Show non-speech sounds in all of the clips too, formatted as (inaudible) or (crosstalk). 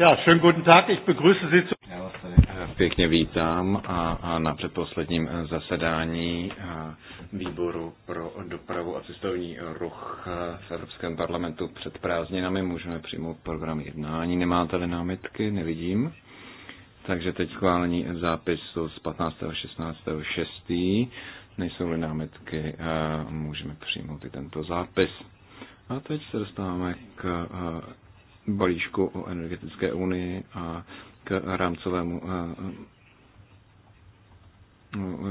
Ja, schönen guten Tag, ich begrüße Sie zu... Já vás tady eh, pěkně vítám a, a na předposledním eh, zasedání eh, výboru pro dopravu a cestovní ruch v Evropském parlamentu před prázdninami. Můžeme přijmout program jednání. Nemáte-li námitky? Nevidím. Takže teď schválení zápisu z 15. a 16. 6. Nejsou-li námitky, můžeme přijmout i tento zápis. A teď se dostáváme k balíčku o energetické unii a k rámcovému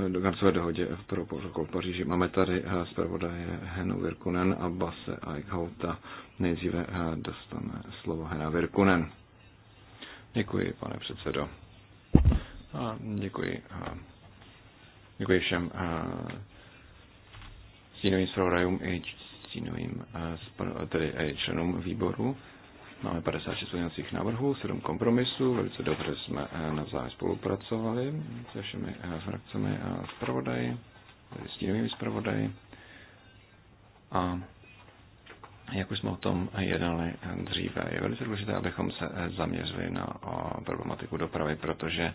do eh, eh, rámcové dohodě pro protokol v Paříži. Máme tady eh, zpravodaje Henu Virkunen a Base Eichhouta. Nejdříve dostane slovo Hena Virkunen. Děkuji, pane předsedo. A děkuji. děkuji všem stínovým zpravodajům i stínovým, tedy členům výboru. Máme 56 pozměňovacích návrhů, 7 kompromisů, velice dobře jsme eh, navzájem spolupracovali se všemi eh, frakcemi a zpravodaji, s tímovými zpravodaji. A jak už jsme o tom jednali eh, dříve, je velice důležité, abychom se zaměřili na problematiku dopravy, protože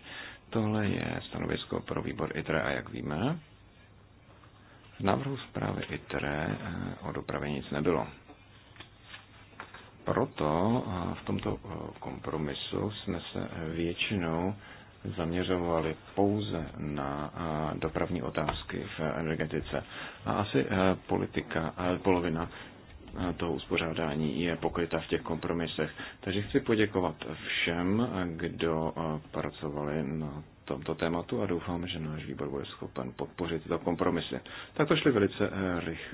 tohle je stanovisko pro výbor ITRE a jak víme, v návrhu zprávy ITRE o dopravě nic nebylo proto v tomto e, kompromisu jsme se většinou zaměřovali pouze na e, dopravní otázky v energetice. A asi e, politika, polovina toho uspořádání je pokryta v těch kompromisech. Takže chci poděkovat všem, kdo pracovali na tomto tématu a doufám, že náš výbor bude schopen podpořit tyto kompromisy. Tak to, šli velice,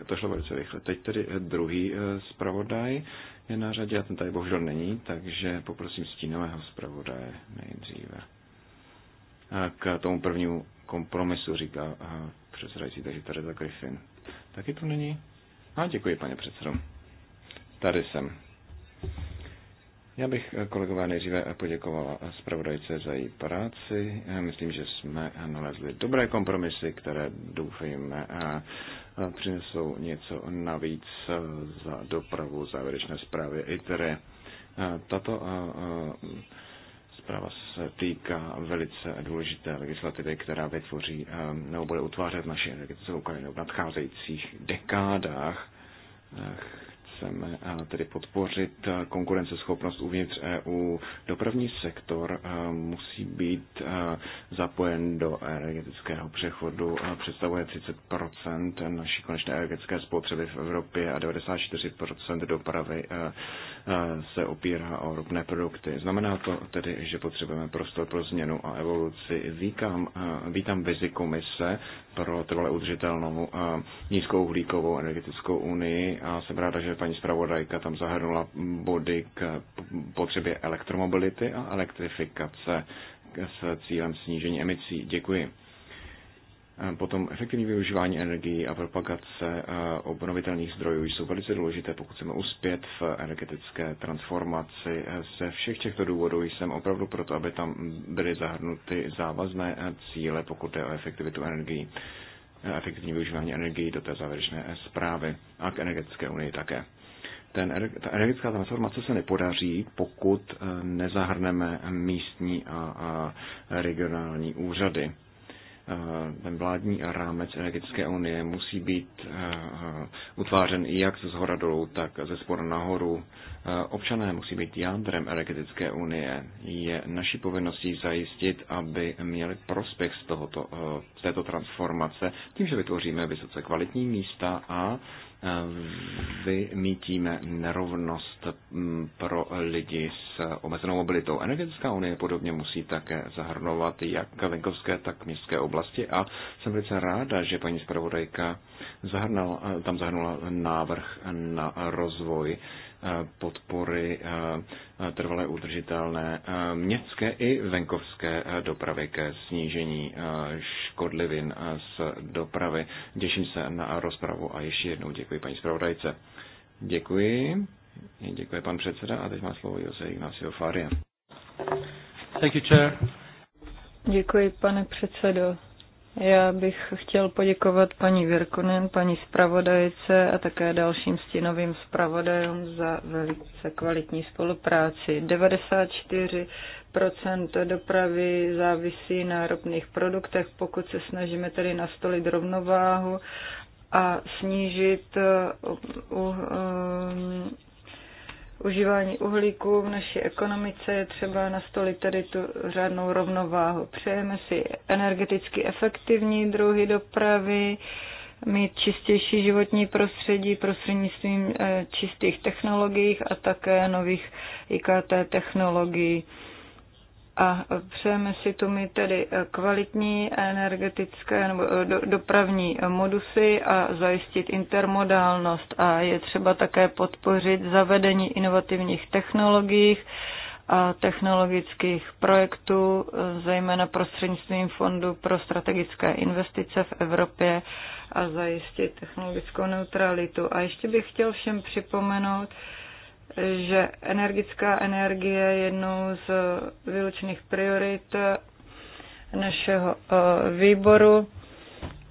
to šlo velice rychle. Teď tedy druhý zpravodaj, je na řadě a ten tady bohužel není, takže poprosím stínového zpravodaje nejdříve. A k tomu prvnímu kompromisu říká předsedající, takže tady za Griffin. Taky to není? A děkuji, pane předsedo. Tady jsem. Já bych, e, kolegové, nejdříve poděkovala e, zpravodajce za její práci. E, myslím, že jsme nalezli dobré kompromisy, které doufejme přinesou něco navíc za dopravu závěrečné zprávy ITERE. Tato zpráva se týká velice důležité legislativy, která vytvoří nebo bude utvářet naši energetickou krajinu v nadcházejících dekádách chceme eh, tedy podpořit eh, konkurenceschopnost uvnitř EU, dopravní sektor eh, musí být zapojen do energetického přechodu. Představuje 30 naší konečné energetické spotřeby v Evropě a 94 dopravy Eh, se opírá o ropné produkty. Znamená to tedy, že potřebujeme prostor pro změnu a evoluci. Vítám, eh, vítám vizi komise pro trvale udržitelnou eh, uhlíkovou energetickou unii a jsem ráda, že paní zpravodajka tam zahrnula body k potřebě elektromobility a elektrifikace s cílem snížení emisí. Děkuji. Potom efektivní využívání energií a propagace obnovitelných zdrojů jsou velice důležité, pokud chceme uspět v energetické transformaci. se všech těchto důvodů jsem opravdu proto, aby tam byly zahrnuty závazné cíle, pokud je o efektivitu energií efektivní využívání energií do té závěrečné zprávy a k energetické unii také. Ten, ta energetická transformace se nepodaří, pokud e, nezahrneme místní a, a regionální úřady Eh, ten vládní rámec energetické unie musí být eh, eh, utvářen jak ze zhora dolů, tak ze spora nahoru. Občané musí být jádrem energetické unie. Je naší povinností zajistit, aby měli prospěch z, tohoto, z této transformace tím, že vytvoříme vysoce kvalitní místa a vymítíme nerovnost mm, pro lidi s omezenou mobilitou. Energetická unie podobně musí také zahrnovat jak venkovské, tak městské oblasti a jsem velice ráda, že paní zpravodajka zahrnala, tam zahrnula návrh na rozvoj Eh, podpory eh, eh, trvalé udržitelné městské i venkovské dopravy ke snížení škodlivin z dopravy. Těším se na rozpravu a ještě jednou děkuji paní zpravodajce. Děkuji. Děkuji pan předseda a teď má slovo Jose Ignacio Faria. Thank you, chair. Děkuji, pane předsedo. Já bych chtěl poděkovat paní Virkonen, paní zpravodajce a také dalším stínovým zpravodajům za velice kvalitní spolupráci. 94 dopravy závisí na ropných produktech, pokud se snažíme tedy nastolit rovnováhu a snížit uh, uh, užívání uhlíku v naší ekonomice je třeba nastolit tedy tu řádnou rovnováhu. Přejeme si energeticky efektivní druhy dopravy, mít čistější životní prostředí prostřednictvím eh, čistých technologií a také nových IKT technologií a přejeme si tu mít tedy kvalitní energetické nebo eh, do, dopravní modusy a zajistit intermodálnost. A je třeba také podpořit zavedení inovativních technologií a technologických projektů, eh, zejména prostřednictvím Fondu pro strategické investice v Evropě a zajistit technologickou neutralitu. A ještě bych chtěl všem připomenout, že energická energie je jednou z výlučných priorit našeho eh, výboru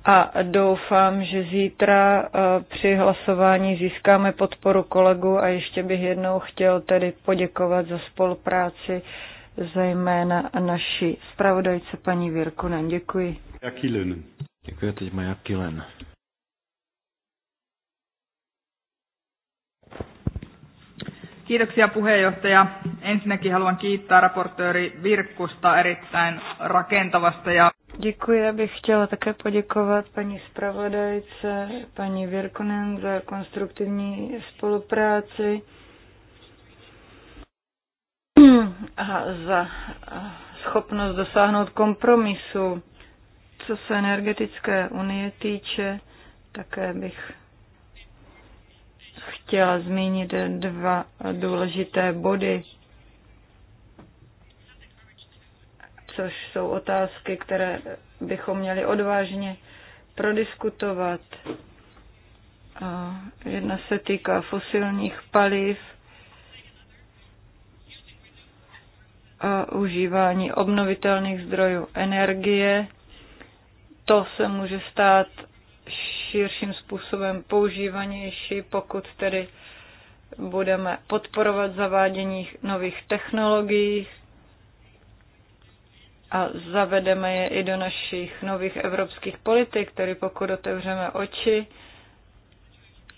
a doufám, že zítra eh, při hlasování získáme podporu kolegu a ještě bych jednou chtěl tedy poděkovat za spolupráci zejména naší zpravodajce paní Virkunen. Děkuji. Jaký Děkuji, teď Maja Kilen. Kiitoksia puheenjohtaja. Ensinnäkin haluan kiittää raportööri Virkkusta erittäin rakentavasta ja Děkuji, já bych chtěla také poděkovat paní zpravodajce, paní Virkonen za konstruktivní spolupráci (clears throat) a za schopnost dosáhnout kompromisu. Co se energetické unie týče, také bych chtěla zmínit dva důležité body, což jsou otázky, které bychom měli odvážně prodiskutovat. Jedna se týká fosilních paliv, a užívání obnovitelných zdrojů energie. To se může stát širším způsobem používanější, pokud tedy budeme podporovat zavádění nových technologií a zavedeme je i do našich nových evropských politik, tedy pokud otevřeme oči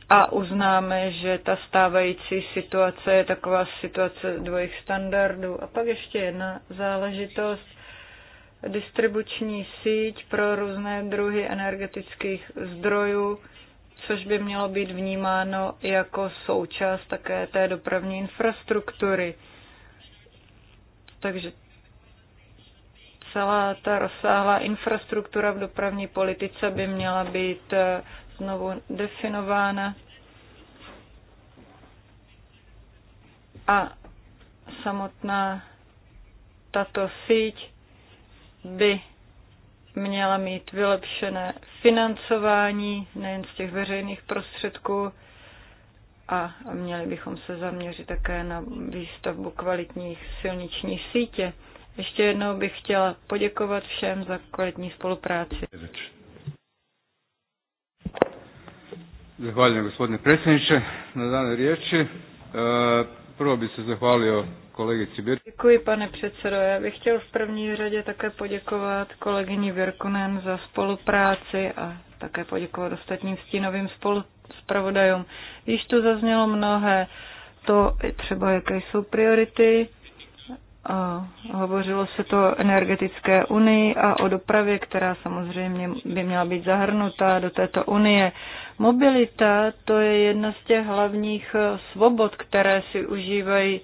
a uznáme, že ta stávající situace je taková situace dvojích standardů. A pak ještě jedna záležitost distribuční síť pro různé druhy energetických zdrojů, což by mělo být vnímáno jako součást také té dopravní infrastruktury. Takže celá ta rozsáhlá infrastruktura v dopravní politice by měla být eh, znovu definována. A samotná tato síť by měla mít vylepšené financování nejen z těch veřejných prostředků a měli bychom se zaměřit také na výstavbu kvalitních silniční sítě. Ještě jednou bych chtěla poděkovat všem za kvalitní spolupráci. Zahvaljujem gospodine predsjedniče na danoj riječi. E, Prvo by se zahvalil kolegici Bir. Děkuji, pane předsedo. Já bych chtěl v první řadě také poděkovat kolegyni Virkunen za spolupráci a také poděkovat ostatním stínovým spolu Již tu zaznělo mnohé. To třeba, jaké jsou priority, a hovořilo se to o energetické unii a o dopravě, která samozřejmě by měla být zahrnuta do této unie. Mobilita to je jedna z těch hlavních eh, svobod, které si užívají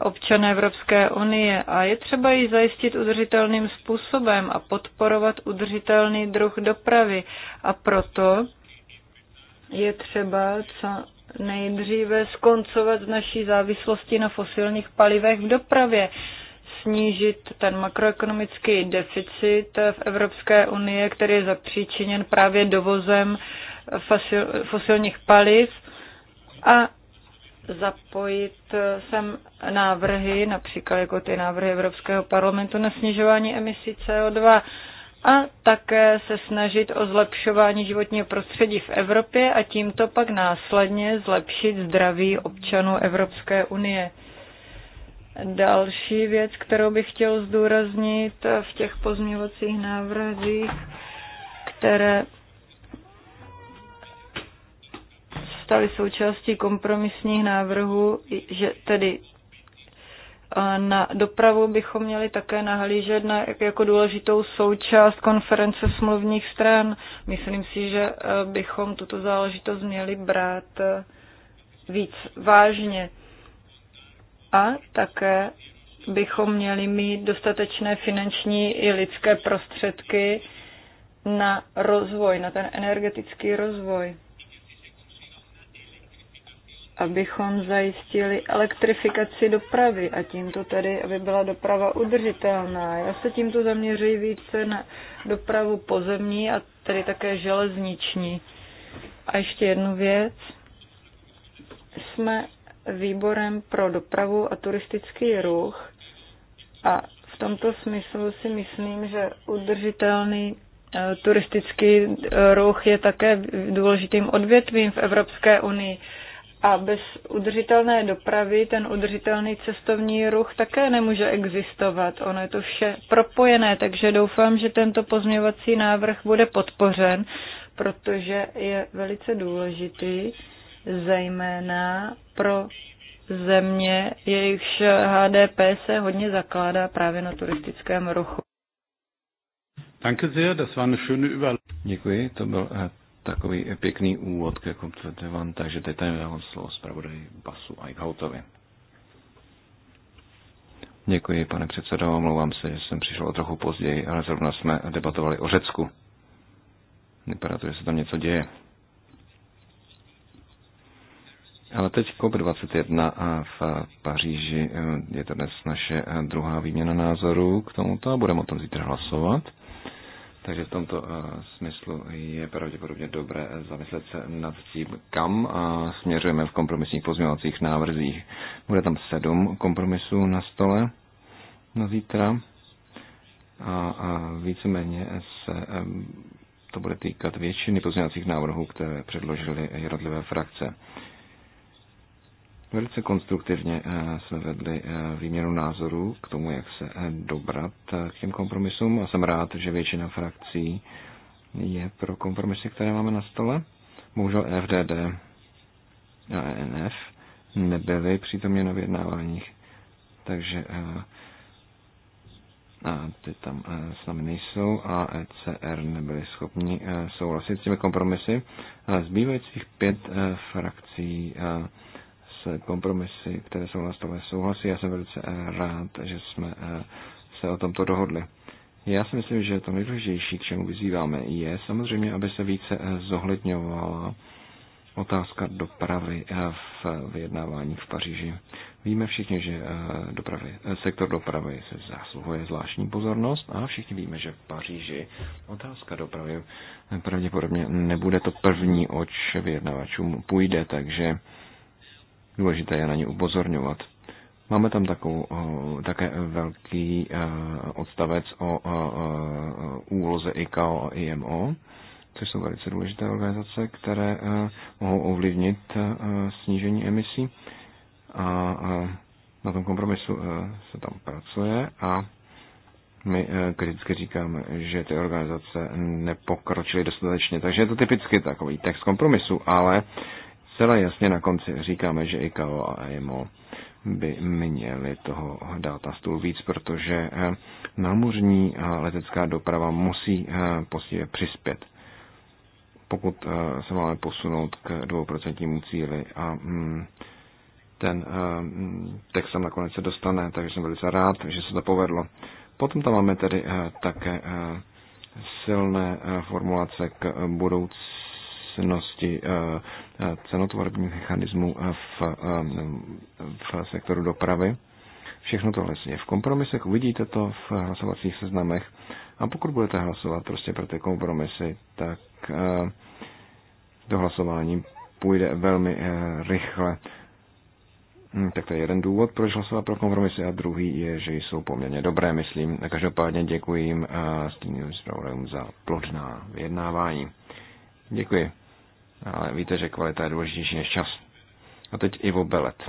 občané Evropské unie a je třeba ji zajistit udržitelným způsobem a podporovat udržitelný druh dopravy. A proto je třeba co nejdříve skoncovat z naší závislosti na fosilních palivech v dopravě, snížit ten makroekonomický deficit v Evropské unie, který je zapříčiněn právě dovozem fosilních paliv a zapojit sem návrhy, například jako ty návrhy Evropského parlamentu na snižování emisí CO2 a také se snažit o zlepšování životního prostředí v Evropě a tímto pak následně zlepšit zdraví občanů Evropské unie. Další věc, kterou bych chtěl zdůraznit v těch pozměvacích návrzích, které staly součástí kompromisních návrhů, že tedy na dopravu bychom měli také nahlížet na, jako důležitou součást konference smluvních stran. Myslím si, že e, bychom tuto záležitost měli brát e, víc vážně. A také bychom měli mít dostatečné finanční i lidské prostředky na rozvoj, na ten energetický rozvoj abychom zajistili elektrifikaci dopravy a tímto tedy, aby byla doprava udržitelná. Já se tímto zaměřuji více na dopravu pozemní a tedy také železniční. A ještě jednu věc. Jsme výborem pro dopravu a turistický ruch a v tomto smyslu si myslím, že udržitelný e, turistický ruch je také důležitým odvětvím v Evropské unii. A bez udržitelné dopravy ten udržitelný cestovní ruch také nemůže existovat. Ono je to vše propojené, takže doufám, že tento pozměvací návrh bude podpořen, protože je velice důležitý, zejména pro země, jejichž HDP se hodně zakládá právě na turistickém ruchu. Danke sehr, das war eine schöne Überleitung. Děkuji, to byl eh, takový pěkný úvod k kompletovaný, takže teď tady dávám slovo zpravodaji Basu Eichhoutovi. Děkuji, pane předsedo, omlouvám se, že jsem přišel o trochu později, ale zrovna jsme debatovali o Řecku. Vypadá to, že se tam něco děje. Ale teď COP21 a v Paříži eh, je to dnes naše eh, druhá výměna názorů k tomuto a budeme o tom zítra hlasovat. Takže v tomto eh, smyslu je pravděpodobně dobré eh, zamyslet se nad tím, kam eh, směřujeme v kompromisních pozměňovacích návrzích. Bude tam sedm kompromisů na stole na zítra a, víceméně se to bude týkat většiny pozměňovacích návrhů, které předložily jednotlivé frakce. Velice konstruktivně eh, jsme vedli eh, výměnu názorů k tomu, jak se eh, dobrat k těm kompromisům a jsem rád, že většina frakcí je pro kompromisy, které máme na stole. Bohužel FDD a ENF nebyly přítomně na vyjednáváních, takže a ty tam s námi nejsou a ECR nebyli schopni souhlasit s těmi kompromisy. Zbývajících pět frakcí se kompromisy, které jsou na stole, souhlasí. Já jsem velice eh, rád, že jsme eh, se o tomto dohodli. Já si myslím, že to nejdůležitější, k čemu vyzýváme, je samozřejmě, aby se více eh, zohledňovala otázka dopravy v vyjednávání v Paříži. Víme všichni, že dopravy, sektor dopravy se zásluhuje zvláštní pozornost a všichni víme, že v Paříži otázka dopravy pravděpodobně nebude to první, oč vyjednavačům půjde, takže Důležité je na ně upozorňovat. Máme tam takovou, eh, také velký eh, odstavec o eh, úloze ICAO a IMO, což jsou velice důležité organizace, které mohou ovlivnit snížení emisí. A na tom kompromisu se tam pracuje a my kriticky říkáme, že ty organizace nepokročily dostatečně. Takže je to typicky takový text kompromisu, ale zcela jasně na konci říkáme, že i Kao a EMO by měli toho dát na stůl víc, protože eh, námořní eh, letecká doprava musí eh, postivě přispět. Pokud se máme posunout k dvouprocentnímu cíli a mm, ten mm, text tam nakonec se dostane, takže jsem velice rád, že se to povedlo. Potom tam máme tedy také silné formulace k budoucí přísnosti eh, eh, cenotvorbních mechanismů eh, v, v sektoru dopravy. Všechno to je vlastně v kompromisech, uvidíte to v hlasovacích seznamech a pokud budete hlasovat prostě pro ty kompromisy, tak to hlasování půjde velmi rychle. Hm, tak to je jeden důvod, proč hlasovat pro kompromisy a druhý je, že jsou poměrně dobré, myslím. A každopádně děkuji jim a stínovým zpravodajům za plodná vyjednávání. Děkuji. Ale víte, že kvalita je důležitější než čas. A teď Ivo Belet.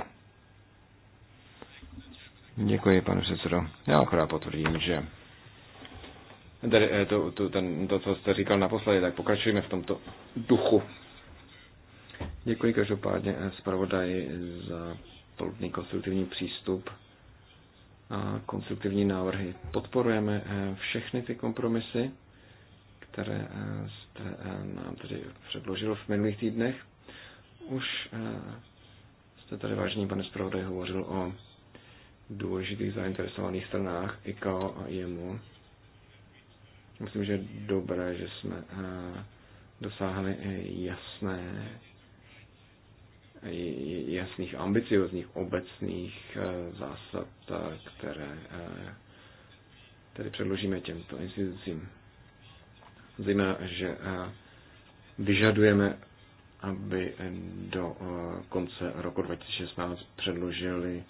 Děkuji, pane předsedo. Já akorát potvrdím, že Tady, eh, to, to, ten, to, co jste říkal naposledy, tak pokračujeme v tomto duchu. Děkuji každopádně eh, zpravodaji za plodný konstruktivní přístup a konstruktivní návrhy. Podporujeme eh, všechny ty kompromisy které eh, jste eh, nám tady předložil v minulých týdnech. Už eh, jste tady, vážený pane zpravodaj, hovořil o důležitých zainteresovaných stranách ICAO a IMU. Myslím, že je dobré, že jsme dosáhli jasné jasných ambiciozních obecných zásad, které tedy předložíme těmto institucím zejména, že eh, vyžadujeme, aby eh, do eh, konce roku 2016 předložili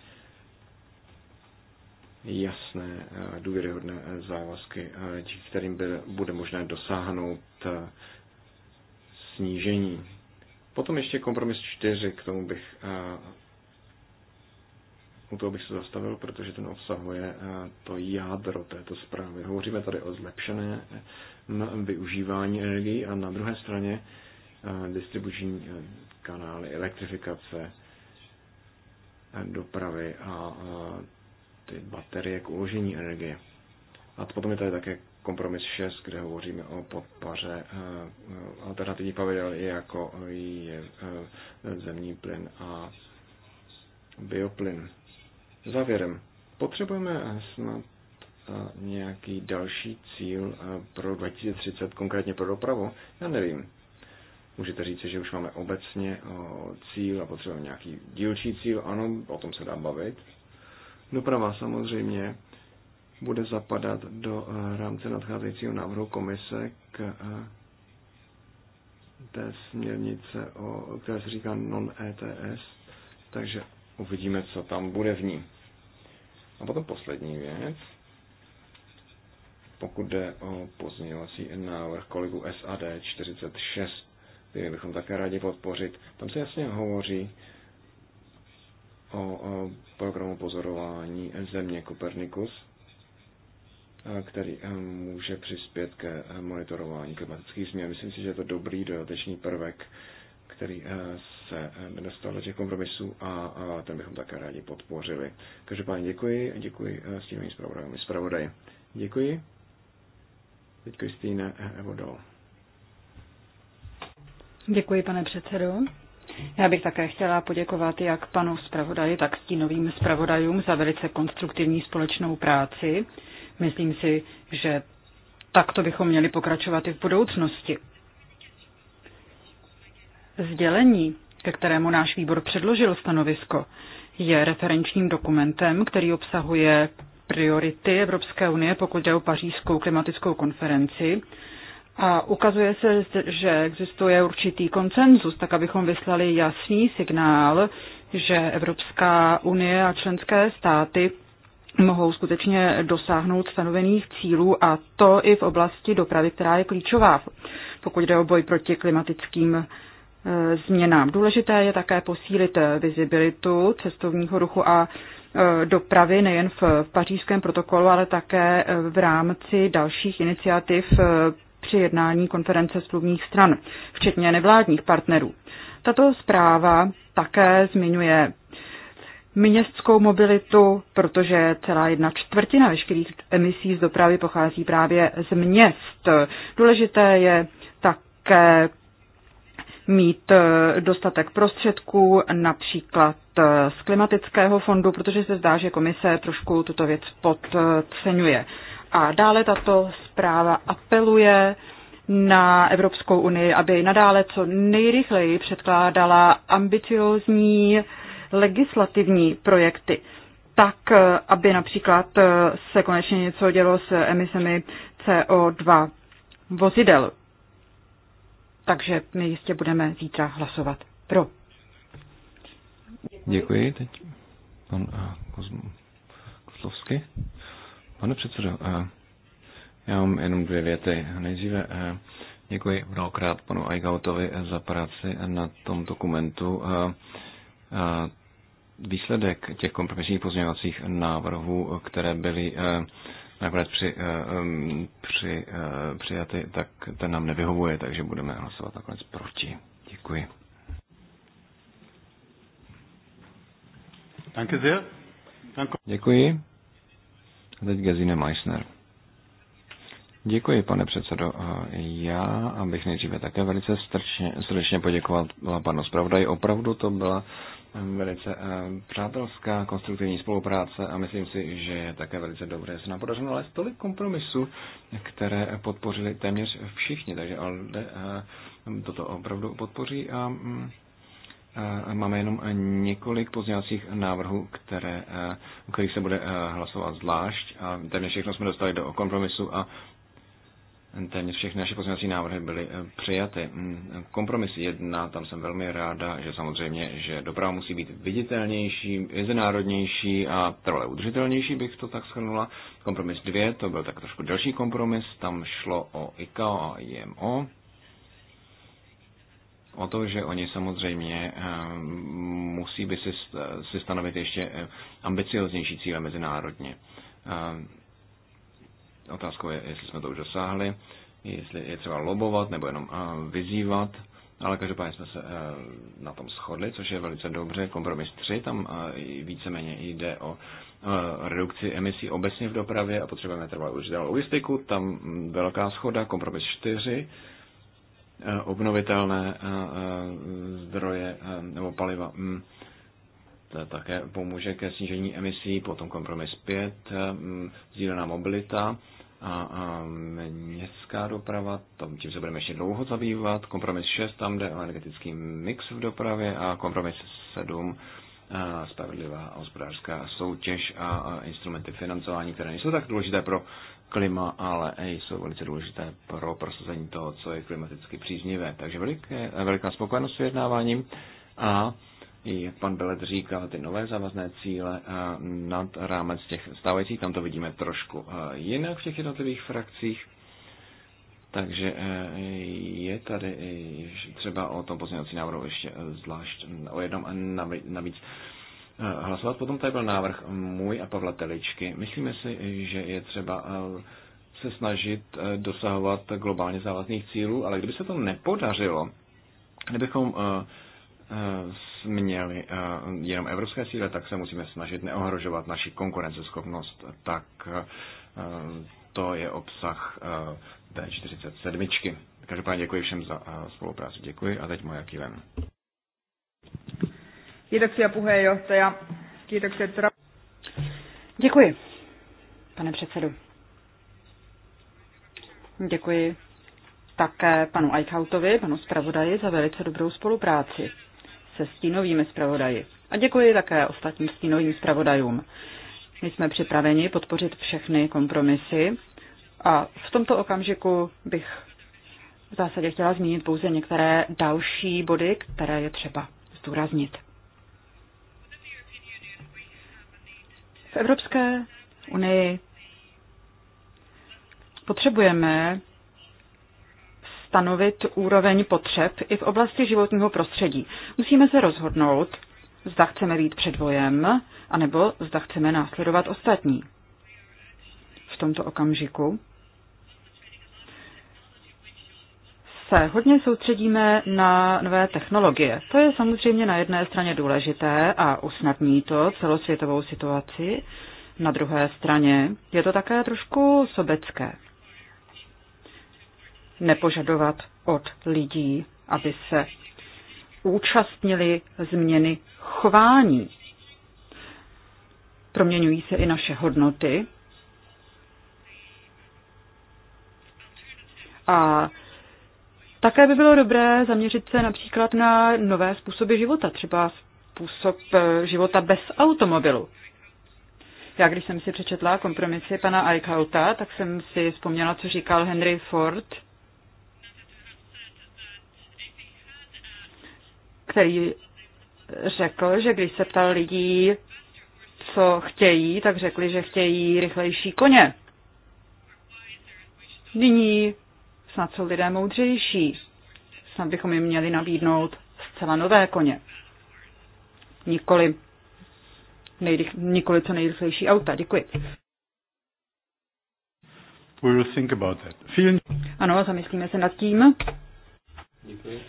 jasné důvěryhodné závazky, díky kterým by, bude možné dosáhnout snížení. Potom ještě kompromis 4, k tomu bych u toho bych se zastavil, protože ten obsahuje to jádro této zprávy. Hovoříme tady o zlepšené na využívání energií a na druhé straně eh, distribuční eh, kanály, elektrifikace, eh, dopravy a ty baterie k uložení energie. A potom je tady také kompromis 6, kde hovoříme o podpaře alternativní pavidel jako je zemní plyn a bioplyn. Závěrem, potřebujeme snad nějaký další cíl pro 2030, konkrétně pro dopravu? Já nevím. Můžete říct, že už máme obecně cíl a potřebujeme nějaký dílčí cíl, ano, o tom se dá bavit. Doprava samozřejmě bude zapadat do e, rámce nadcházejícího návrhu komise k e, té směrnice, o které se říká non-ETS, takže uvidíme, co tam bude v ní. A potom poslední věc pokud jde o pozměňovací návrh kolegu SAD 46, který bychom také rádi podpořit. Tam se jasně hovoří o, programu pozorování země Kopernikus, který může přispět ke monitorování klimatických změn. Myslím si, že je to dobrý dodatečný prvek, který se nedostal do těch kompromisů a ten bychom také rádi podpořili. Každopádně děkuji, děkuji s tím zpravodajem. i Děkuji. Teď Kristýna Evodol. Děkuji, pane předsedo. Já bych také chtěla poděkovat jak panu zpravodaji, tak stínovým zpravodajům za velice konstruktivní společnou práci. Myslím si, že takto bychom měli pokračovat i v budoucnosti. Sdělení, ke kterému náš výbor předložil stanovisko, je referenčním dokumentem, který obsahuje priority Evropské unie, pokud jde o pařížskou klimatickou konferenci. A ukazuje se, že existuje určitý koncenzus, tak abychom vyslali jasný signál, že Evropská unie a členské státy mohou skutečně dosáhnout stanovených cílů a to i v oblasti dopravy, která je klíčová, pokud jde o boj proti klimatickým e, změnám. Důležité je také posílit vizibilitu cestovního ruchu a Eh, dopravy nejen v pařížském protokolu, ale také eh, v rámci dalších iniciativ eh, při jednání konference smluvních stran, včetně nevládních partnerů. Tato zpráva také zmiňuje městskou mobilitu, protože celá jedna čtvrtina veškerých emisí z dopravy pochází právě z měst. Důležité je také mít dostatek prostředků, například E, z klimatického fondu, protože se zdá, že komise trošku tuto věc podceňuje. A dále tato zpráva apeluje na Evropskou unii, aby nadále co nejrychleji předkládala ambiciozní legislativní projekty, tak e, aby například e, se konečně něco dělo s emisemi CO2 vozidel. Takže my jistě budeme zítra hlasovat pro. Děkuji. Teď pan eh, Kozlovsky. Pane předsedo, eh, já mám jenom dvě věty. Nejdříve eh, děkuji mnohokrát panu Aigautovi za práci na tom dokumentu. Výsledek těch kompromisních pozměňovacích návrhů, které byly nakonec při, při, přijaty, tak ten nám nevyhovuje, takže budeme hlasovat nakonec proti. Děkuji. Danke sehr. Děkuji. A teď Gesine Meissner. Děkuji, pane předsedo. Já, abych nejdříve také velice strčně, srdečně poděkoval panu zpravodaji, opravdu to byla velice eh, přátelská, konstruktivní spolupráce a myslím si, že je také velice dobré se nám podařilo ale tolik kompromisů, které podpořili téměř všichni, takže Alde eh, toto opravdu podpoří a mm, máme jenom několik pozdějacích návrhů, které, o eh, kterých se bude eh, hlasovat zvlášť. A téměř všechno jsme dostali do kompromisu a téměř všechny naše pozměňovací návrhy byly eh, přijaty. Mm, kompromis jedna, tam jsem velmi ráda, že samozřejmě, že doprava musí být viditelnější, mezinárodnější a trvale udržitelnější, bych to tak shrnula. Kompromis dvě, to byl tak trošku delší kompromis, tam šlo o ICAO a IMO o to, že oni samozřejmě eh, musí by si, si stanovit ještě eh, ambicioznější cíle mezinárodně. Eh, otázkou je, jestli jsme to už dosáhli, jestli je třeba lobovat nebo jenom vyzývat, ale každopádně jsme se na tom shodli, což je velice dobře. Kompromis 3, tam víceméně jde o redukci emisí obecně v dopravě a potřebujeme trvalou dál logistiku, tam mm, velká schoda, kompromis 4, Eh, obnovitelné eh, eh, zdroje nebo paliva. Mm. To také pomůže ke snížení emisí, potom kompromis 5, sdílená mobilita a, městská doprava, Tom tím se budeme ještě dlouho zabývat, kompromis 6, tam jde o energetický mix v dopravě a kompromis 7, spravedlivá hospodářská soutěž a instrumenty financování, které nejsou tak důležité pro klima, ale jsou velice důležité pro prosazení toho, co je klimaticky příznivé. Takže veliké, veliká spokojenost s vyjednáváním a jak pan Belet říkal, ty nové závazné cíle eh, nad rámec těch stávajících, tam to vidíme trošku eh, jinak v těch jednotlivých frakcích. Takže eh, je tady třeba o tom pozměňovací návrhu ještě zvlášť mm, o jednom navíc. Eh, hlasovat. Potom tady byl návrh můj a Pavla Teličky. Myslíme si, že je třeba eh, se snažit eh, dosahovat globálně závazných cílů, ale kdyby se to nepodařilo, kdybychom měli jenom evropské cíle, tak se musíme snažit neohrožovat naši konkurenceschopnost. Tak to je obsah b 47. Každopádně děkuji všem za spolupráci. Děkuji a teď moje Kiven. Kiitoksia puheenjohtaja. Kiitokset. Děkuji, pane předsedu. Děkuji také panu Eichhautovi, panu zpravodaji, za velice dobrou spolupráci se stínovými zpravodaji. A děkuji také ostatním stínovým zpravodajům. My jsme připraveni podpořit všechny kompromisy a v tomto okamžiku bych v zásadě chtěla zmínit pouze některé další body, které je třeba zdůraznit. Evropské unii potřebujeme stanovit úroveň potřeb i v oblasti životního prostředí. Musíme se rozhodnout, zda chceme být předvojem, anebo zda chceme následovat ostatní. V tomto okamžiku se hodně soustředíme na nové technologie. To je samozřejmě na jedné straně důležité a usnadní to celosvětovou situaci. Na druhé straně je to také trošku sobecké. Nepožadovat od lidí, aby se účastnili změny chování. Proměňují se i naše hodnoty. A také by bylo dobré zaměřit se například na nové způsoby života, třeba způsob eh, života bez automobilu. Já když jsem si přečetla kompromisy pana Eichhauta, tak jsem si vzpomněla, co říkal Henry Ford, který řekl, že když se ptal lidí, co chtějí, tak řekli, že chtějí rychlejší koně. Nyní Snad jsou lidé moudřejší. Snad bychom jim měli nabídnout zcela nové koně. Nikoli, nejrych, nikoli co nejrychlejší auta. Děkuji. We will think about that. Vielen... Ano, zamyslíme se nad tím. Děkuji.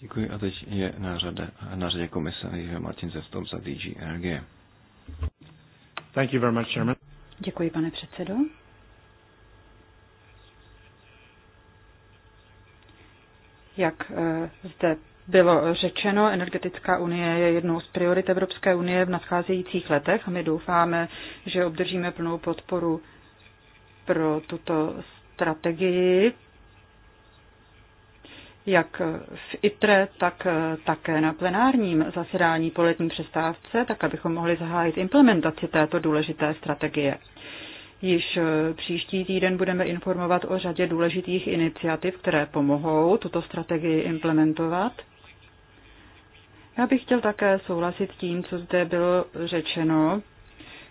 Děkuji a teď je na řadě, na řadě komise Martin Zestov za DG Energie. Thank you very much, Chairman. Děkuji, pane předsedo. Jak eh, zde bylo řečeno, energetická unie je jednou z priorit Evropské unie v nadcházejících letech a my doufáme, že obdržíme plnou podporu pro tuto strategii, jak v ITRE, tak eh, také na plenárním zasedání po letní přestávce, tak abychom mohli zahájit implementaci této důležité strategie. Již eh, příští týden budeme informovat o řadě důležitých iniciativ, které pomohou tuto strategii implementovat. Já bych chtěl také souhlasit tím, co zde bylo řečeno,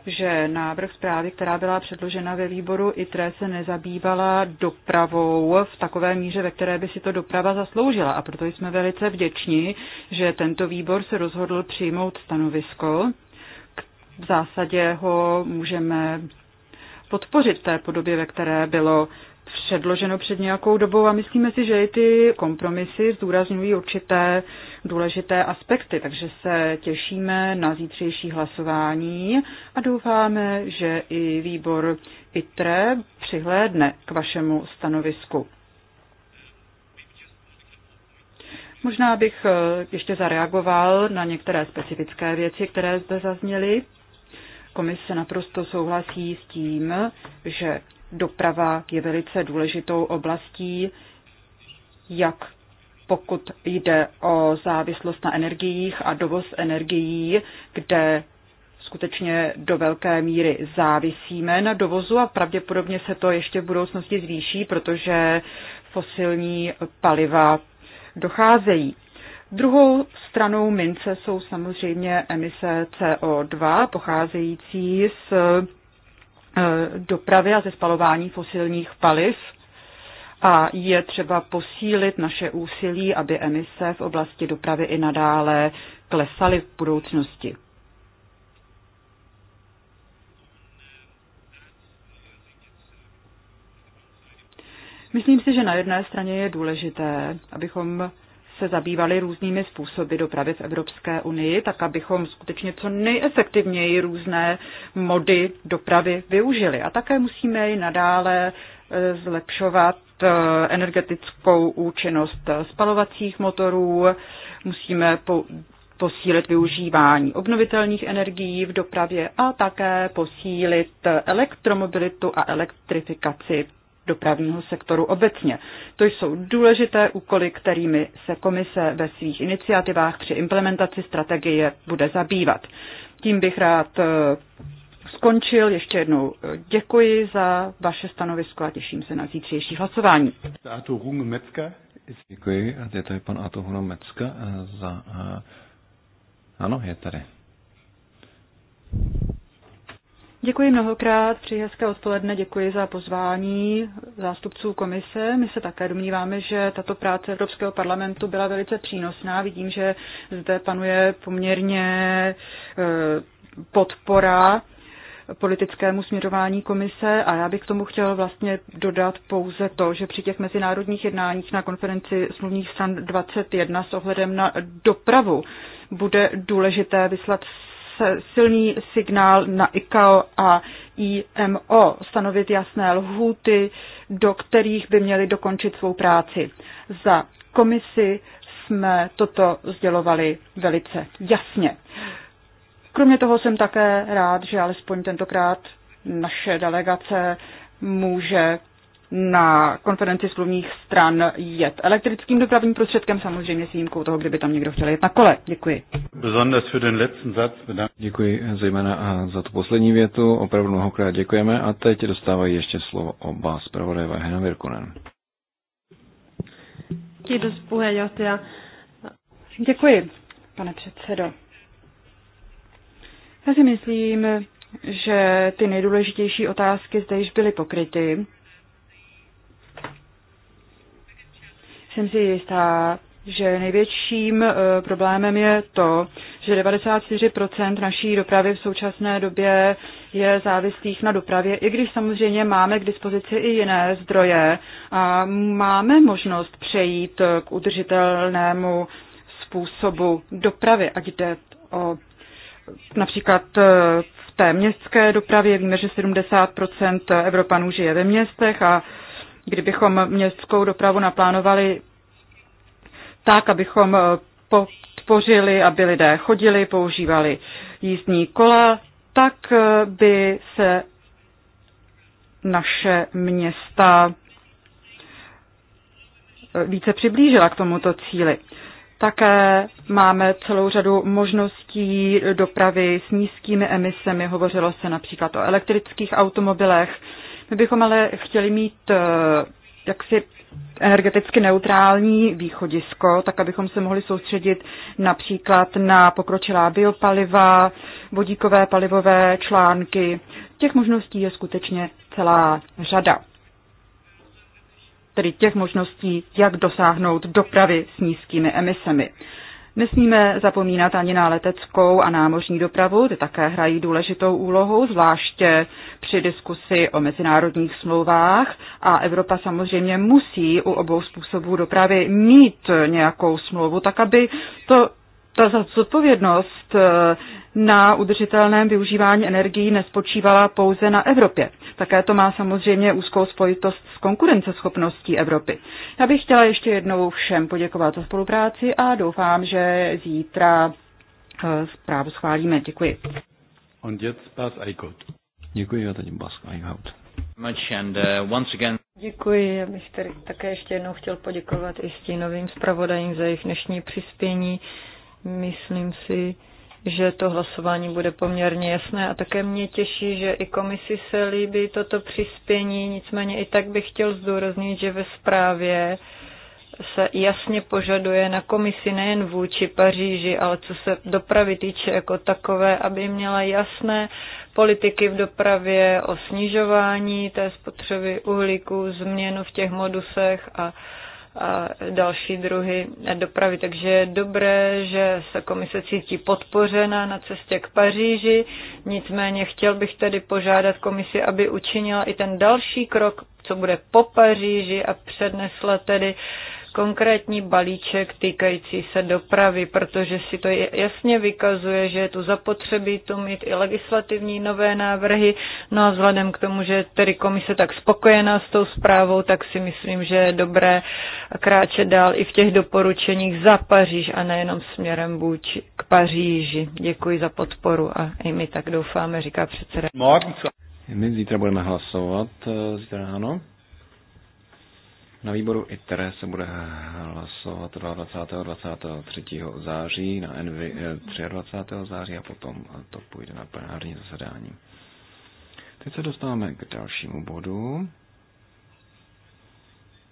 že návrh zprávy, která byla předložena ve výboru ITRE, se nezabývala dopravou v takové míře, ve které by si to doprava zasloužila. A proto jsme velice vděční, že tento výbor se rozhodl přijmout stanovisko. V zásadě ho můžeme podpořit v té podobě, ve které bylo předloženo před nějakou dobou a myslíme si, že i ty kompromisy zdůrazňují určité důležité aspekty, takže se těšíme na zítřejší hlasování a doufáme, že i výbor ITRE přihlédne k vašemu stanovisku. Možná bych eh, ještě zareagoval na některé specifické věci, které zde zazněly. Komise naprosto souhlasí s tím, že doprava je velice důležitou oblastí, jak pokud jde o závislost na energiích a dovoz energií, kde skutečně do velké míry závisíme na dovozu a pravděpodobně se to ještě v budoucnosti zvýší, protože fosilní paliva docházejí. Druhou stranou mince jsou samozřejmě emise CO2 pocházející z eh, dopravy a ze spalování fosilních paliv a je třeba posílit naše úsilí, aby emise v oblasti dopravy i nadále klesaly v budoucnosti. Myslím si, že na jedné straně je důležité, abychom se zabývali různými způsoby dopravy v Evropské unii, tak abychom skutečně co nejefektivněji různé mody dopravy využili. A také musíme i nadále e, zlepšovat e, energetickou účinnost spalovacích motorů, musíme po posílit využívání obnovitelných energií v dopravě a také posílit elektromobilitu a elektrifikaci dopravního sektoru obecně. To jsou důležité úkoly, kterými se komise ve svých iniciativách při implementaci strategie bude zabývat. Tím bych rád eh, skončil. Ještě jednou eh, děkuji za vaše stanovisko a těším se na zítřejší hlasování. Děkuji. A je tady pan Atohuna Mecka eh, za... Ano, je tady. Děkuji mnohokrát, přeji hezké odpoledne, děkuji za pozvání zástupců komise. My se také domníváme, že tato práce Evropského parlamentu byla velice přínosná. Vidím, že zde panuje poměrně eh, podpora politickému směřování komise a já bych k tomu chtěl vlastně dodat pouze to, že při těch mezinárodních jednáních na konferenci smluvních stran 21 s ohledem na dopravu bude důležité vyslat silný signál na ICAO a IMO, stanovit jasné lhůty, do kterých by měli dokončit svou práci. Za komisi jsme toto sdělovali velice jasně. Kromě toho jsem také rád, že alespoň tentokrát naše delegace může na konferenci smluvních stran jet elektrickým dopravním prostředkem, samozřejmě s výjimkou toho, kdyby tam někdo chtěl jet na kole. Děkuji. Děkuji zejména eh, za tu poslední větu, opravdu mnohokrát děkujeme a teď dostávají ještě slovo oba zpravodajové Hena Virkunen. Děkuji, pane předsedo. Já si myslím, že ty nejdůležitější otázky zde již byly pokryty. jsem si jistá, že největším eh, problémem je to, že 94% naší dopravy v současné době je závislých na dopravě, i když samozřejmě máme k dispozici i jiné zdroje a máme možnost přejít eh, k udržitelnému způsobu dopravy, ať jde o například eh, v té městské dopravě. Víme, že 70% Evropanů žije ve městech a kdybychom městskou dopravu naplánovali tak, abychom eh, podpořili, aby lidé chodili, používali jízdní kola, tak eh, by se naše města eh, více přiblížila k tomuto cíli. Také máme celou řadu možností dopravy s nízkými emisemi. Hovořilo se například o elektrických automobilech, my bychom ale chtěli mít eh, jaksi energeticky neutrální východisko, tak abychom se mohli soustředit například na pokročilá biopaliva, vodíkové palivové články. Těch možností je skutečně celá řada. Tedy těch možností, jak dosáhnout dopravy s nízkými emisemi. Nesmíme zapomínat ani na leteckou a námořní dopravu, ty také hrají důležitou úlohu, zvláště při diskusi o mezinárodních smlouvách a Evropa samozřejmě musí u obou způsobů dopravy mít nějakou smlouvu, tak aby to ta zodpovědnost eh, na udržitelném využívání energií nespočívala pouze na Evropě. Také to má samozřejmě úzkou spojitost s konkurenceschopností Evropy. Já bych chtěla ještě jednou všem poděkovat za spolupráci a doufám, že zítra eh, zprávu schválíme. Děkuji. Und jetzt Bas Eickhout. Děkuji a tady Bask Eichhout. Uh, Děkuji, já bych tady také ještě jednou chtěl poděkovat i stínovým zpravodajím za jejich dnešní přispění. Myslím si, že to hlasování bude poměrně jasné a také mě těší, že i komisi se líbí toto přispění, nicméně i tak bych chtěl zdůraznit, že ve zprávě se jasně požaduje na komisi nejen vůči Paříži, ale co se dopravy týče jako takové, aby měla jasné politiky v dopravě, o snižování té spotřeby uhlíku, změnu v těch modusech a a další druhy dopravy. Takže je dobré, že se komise cítí podpořena na cestě k Paříži. Nicméně chtěl bych tedy požádat komisi, aby učinila i ten další krok, co bude po Paříži a přednesla tedy konkrétní balíček týkající se dopravy, protože si to jasně vykazuje, že je tu zapotřebí tu mít i legislativní nové návrhy. No a vzhledem k tomu, že tedy komise tak spokojená s tou zprávou, tak si myslím, že je dobré kráčet dál i v těch doporučeních za Paříž a nejenom směrem buď k Paříži. Děkuji za podporu a i my tak doufáme, říká předseda. My zítra budeme hlasovat, eh, zítra ráno. Na výboru ITRE se bude hlasovat 22. 23. září, na ENVY 23. Eh, září a potom to půjde na plenární zasedání. Teď se dostáváme k dalšímu bodu.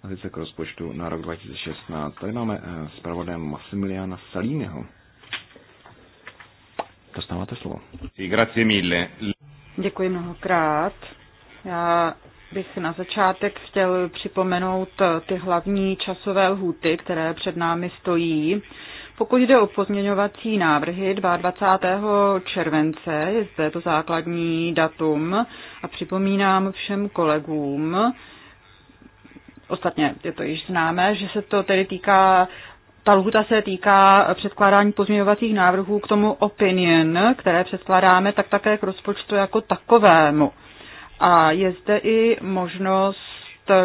A teď se k rozpočtu na rok 2016. Tady máme eh, zpravodajem Massimiliana Salíneho. Dostáváte slovo. Děkuji mnohokrát. Já bych na začátek chtěl připomenout ty hlavní časové lhuty, které před námi stojí. Pokud jde o pozměňovací návrhy 22. července, je zde to základní datum a připomínám všem kolegům, ostatně je to již známé, že se to tedy týká ta lhuta se týká předkládání pozměňovacích návrhů k tomu opinion, které předkládáme, tak také k rozpočtu jako takovému. A je zde i možnost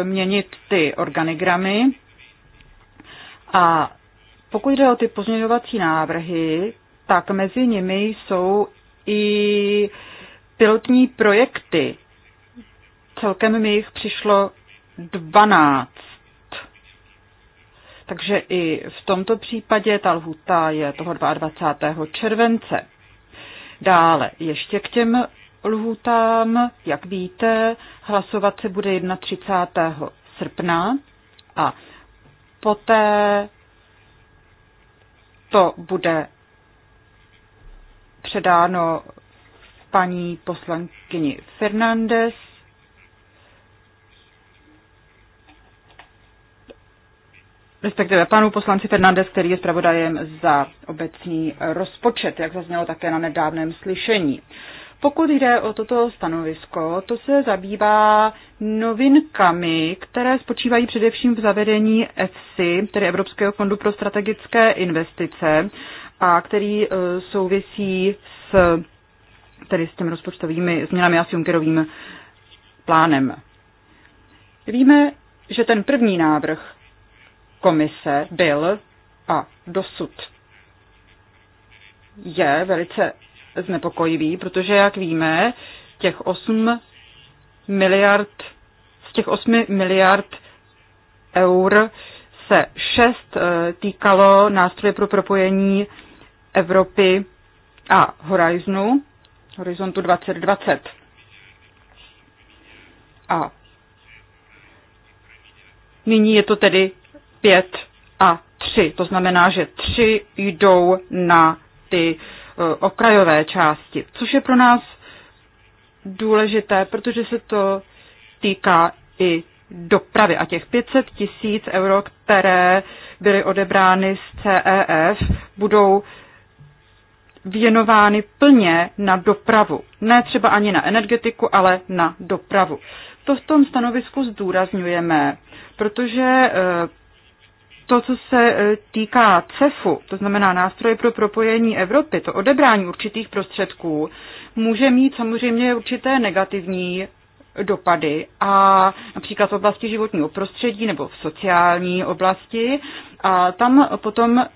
měnit ty organigramy. A pokud jde o ty pozměňovací návrhy, tak mezi nimi jsou i pilotní projekty. Celkem mi jich přišlo 12. Takže i v tomto případě ta lhuta je toho 22. července. Dále ještě k těm lhůtám. Jak víte, hlasovat se bude 31. srpna a poté to bude předáno paní poslankyni Fernandez. respektive panu poslanci Fernandez, který je zpravodajem za obecní rozpočet, jak zaznělo také na nedávném slyšení. Pokud jde o toto stanovisko, to se zabývá novinkami, které spočívají především v zavedení EFSI, tedy Evropského fondu pro strategické investice, a který e, souvisí s, tedy s těmi rozpočtovými změnami a s Junckerovým plánem. Víme, že ten první návrh komise byl a dosud je velice znepokojivý, protože, jak víme, těch 8 miliard, z těch 8 miliard eur se 6 eh, týkalo nástroje pro propojení Evropy a Horizonu, Horizontu 2020. A nyní je to tedy 5 a 3. To znamená, že 3 jdou na ty uh, Eh, okrajové části, což je pro nás důležité, protože se to týká i dopravy. A těch 500 tisíc euro, které byly odebrány z CEF, budou věnovány plně na dopravu. Ne třeba ani na energetiku, ale na dopravu. To v tom stanovisku zdůrazňujeme, protože eh, to, co se e, týká CEFu, to znamená nástroje pro propojení Evropy, to odebrání určitých prostředků, může mít samozřejmě určité negativní dopady a například v oblasti životního prostředí nebo v sociální oblasti. A tam potom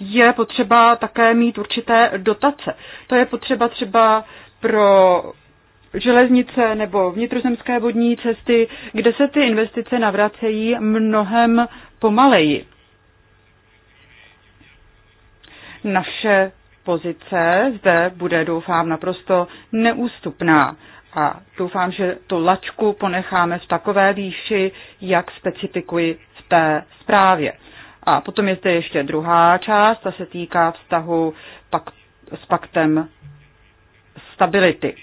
je potřeba také mít určité dotace. To je potřeba třeba pro železnice nebo vnitrozemské vodní cesty, kde se ty investice navracejí mnohem pomaleji. Naše pozice zde bude, doufám, naprosto neústupná a doufám, že tu lačku ponecháme v takové výši, jak specifikuji v té zprávě. A potom je zde ještě druhá část, ta se týká vztahu pak, s paktem stability.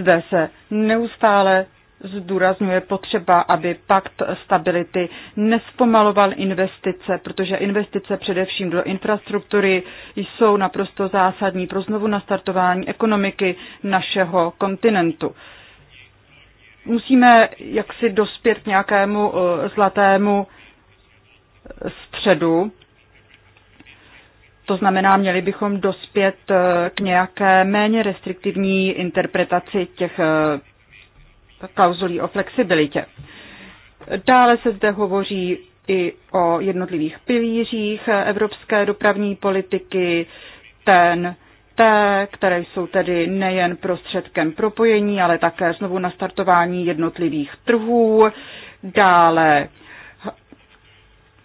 Zde se neustále zdůrazňuje potřeba, aby pakt stability nespomaloval investice, protože investice především do infrastruktury jsou naprosto zásadní pro znovu nastartování ekonomiky našeho kontinentu. Musíme jaksi dospět k nějakému eh, zlatému středu, to znamená, měli bychom dospět eh, k nějaké méně restriktivní interpretaci těch eh, klauzulí o flexibilitě. Dále se zde hovoří i o jednotlivých pilířích evropské dopravní politiky, ten té, které jsou tedy nejen prostředkem propojení, ale také znovu nastartování jednotlivých trhů, dále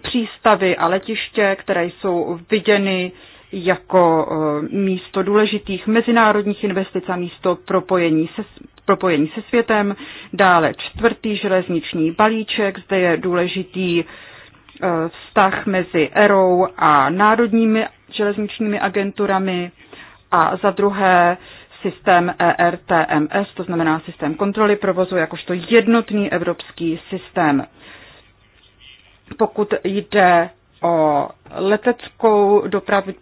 přístavy a letiště, které jsou viděny jako eh, místo důležitých mezinárodních investic a místo propojení se, propojení se světem. Dále čtvrtý železniční balíček, zde je důležitý eh, vztah mezi ERou a národními železničními agenturami a za druhé systém ERTMS, to znamená systém kontroly provozu, jakožto jednotný evropský systém. Pokud jde o leteckou dopravu,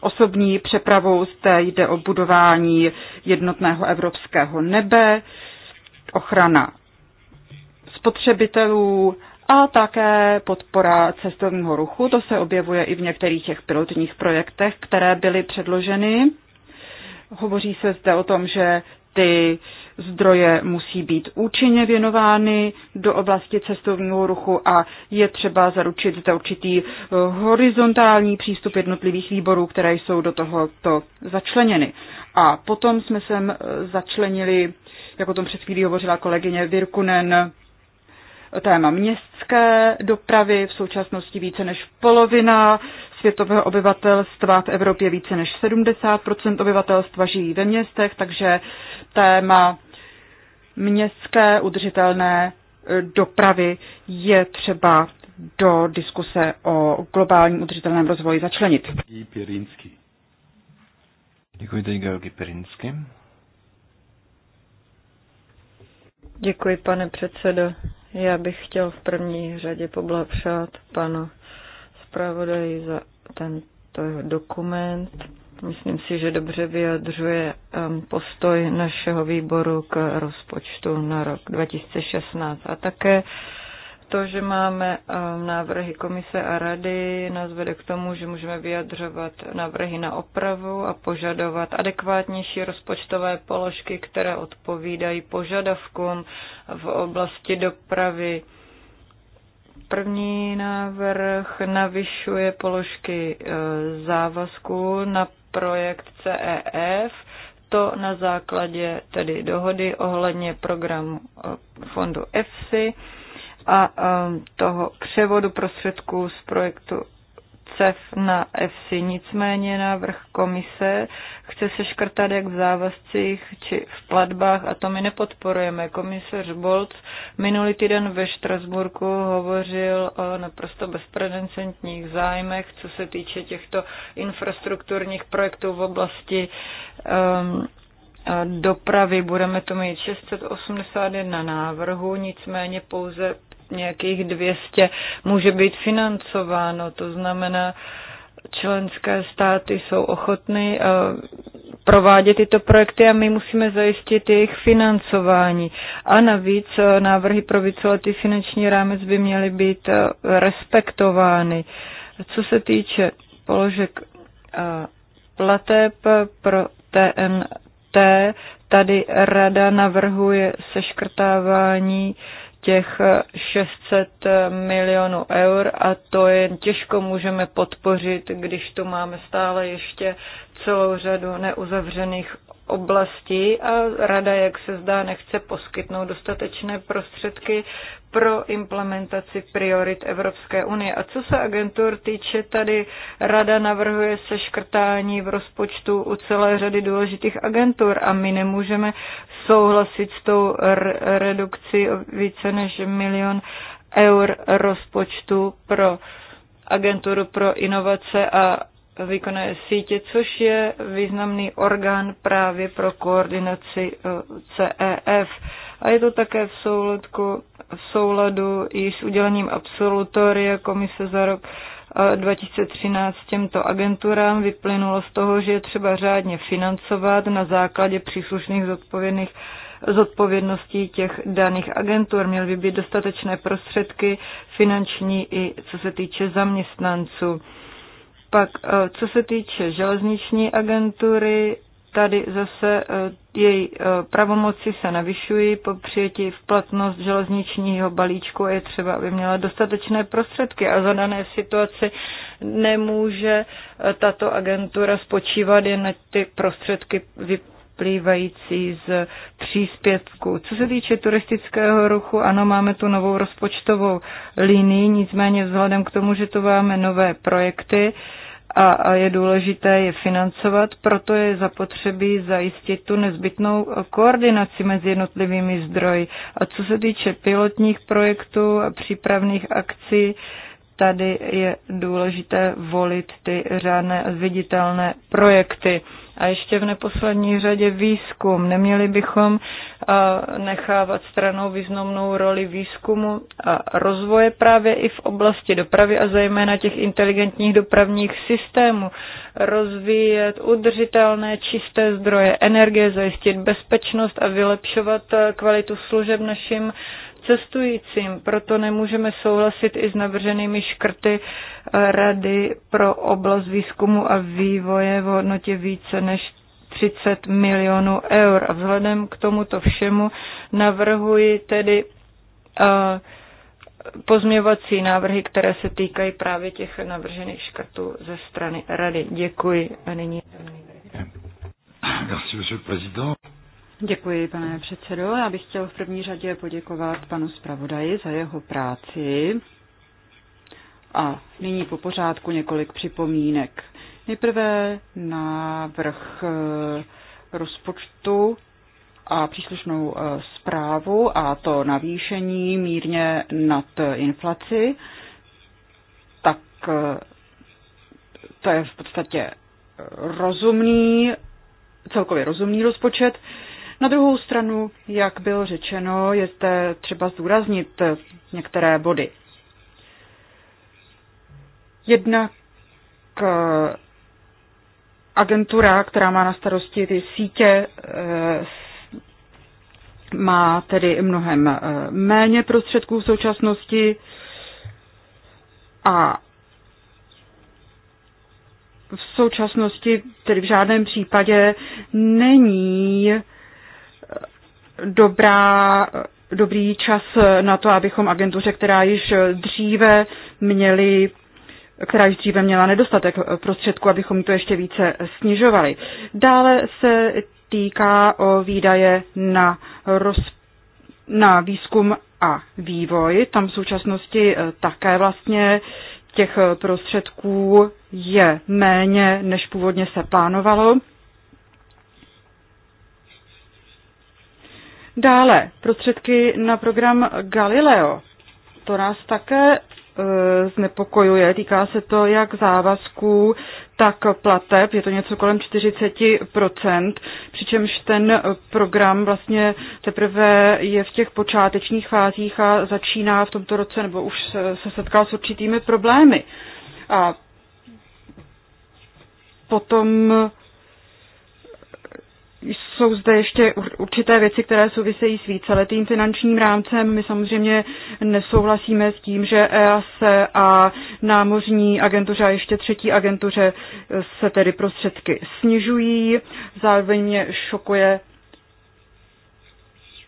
osobní přepravou, zde jde o budování jednotného evropského nebe, ochrana spotřebitelů a také podpora cestovního ruchu. To se objevuje i v některých těch pilotních projektech, které byly předloženy. Hovoří se zde o tom, že ty zdroje musí být účinně věnovány do oblasti cestovního ruchu a je třeba zaručit za určitý eh, horizontální přístup jednotlivých výborů, které jsou do tohoto začleněny. A potom jsme sem eh, začlenili, jak o tom před chvílí hovořila kolegyně Virkunen, téma městské dopravy. V současnosti více než polovina světového obyvatelstva v Evropě více než 70 obyvatelstva žijí ve městech, takže téma městské udržitelné e, dopravy je třeba do diskuse o globálním udržitelném rozvoji začlenit. Děkuji tady Georgi Pirinsky. Děkuji, pane předsedo. Já bych chtěl v první řadě poblahopřát panu zpravodaji za tento dokument. Myslím si, že dobře vyjadřuje um, postoj našeho výboru k rozpočtu na rok 2016 a také to, že máme um, návrhy komise a rady, nás vede k tomu, že můžeme vyjadřovat návrhy na opravu a požadovat adekvátnější rozpočtové položky, které odpovídají požadavkům v oblasti dopravy. První návrh navyšuje položky uh, závazku na projekt CEF, to na základě tedy dohody ohledně programu eh, fondu EFSI a eh, toho převodu prostředků z projektu CEF na EFSI. Nicméně návrh komise chce se škrtat jak v závazcích či v platbách a to my nepodporujeme. Komisař Bolc minulý týden ve Štrasburku hovořil o naprosto bezprecedentních zájmech, co se týče těchto infrastrukturních projektů v oblasti um, dopravy budeme to mít 681 návrhů, nicméně pouze nějakých 200 může být financováno. To znamená, členské státy jsou ochotny eh, provádět tyto projekty a my musíme zajistit jejich financování. A navíc eh, návrhy pro víceletý finanční rámec by měly být eh, respektovány. Co se týče položek plateb pro TN, poté tady rada navrhuje seškrtávání těch 600 milionů eur a to je těžko můžeme podpořit, když tu máme stále ještě celou řadu neuzavřených oblasti a rada, jak se zdá, nechce poskytnout dostatečné prostředky pro implementaci priorit Evropské unie. A co se agentur týče, tady rada navrhuje seškrtání v rozpočtu u celé řady důležitých agentur a my nemůžeme souhlasit s tou redukcí o více než milion eur rozpočtu pro agenturu pro inovace a výkonné sítě, což je významný orgán právě pro koordinaci eh, CEF. A je to také v, souladku, v souladu i s udělením absolutoria komise za rok 2013 eh, těmto agenturám vyplynulo z toho, že je třeba řádně financovat na základě příslušných zodpovědných zodpovědností těch daných agentur. Měly by být dostatečné prostředky finanční i co se týče zaměstnanců. Pak, eh, co se týče železniční agentury, tady zase eh, její eh, pravomoci se navyšují po přijetí v platnost železničního balíčku je třeba, aby měla dostatečné prostředky a za dané situaci nemůže tato agentura spočívat jen na ty prostředky vyplývající z příspěvku. Co se týče turistického ruchu, ano, máme tu novou rozpočtovou linii, nicméně vzhledem k tomu, že to máme nové projekty, a je důležité je financovat, proto je zapotřebí zajistit tu nezbytnou koordinaci mezi jednotlivými zdroji. A co se týče pilotních projektů a přípravných akcí, tady je důležité volit ty řádné a zviditelné projekty. A ještě v neposlední řadě výzkum. Neměli bychom eh, nechávat stranou významnou roli výzkumu a rozvoje právě i v oblasti dopravy a zejména těch inteligentních dopravních systémů. Rozvíjet udržitelné čisté zdroje energie, zajistit bezpečnost a vylepšovat eh, kvalitu služeb našim cestujícím. Proto nemůžeme souhlasit i s navrženými škrty eh, Rady pro oblast výzkumu a vývoje v hodnotě více než 30 milionů eur. A vzhledem k tomuto všemu navrhuji tedy eh, pozměvací návrhy, které se týkají právě těch navržených škrtů ze strany Rady. Děkuji a nyní. Merci, monsieur le président. Děkuji, pane předsedo. Já bych chtěl v první řadě poděkovat panu zpravodaji za jeho práci. A nyní po pořádku několik připomínek. Nejprve návrh eh, rozpočtu a příslušnou eh, zprávu a to navýšení mírně nad eh, inflaci, tak to je v podstatě rozumný, celkově rozumný rozpočet. Na druhou stranu, jak bylo řečeno, je zde třeba zdůraznit některé body. Jednak eh, agentura, která má na starosti ty sítě, eh, má tedy mnohem eh, méně prostředků v současnosti a v současnosti tedy v žádném případě není dobrá, dobrý čas na to, abychom agentuře, která již dříve měli která již dříve měla nedostatek prostředků, abychom to ještě více snižovali. Dále se týká o výdaje na, roz, na výzkum a vývoj. Tam v současnosti eh, také vlastně těch prostředků je méně, než původně se plánovalo. Dále prostředky na program Galileo. To nás také e, znepokojuje. Týká se to jak závazků, tak plateb. Je to něco kolem 40%, přičemž ten program vlastně teprve je v těch počátečních fázích a začíná v tomto roce, nebo už se setkal s určitými problémy. A potom jsou zde ještě určité věci, které souvisejí s víceletým finančním rámcem. My samozřejmě nesouhlasíme s tím, že EAS a námořní agentuře a ještě třetí agentuře e, se tedy prostředky snižují. Zároveň mě šokuje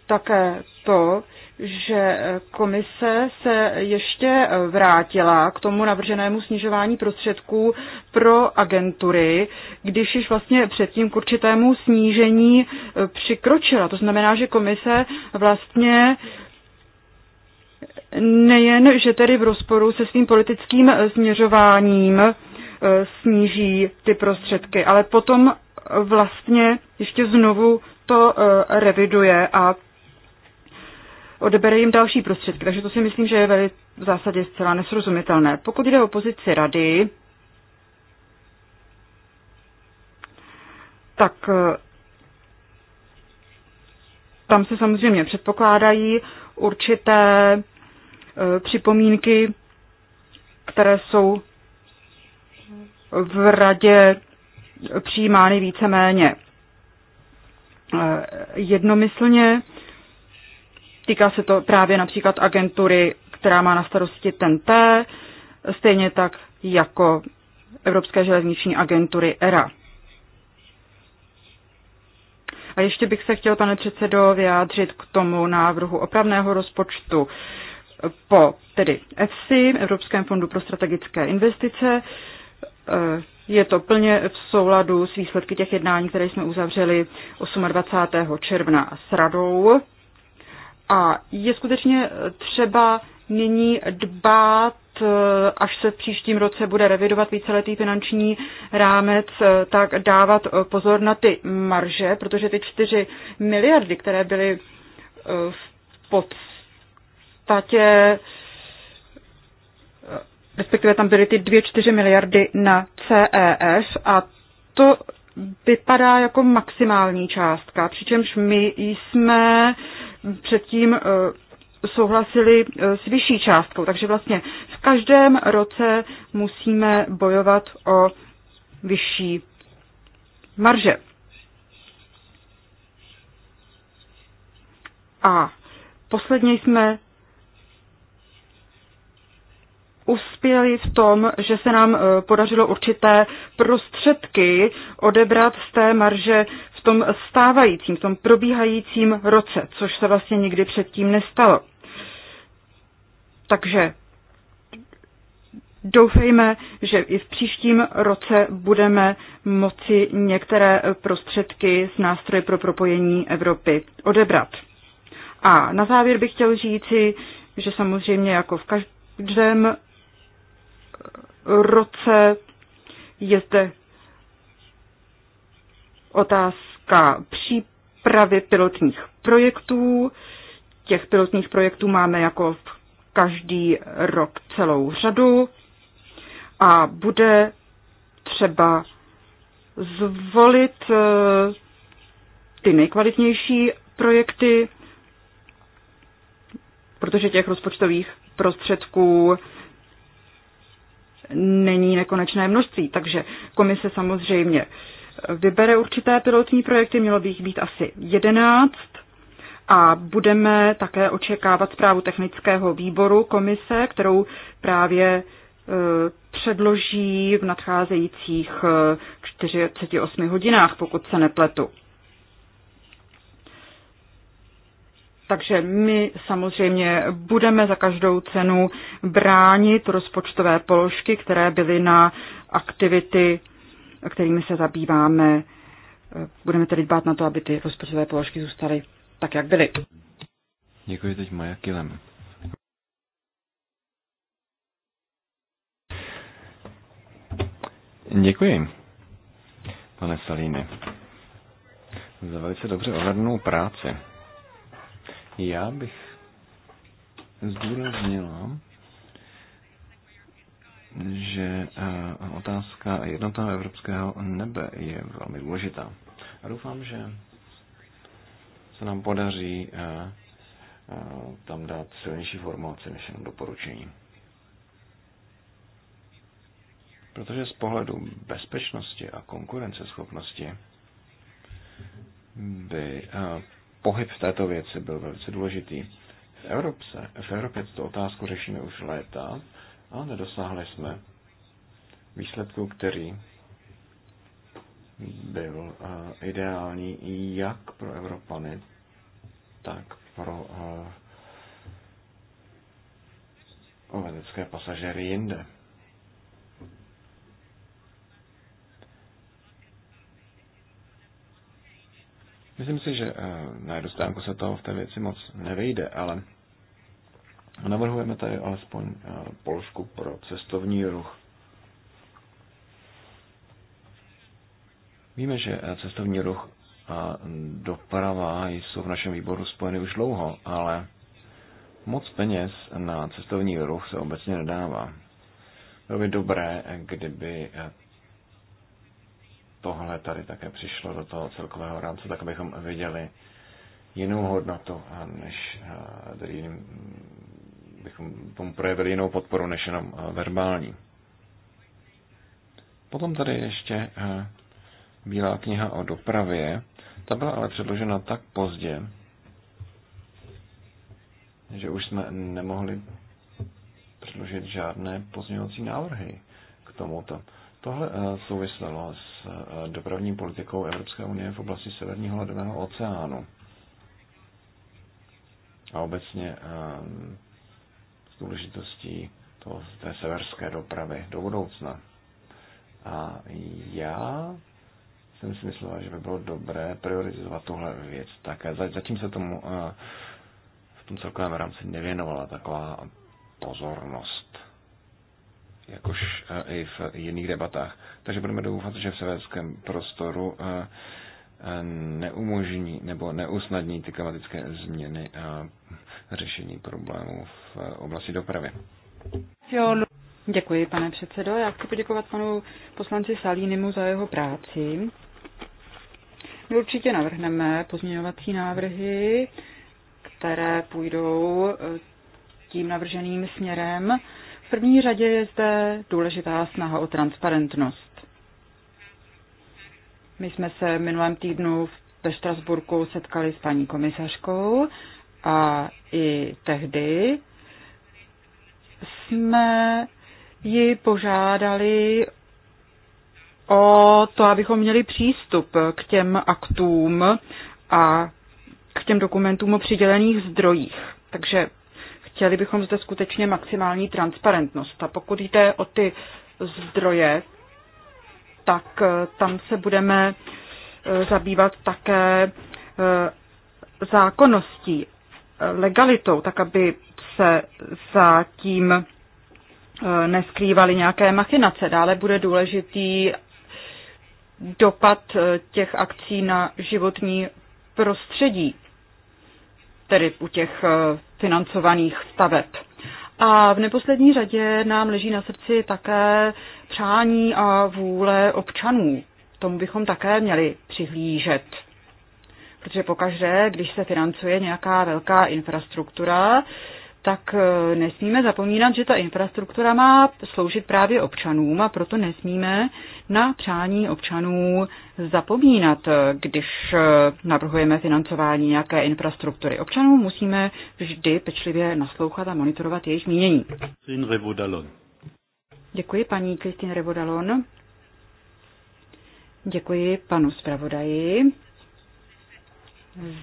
také to, že komise se ještě vrátila k tomu navrženému snižování prostředků pro agentury, když již vlastně předtím k určitému snížení přikročila. To znamená, že komise vlastně nejen, že tedy v rozporu se svým politickým směřováním eh, sníží ty prostředky, ale potom vlastně ještě znovu to eh, reviduje a odebere jim další prostředky. Takže to si myslím, že je v zásadě zcela nesrozumitelné. Pokud jde o pozici rady, tak eh, tam se samozřejmě předpokládají určité eh, připomínky, které jsou v radě přijímány víceméně eh, jednomyslně. Týká se to právě například agentury, která má na starosti ten T, stejně tak jako Evropské železniční agentury ERA. A ještě bych se chtěl, pane předsedo, vyjádřit k tomu návrhu opravného rozpočtu po tedy EFSI, Evropském fondu pro strategické investice. Eh, je to plně v souladu s výsledky těch jednání, které jsme uzavřeli 28. června s radou. A je skutečně třeba nyní dbát, až se v příštím roce bude revidovat víceletý finanční rámec, tak dávat pozor na ty marže, protože ty 4 miliardy, které byly eh, v podstatě eh, respektive tam byly ty 2-4 miliardy na CEF a to vypadá jako maximální částka, přičemž my jsme předtím eh, souhlasili eh, s vyšší částkou. Takže vlastně v každém roce musíme bojovat o vyšší marže. A posledně jsme uspěli v tom, že se nám eh, podařilo určité prostředky odebrat z té marže, tom stávajícím, v tom probíhajícím roce, což se vlastně nikdy předtím nestalo. Takže doufejme, že i v příštím roce budeme moci některé prostředky z nástroje pro propojení Evropy odebrat. A na závěr bych chtěl říci, že samozřejmě jako v každém roce je zde otázka, otázka přípravy pilotních projektů. Těch pilotních projektů máme jako každý rok celou řadu a bude třeba zvolit eh, ty nejkvalitnější projekty, protože těch rozpočtových prostředků není nekonečné množství. Takže komise samozřejmě vybere určité pilotní projekty, mělo by jich být asi 11 a budeme také očekávat zprávu technického výboru komise, kterou právě e, předloží v nadcházejících 48 e, hodinách, pokud se nepletu. Takže my samozřejmě budeme za každou cenu bránit rozpočtové položky, které byly na aktivity kterými se zabýváme. Budeme tedy dbát na to, aby ty rozpočtové položky zůstaly tak, jak byly. Děkuji teď Maja Kilem. Děkuji, pane Salíny, za velice dobře ohlednou práci. Já bych zdůraznila, že eh, otázka jednotného evropského nebe je velmi důležitá. A doufám, že se nám podaří eh, eh, tam dát silnější formulaci než jenom doporučení. Protože z pohledu bezpečnosti a konkurenceschopnosti by pohyb v této věci byl velice důležitý. V Evropě, v Evropě tuto otázku řešíme už léta a nedosáhli jsme výsledku, který byl eh, ideální jak pro Evropany, tak pro letecké eh, pasažéry jinde. Myslím si, že eh, na jednu stránku se toho v té věci moc nevejde, ale Navrhujeme tady alespoň eh, Polsku pro cestovní ruch. Víme, že eh, cestovní ruch a doprava jsou v našem výboru spojeny už dlouho, ale moc peněz na cestovní ruch se obecně nedává. Bylo by dobré, eh, kdyby tohle tady také přišlo do toho celkového rámce, tak abychom viděli jinou hodnotu, než jiným bychom tomu projevili jinou podporu než jenom eh, verbální. Potom tady ještě eh, Bílá kniha o dopravě. Ta byla ale předložena tak pozdě, že už jsme nemohli předložit žádné pozměňovací návrhy k tomuto. Tohle eh, souviselo s dopravní politikou Evropské unie v oblasti Severního ledového oceánu. A obecně s důležitostí toho, té severské dopravy do budoucna. A já jsem si myslel, že by bylo dobré prioritizovat tuhle věc také. Zatím se tomu eh, v tom celkovém rámci nevěnovala taková pozornost, jakož eh, i v jiných debatách. Takže budeme doufat, že v severském prostoru eh, neumožní nebo neusnadní ty klimatické změny řešení problémů v eh, oblasti dopravy. No. Děkuji, pane předsedo. Já chci poděkovat panu poslanci Salínimu za jeho práci. My určitě navrhneme pozměňovací návrhy, které půjdou eh, tím navrženým směrem. V první řadě je zde důležitá snaha o transparentnost. My jsme se minulém týdnu ve Štrasburku setkali s paní komisařkou a i tehdy jsme ji požádali o to, abychom měli přístup k těm aktům a k těm dokumentům o přidělených zdrojích. Takže chtěli bychom zde skutečně maximální transparentnost. A pokud jde o ty zdroje, tak eh, tam se budeme eh, zabývat také eh, zákonností legalitou, tak aby se za tím eh, neskrývaly nějaké machinace. Dále bude důležitý dopad eh, těch akcí na životní prostředí, tedy u těch eh, financovaných staveb. A v neposlední řadě nám leží na srdci také přání a vůle občanů. Tomu bychom také měli přihlížet protože pokaždé, když se financuje nějaká velká infrastruktura, tak e, nesmíme zapomínat, že ta infrastruktura má sloužit právě občanům a proto nesmíme na přání občanů zapomínat, e, když e, navrhujeme financování nějaké infrastruktury. Občanům musíme vždy pečlivě naslouchat a monitorovat jejich mínění. Děkuji paní Kristýn Revodalon. Děkuji panu zpravodaji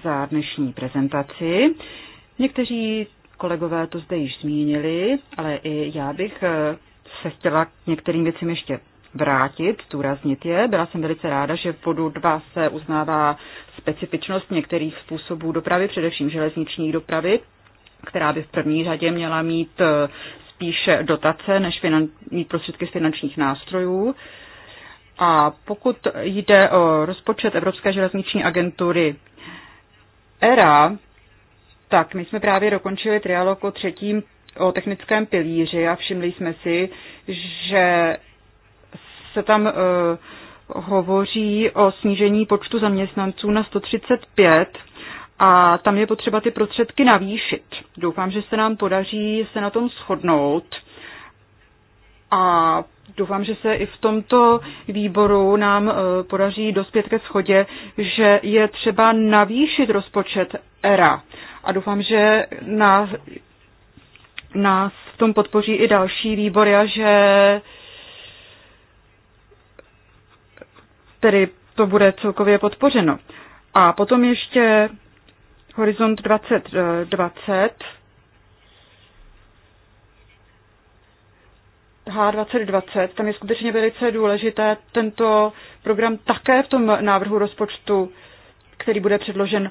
za dnešní prezentaci. Někteří kolegové to zde již zmínili, ale i já bych eh, se chtěla k některým věcem ještě vrátit, zdůraznit je. Byla jsem velice ráda, že v bodu 2 se uznává specifičnost některých způsobů dopravy, především železniční dopravy, která by v první řadě měla mít eh, spíše dotace než finan- mít prostředky z finančních nástrojů. A pokud jde o rozpočet Evropské železniční agentury ERA, tak my jsme právě dokončili trialog o třetím o technickém pilíři a všimli jsme si, že se tam uh, hovoří o snížení počtu zaměstnanců na 135 a tam je potřeba ty prostředky navýšit. Doufám, že se nám podaří se na tom shodnout a doufám, že se i v tomto výboru nám e, podaří dospět ke schodě, že je třeba navýšit rozpočet ERA. A doufám, že nás, nás v tom podpoří i další výbory a že tedy to bude celkově podpořeno. A potom ještě Horizont 2020 H2020, tam je skutečně velice důležité tento program také v tom návrhu rozpočtu, který bude předložen,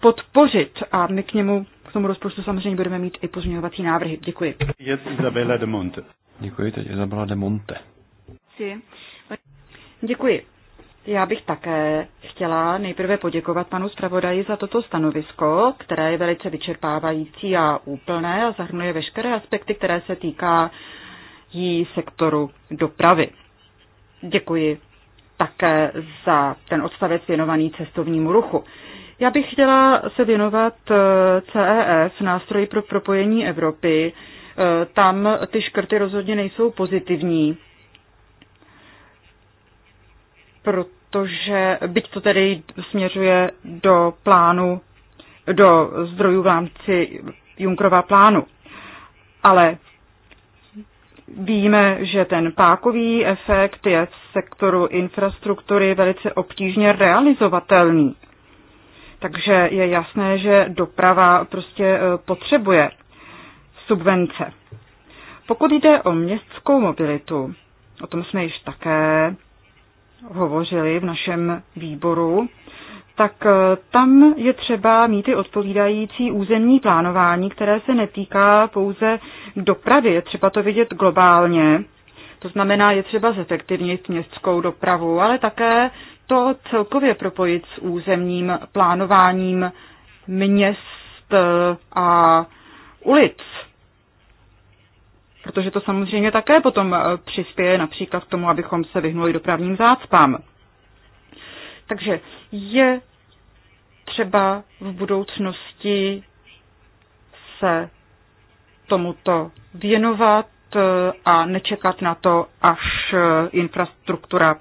podpořit a my k němu, k tomu rozpočtu samozřejmě budeme mít i pozměňovací návrhy. Děkuji. Je Isabela de Monte. Děkuji, teď Isabela de Monte. Děkuji. Já bych také chtěla nejprve poděkovat panu zpravodaji za toto stanovisko, které je velice vyčerpávající a úplné a zahrnuje veškeré aspekty, které se týká uh, jí sektoru dopravy. Děkuji také za ten odstavec věnovaný cestovnímu ruchu. Já bych chtěla se věnovat eh, CEF, nástroji pro propojení Evropy. Eh, tam ty škrty rozhodně nejsou pozitivní, protože byť to tedy směřuje do plánu, do zdrojů v rámci Junkrova plánu. Ale Víme, že ten pákový efekt je v sektoru infrastruktury velice obtížně realizovatelný. Takže je jasné, že doprava prostě e, potřebuje subvence. Pokud jde o městskou mobilitu, o tom jsme již také hovořili v našem výboru, tak e, tam je třeba mít i odpovídající územní plánování, které se netýká pouze dopravy. Je třeba to vidět globálně. To znamená, je třeba zefektivnit městskou dopravu, ale také to celkově propojit s územním plánováním měst e, a ulic. Protože to samozřejmě také potom e, přispěje například k tomu, abychom se vyhnuli dopravním zácpám. Takže je třeba v budoucnosti se tomuto věnovat e, a nečekat na to, až e, infrastruktura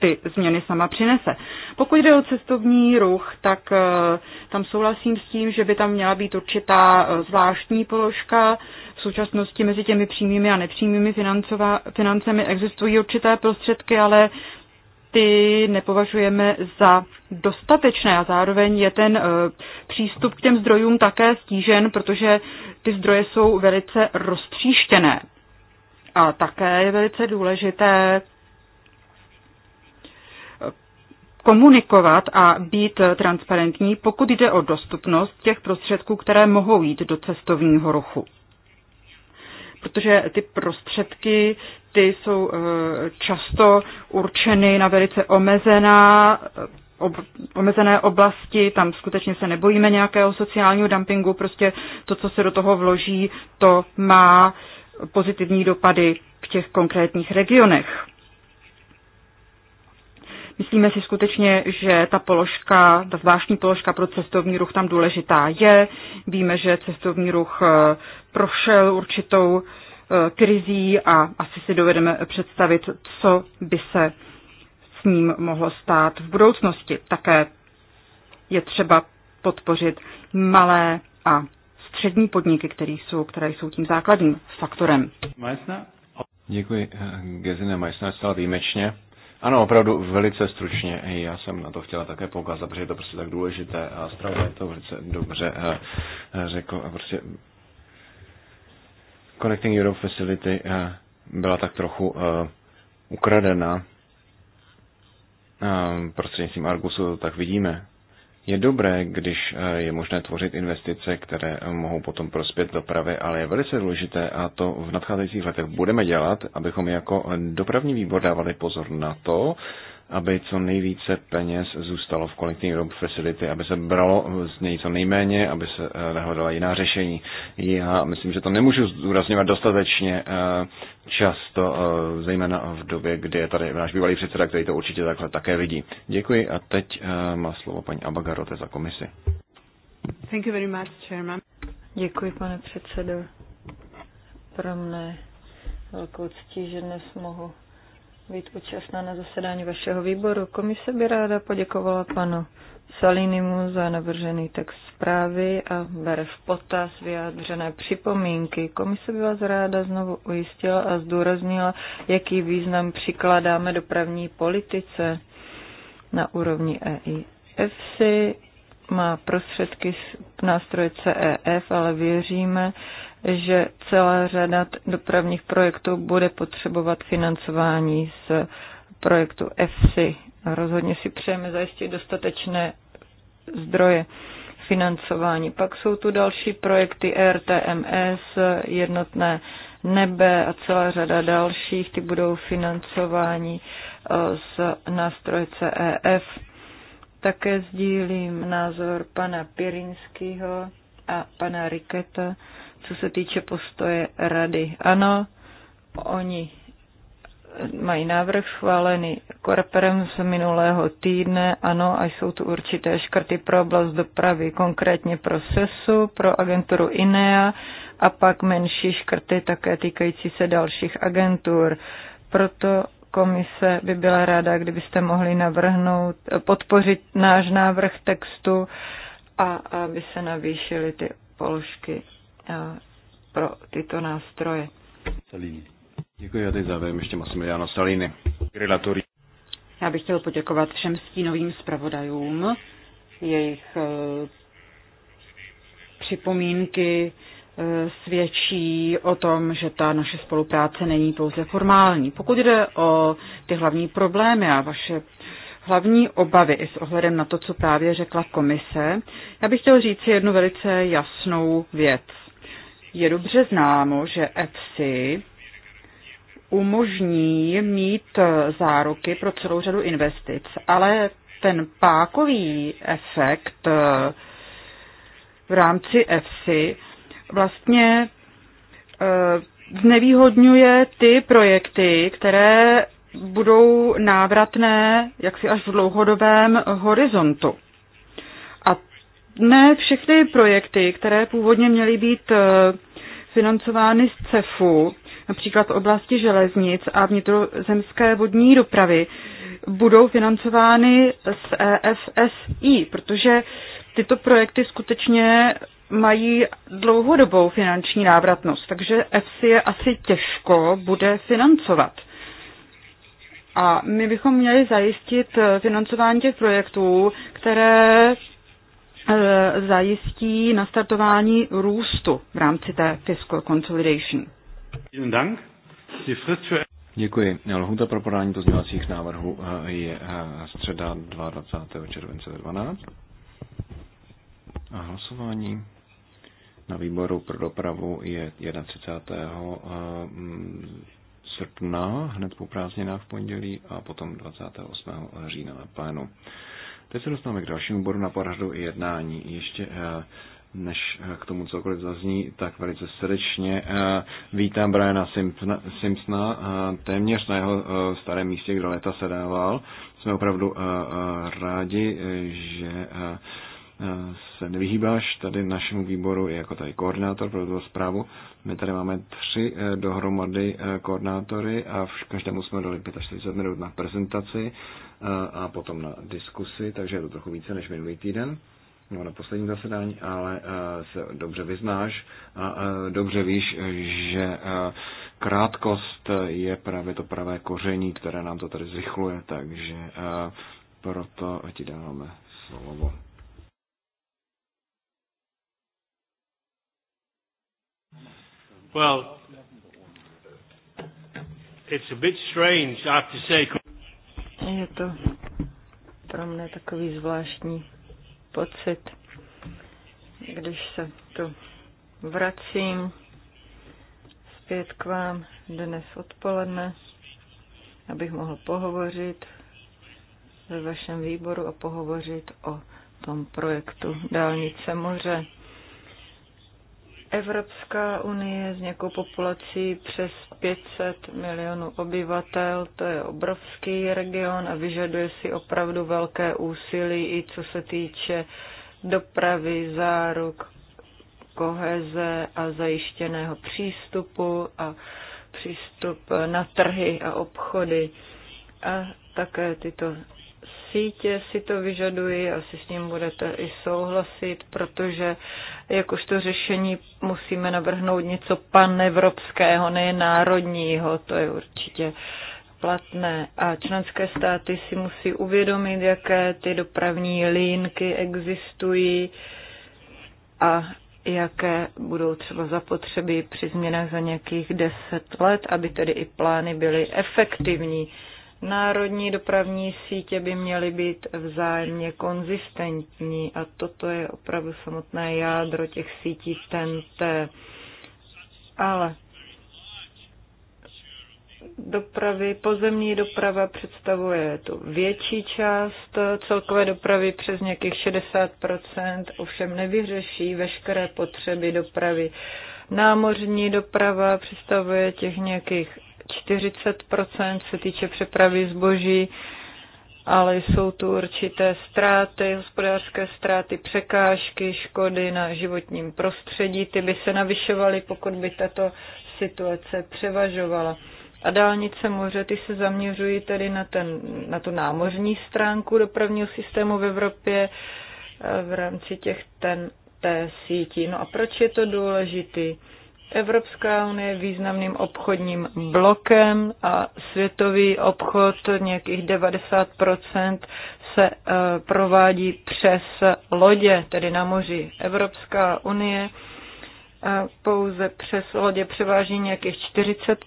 ty změny sama přinese. Pokud jde o cestovní ruch, tak e, tam souhlasím s tím, že by tam měla být určitá zvláštní položka. V současnosti mezi těmi přímými a nepřímými financemi existují určité prostředky, ale ty nepovažujeme za dostatečné a zároveň je ten eh, přístup k těm zdrojům také stížen, protože ty zdroje jsou velice roztříštěné. A také je velice důležité eh, komunikovat a být transparentní, pokud jde o dostupnost těch prostředků, které mohou jít do cestovního ruchu. Protože ty prostředky ty jsou eh, často určeny na velice omezená eh, ob, omezené oblasti, tam skutečně se nebojíme nějakého sociálního dumpingu, prostě to, co se do toho vloží, to má pozitivní dopady v těch konkrétních regionech. Myslíme si skutečně, že ta položka, ta zvláštní položka pro cestovní ruch tam důležitá je. Víme, že cestovní ruch eh, prošel určitou E, krizí a asi si dovedeme představit, co by se s ním mohlo stát v budoucnosti. Také je třeba podpořit malé a střední podniky, které jsou, které jsou tím základním faktorem. Děkuji, eh, Gezine Majsna, stala výjimečně. Ano, opravdu velice stručně. Já jsem na to chtěla také poukázat, protože je to prostě tak důležité a je to velice dobře eh, eh, řekl. Prostě Connecting Europe Facility eh, byla tak trochu eh, ukradena eh, prostřednictvím Argusu, tak vidíme. Je dobré, když je možné tvořit investice, které mohou potom prospět dopravy, ale je velice důležité, a to v nadcházejících letech budeme dělat, abychom jako dopravní výbor dávali pozor na to, aby co nejvíce peněz zůstalo v kolektivní Europe Facility, aby se bralo z něj co nejméně, aby se eh, nehledala jiná řešení. Já myslím, že to nemůžu zdůrazňovat dostatečně eh, často, eh, zejména v době, kdy je tady náš bývalý předseda, který to určitě takhle také vidí. Děkuji a teď má slovo paní Abagarote za komisi. Thank you very much, chairman. Děkuji, pane předsedo. Pro mne velkou ctí, že dnes mohu být účastná na zasedání vašeho výboru. Komise by ráda poděkovala panu Salinimu za navržený text zprávy a bere v potaz vyjádřené připomínky. Komise by vás ráda znovu ujistila a zdůraznila, jaký význam přikládáme dopravní politice na úrovni EIFC. Má prostředky nástroje CEF, ale věříme, že celá řada dopravních projektů bude potřebovat financování z projektu EFSI. Rozhodně si přejeme zajistit dostatečné zdroje financování. Pak jsou tu další projekty RTMS, jednotné nebe a celá řada dalších, ty budou financování e, z nástroje CEF. Také sdílím názor pana Pirinského a pana Riketa, co se týče postoje rady. Ano, oni mají návrh schválený korporem z minulého týdne, ano, a jsou tu určité škrty pro oblast dopravy, konkrétně pro SESu, pro agenturu INEA a pak menší škrty také týkající se dalších agentur. Proto komise by byla ráda, kdybyste mohli navrhnout, podpořit náš návrh textu a aby se navýšily ty položky Eh, pro tyto nástroje. Salini. Děkuji, já teď závěrem ještě Massimiliano Salini. Relatori. Já bych chtěl poděkovat všem stínovým zpravodajům. Jejich eh, připomínky eh, svědčí o tom, že ta naše spolupráce není pouze formální. Pokud jde o ty hlavní problémy a vaše hlavní obavy i s ohledem na to, co právě řekla komise, já bych chtěl říct jednu velice jasnou věc. Je dobře známo, že EFSI umožní mít záruky pro celou řadu investic, ale ten pákový efekt eh, v rámci EFSI vlastně eh, znevýhodňuje ty projekty, které budou návratné jaksi až v dlouhodobém horizontu. A ne všechny projekty, které původně měly být eh, financovány z CEFu, například v oblasti železnic a vnitrozemské vodní dopravy, budou financovány z EFSI, protože tyto projekty skutečně mají dlouhodobou finanční návratnost, takže EFSI je asi těžko bude financovat. A my bychom měli zajistit financování těch projektů, které E, zajistí nastartování růstu v rámci té fiscal consolidation. Děkuji. Lhuta pro podání pozměňovacích návrhů e, je e, středa 22. července 12. A hlasování na výboru pro dopravu je 31. Mm, srpna, hned po prázdninách v pondělí a potom 28. října na plénu. Teď se dostáváme k dalšímu bodu na i jednání. Ještě eh, než eh, k tomu cokoliv zazní, tak velice srdečně eh, vítám Briana Simpsona téměř na jeho starém místě, kde leta sedával. Jsme opravdu rádi, že se nevyhýbáš tady našemu výboru i jako tady koordinátor pro tuto zprávu. My tady máme tři eh, dohromady eh, koordinátory a v každému jsme dali 45 minut na prezentaci eh, a potom na diskusi, takže je to trochu více než minulý týden nebo na posledním zasedání, ale se dobře vyznáš a dobře víš, že krátkost je právě to pravé koření, které nám to tady zrychluje, takže proto ti dáváme slovo. Well, it's a bit strange, I have to say. Je to pro mě takový zvláštní pocit, když se tu vracím zpět k vám dnes odpoledne, abych mohl pohovořit ve vašem výboru a pohovořit o tom projektu Dálnice moře. Evropská unie s nějakou populací přes 500 milionů obyvatel, to je obrovský region a vyžaduje si opravdu velké úsilí, i co se týče dopravy, záruk, koheze a zajištěného přístupu a přístup na trhy a obchody a také tyto sítě si to vyžadují, asi s ním budete i souhlasit, protože jakožto řešení musíme navrhnout něco panevropského, ne národního, to je určitě platné. A členské státy si musí uvědomit, jaké ty dopravní línky existují a jaké budou třeba zapotřeby při změnách za nějakých deset let, aby tedy i plány byly efektivní. Národní dopravní sítě by měly být vzájemně konzistentní a toto je opravdu samotné jádro těch sítí TNT. Ale dopravy, pozemní doprava představuje tu větší část celkové dopravy přes nějakých 60%, ovšem nevyřeší veškeré potřeby dopravy. Námořní doprava představuje těch nějakých 40 se týče přepravy zboží, ale jsou tu určité ztráty, hospodářské ztráty, překážky, škody na životním prostředí. Ty by se navyšovaly, pokud by tato situace převažovala. A dálnice moře, ty se zaměřují tedy na, ten, na tu námořní stránku dopravního systému v Evropě eh, v rámci těch ten, té sítí. No a proč je to důležité? Evropská unie je významným obchodním blokem a světový obchod nějakých 90 se eh, provádí přes lodě, tedy na moři. Evropská unie eh, pouze přes lodě převáží nějakých 40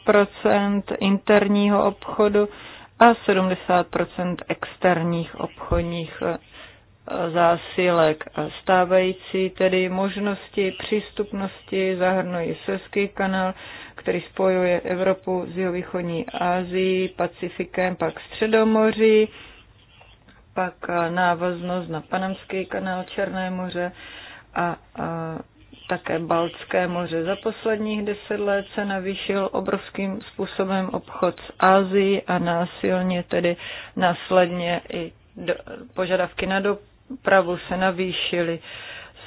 interního obchodu a 70 externích obchodních eh, zásilek. A stávající tedy možnosti přístupnosti zahrnují Suezký kanál, který spojuje Evropu s jihovýchodní Asií, Pacifikem, pak Středomoří, pak návaznost na Panamský kanál, Černé moře a, a také Baltské moře. Za posledních deset let se navýšil obrovským způsobem obchod s Ázií a násilně tedy následně i do, požadavky na dop, dopravu se navýšily.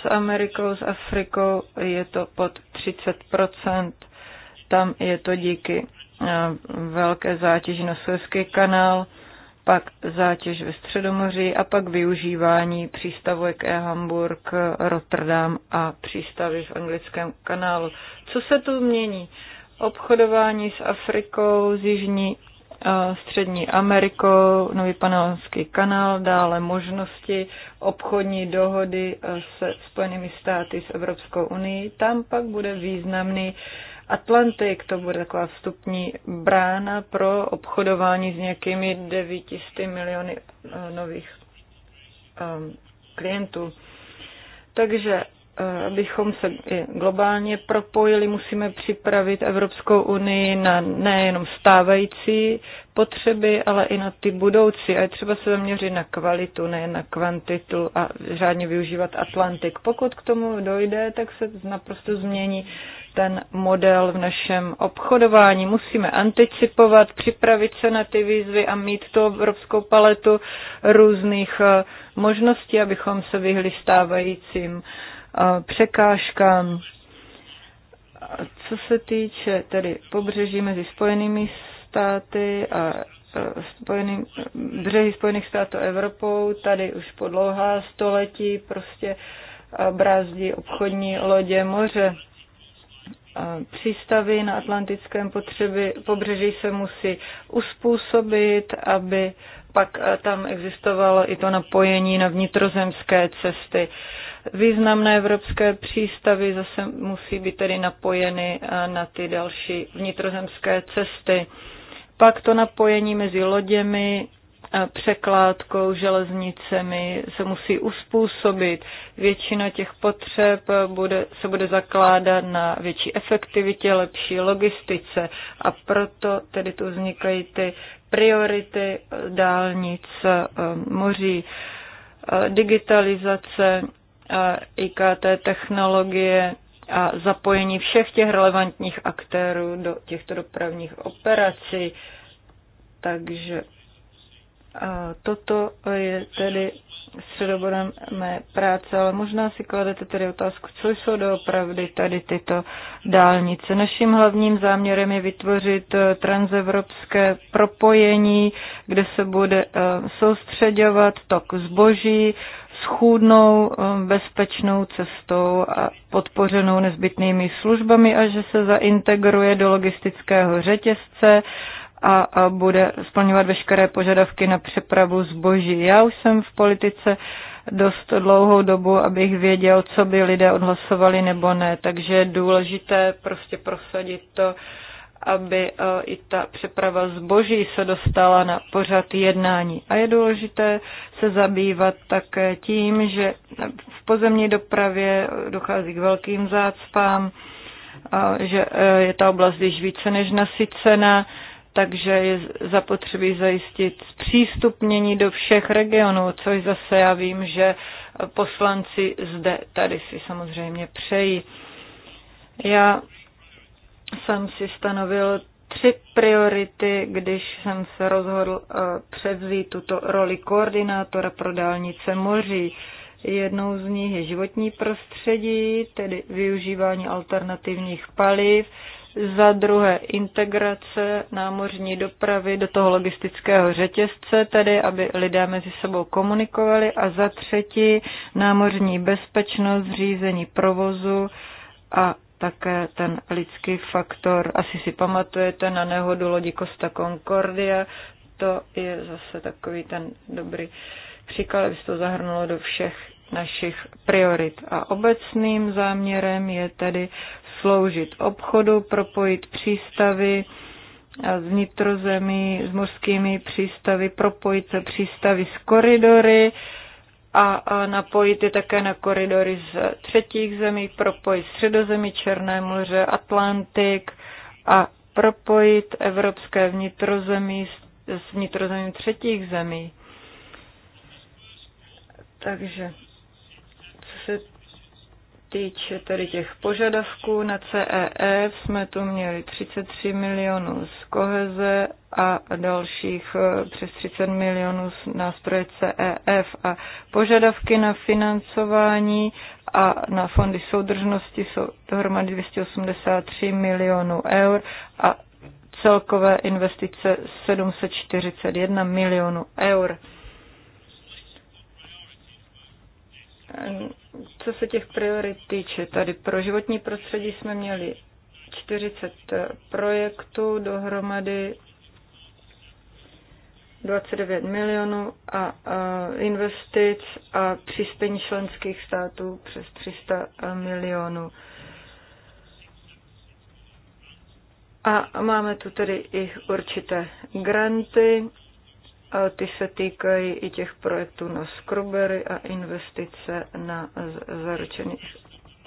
S Amerikou, s Afrikou je to pod 30%. Tam je to díky eh, velké zátěži na Suezký kanál, pak zátěž ve Středomoří a pak využívání přístavu jak e Hamburg, Rotterdam a přístavy v anglickém kanálu. Co se tu mění? Obchodování s Afrikou, s Jižní Střední Amerikou, Nový panelský kanál, dále možnosti obchodní dohody se Spojenými státy s Evropskou unii. Tam pak bude významný Atlantik, to bude taková vstupní brána pro obchodování s nějakými 900 miliony eh, nových eh, klientů. Takže abychom eh, se globálně propojili, musíme připravit Evropskou unii na nejenom stávající potřeby, ale i na ty budoucí. A je třeba se zaměřit na kvalitu, ne na kvantitu a řádně využívat Atlantik. Pokud k tomu dojde, tak se naprosto změní ten model v našem obchodování. Musíme anticipovat, připravit se na ty výzvy a mít tu evropskou paletu různých eh, možností, abychom se vyhli stávajícím uh, překážkám. Co se týče tedy pobřeží mezi Spojenými státy a e, spojený, břehy Spojených států Evropou, tady už po dlouhá století prostě e, brázdí obchodní lodě moře. Přístavy na atlantickém potřeby, pobřeží se musí uspůsobit, aby pak e, tam existovalo i to napojení na vnitrozemské cesty. Uh, významné evropské přístavy zase musí být tedy napojeny eh, na ty další vnitrozemské cesty. Pak to napojení mezi loděmi, překládkou, železnicemi se musí uspůsobit. Většina těch potřeb eh, bude, se bude zakládat na větší efektivitě, lepší logistice a proto tedy tu vznikají ty priority eh, dálnic moří, digitalizace IKT technologie a zapojení všech těch relevantních aktérů do těchto dopravních operací. Takže toto je tedy středobodem mé práce, ale možná si kladete tedy otázku, co jsou doopravdy tady tyto dálnice. Naším hlavním záměrem je vytvořit e, transevropské propojení, kde se bude e, soustředovat tok zboží, schůdnou, eh, bezpečnou cestou a podpořenou nezbytnými službami a že se zaintegruje do logistického řetězce a, a bude splňovat veškeré požadavky na přepravu zboží. Já už jsem v politice dost dlouhou dobu, abych věděl, co by lidé odhlasovali nebo ne, takže je důležité prostě prosadit to uh, aby eh, i ta přeprava zboží se dostala na pořad jednání. A je důležité se zabývat také tím, že v pozemní dopravě dochází k velkým zácpám, že eh, je ta oblast již více než nasycena, takže je zapotřebí zajistit zpřístupnění do všech regionů, což zase já vím, že poslanci zde tady si samozřejmě přejí. Já jsem si stanovil tři priority, když jsem se rozhodl eh, převzít tuto roli koordinátora pro dálnice moří. Jednou z nich je životní prostředí, tedy využívání alternativních paliv, za druhé integrace námořní dopravy do toho logistického řetězce, tedy aby lidé mezi sebou komunikovali a za třetí námořní bezpečnost, řízení provozu a také ten lidský faktor. Asi si pamatujete na nehodu lodi Costa Concordia, to je zase takový ten dobrý příklad, aby se to zahrnulo do všech našich priorit. A obecným záměrem je tedy sloužit obchodu, propojit přístavy, z vnitrozemí, s mořskými přístavy, propojit se přístavy s koridory, a napojit je také na koridory z třetích zemí, propojit Středozemí, Černé moře, Atlantik a propojit evropské vnitrozemí s vnitrozemím třetích zemí. Takže co se týče tady těch požadavků na CEF, e, jsme tu měli 33 milionů z koheze a dalších eh, přes 30 milionů z nástroje CEF a požadavky na financování a na fondy soudržnosti jsou dohromady 283 milionů eur a celkové investice 741 milionů eur. Co se těch priorit týče, tady pro životní prostředí jsme měli 40 projektů, dohromady 29 milionů a, a investic a přispění členských států přes 300 milionů. A máme tu tedy i určité granty ty se týkají i těch projektů na skrubery a investice na zaručených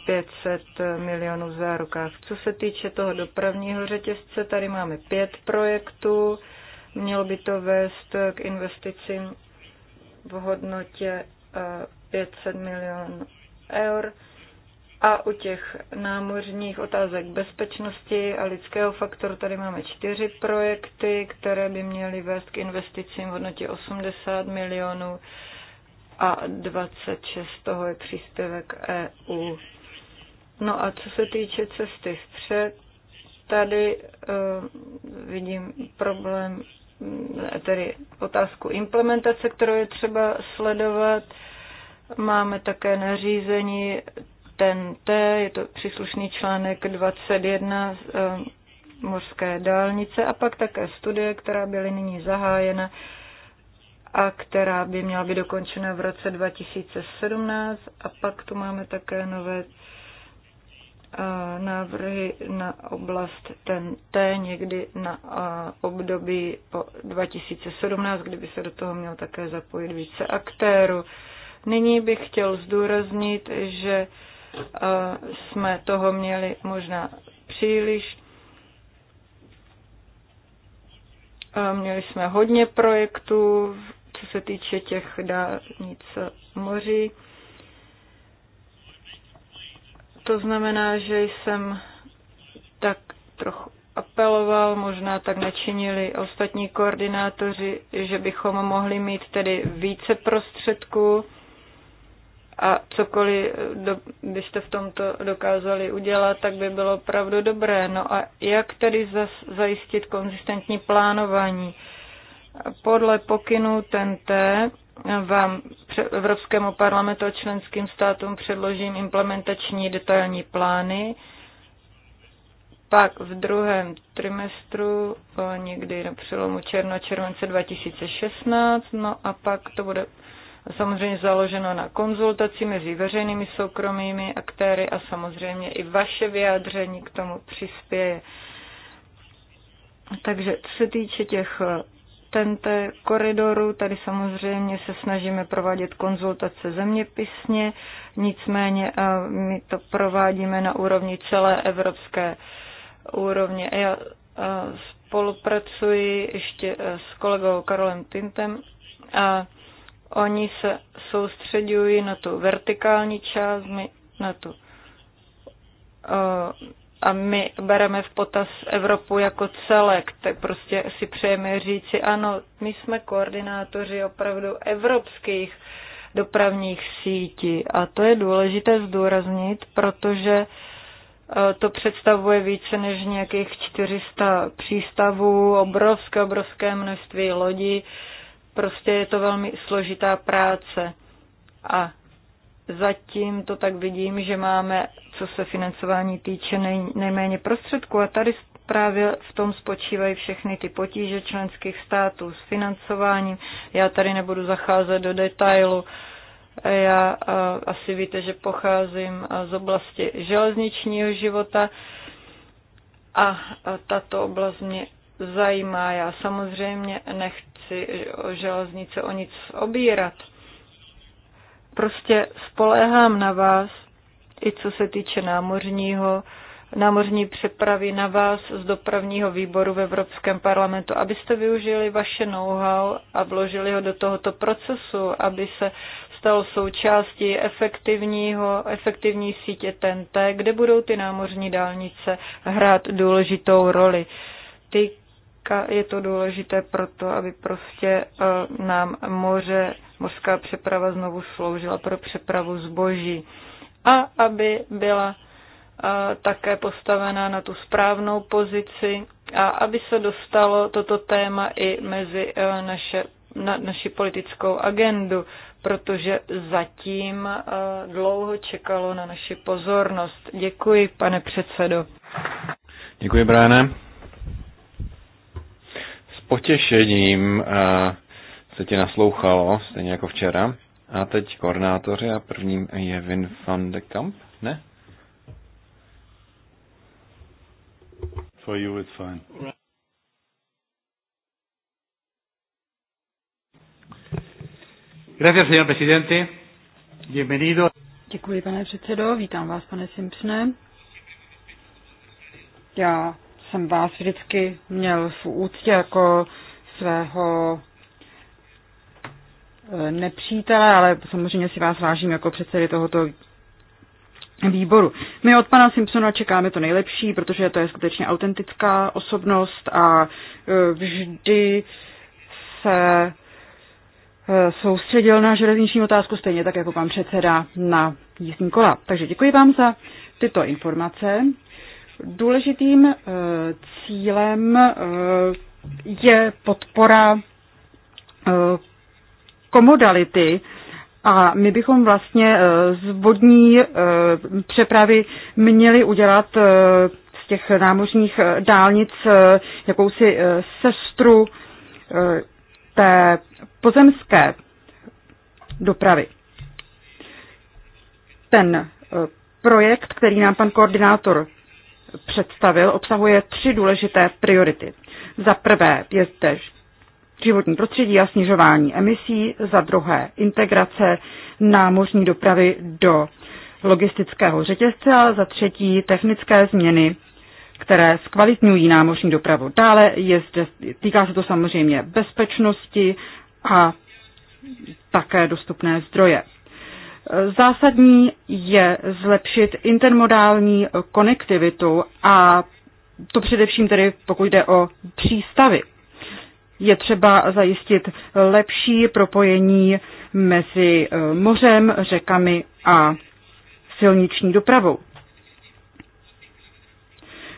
500 milionů v zárukách. Co se týče toho dopravního řetězce, tady máme pět projektů. Mělo by to vést k investicím v hodnotě 500 eh, milionů eur. A u těch námořních otázek bezpečnosti a lidského faktoru tady máme čtyři projekty, které by měly vést k investicím v hodnotě 80 milionů a 26 toho je příspěvek EU. No a co se týče cesty vpřed, tady uh, vidím problém, mm, tedy otázku implementace, kterou je třeba sledovat. Máme také nařízení TNT, je to příslušný článek 21 eh, mořské dálnice a pak také studie, která byly nyní zahájena a která by měla být dokončena v roce 2017 a pak tu máme také nové eh, návrhy na oblast TNT někdy na eh, období po 2017, kdyby se do toho měl také zapojit více aktérů. Nyní bych chtěl zdůraznit, že jsme toho měli možná příliš. Měli jsme hodně projektů, co se týče těch dálnic moří. To znamená, že jsem tak trochu apeloval, možná tak načinili ostatní koordinátoři, že bychom mohli mít tedy více prostředků a cokoliv do, byste v tomto dokázali udělat, tak by bylo opravdu dobré. No a jak tedy zas, zajistit konzistentní plánování? Podle pokynů TNT vám Evropskému parlamentu a členským státům předložím implementační detailní plány. Pak v druhém trimestru, někdy na přelomu června července 2016, no a pak to bude samozřejmě založeno na konzultaci mezi veřejnými soukromými aktéry a samozřejmě i vaše vyjádření k tomu přispěje. Takže co se týče těch tento koridoru, tady samozřejmě se snažíme provádět konzultace zeměpisně, nicméně my to provádíme na úrovni celé evropské úrovně. Já spolupracuji ještě s kolegou Karolem Tintem a Oni se soustředují na tu vertikální část, my na tu a my bereme v potaz Evropu jako celek, tak prostě si přejeme říci, ano, my jsme koordinátoři opravdu evropských dopravních sítí a to je důležité zdůraznit, protože to představuje více než nějakých 400 přístavů, obrovské, obrovské množství lodí, Prostě je to velmi složitá práce. A zatím to tak vidím, že máme, co se financování týče, nej, nejméně prostředků. A tady právě v tom spočívají všechny ty potíže členských států s financováním. Já tady nebudu zacházet do detailu. Já a, asi víte, že pocházím z oblasti železničního života a, a tato oblast mě zajímá. Já samozřejmě nechci o železnice o nic obírat. Prostě spoléhám na vás, i co se týče námořního, námořní přepravy na vás z dopravního výboru v Evropském parlamentu, abyste využili vaše know-how a vložili ho do tohoto procesu, aby se stal součástí efektivního, efektivní sítě TNT, kde budou ty námořní dálnice hrát důležitou roli. Ty a je to důležité proto, aby prostě e, nám moře, mořská přeprava znovu sloužila pro přepravu zboží a aby byla e, také postavená na tu správnou pozici a aby se dostalo toto téma i mezi e, naše, na, naši politickou agendu, protože zatím dlouho čekalo na naši pozornost. Děkuji, pane předsedo. Děkuji, Bráne potěšením eh, se ti naslouchalo, stejně jako včera. A teď koordinátoři a prvním je Vin van de Kamp, ne? For you it's fine. Gracias, señor presidente. Bienvenido. Děkuji, pane předsedo. Vítám vás, pane Simpsone. Já jsem vás vždycky měl v úctě jako svého eh, nepřítele, ale samozřejmě si vás vážím jako předsedy tohoto výboru. My od pana Simpsona čekáme to nejlepší, protože to je skutečně autentická osobnost a eh, vždy se eh, soustředil na železniční otázku, stejně tak jako pan předseda na jízdní kola. Takže děkuji vám za tyto informace. Důležitým eh, cílem eh, je podpora eh, komodality a my bychom vlastně z vodní přepravy měli udělat z těch námořních dálnic jakousi sestru té pozemské dopravy. Ten projekt, který nám pan koordinátor představil, obsahuje tři důležité priority. Za prvé je zde životní prostředí a snižování emisí, za druhé integrace námořní dopravy do logistického řetězce a za třetí technické změny, které zkvalitňují námořní dopravu. Dále je zde, týká se to samozřejmě bezpečnosti a také dostupné zdroje. Zásadní je zlepšit intermodální konektivitu a to především tedy pokud jde o přístavy. Je třeba zajistit lepší propojení mezi eh, mořem, řekami a silniční dopravou.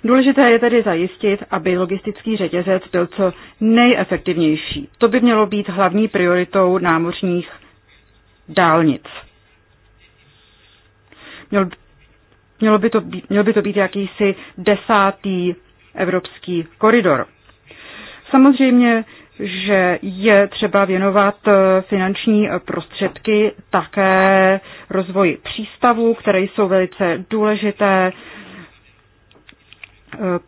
Důležité je tedy zajistit, aby logistický řetězec byl co nejefektivnější. To by mělo být hlavní prioritou námořních dálnic. Měl, mělo by to být, měl by to být jakýsi desátý evropský koridor. Samozřejmě, že je třeba věnovat eh, finanční prostředky také rozvoji přístavů, které jsou velice důležité eh,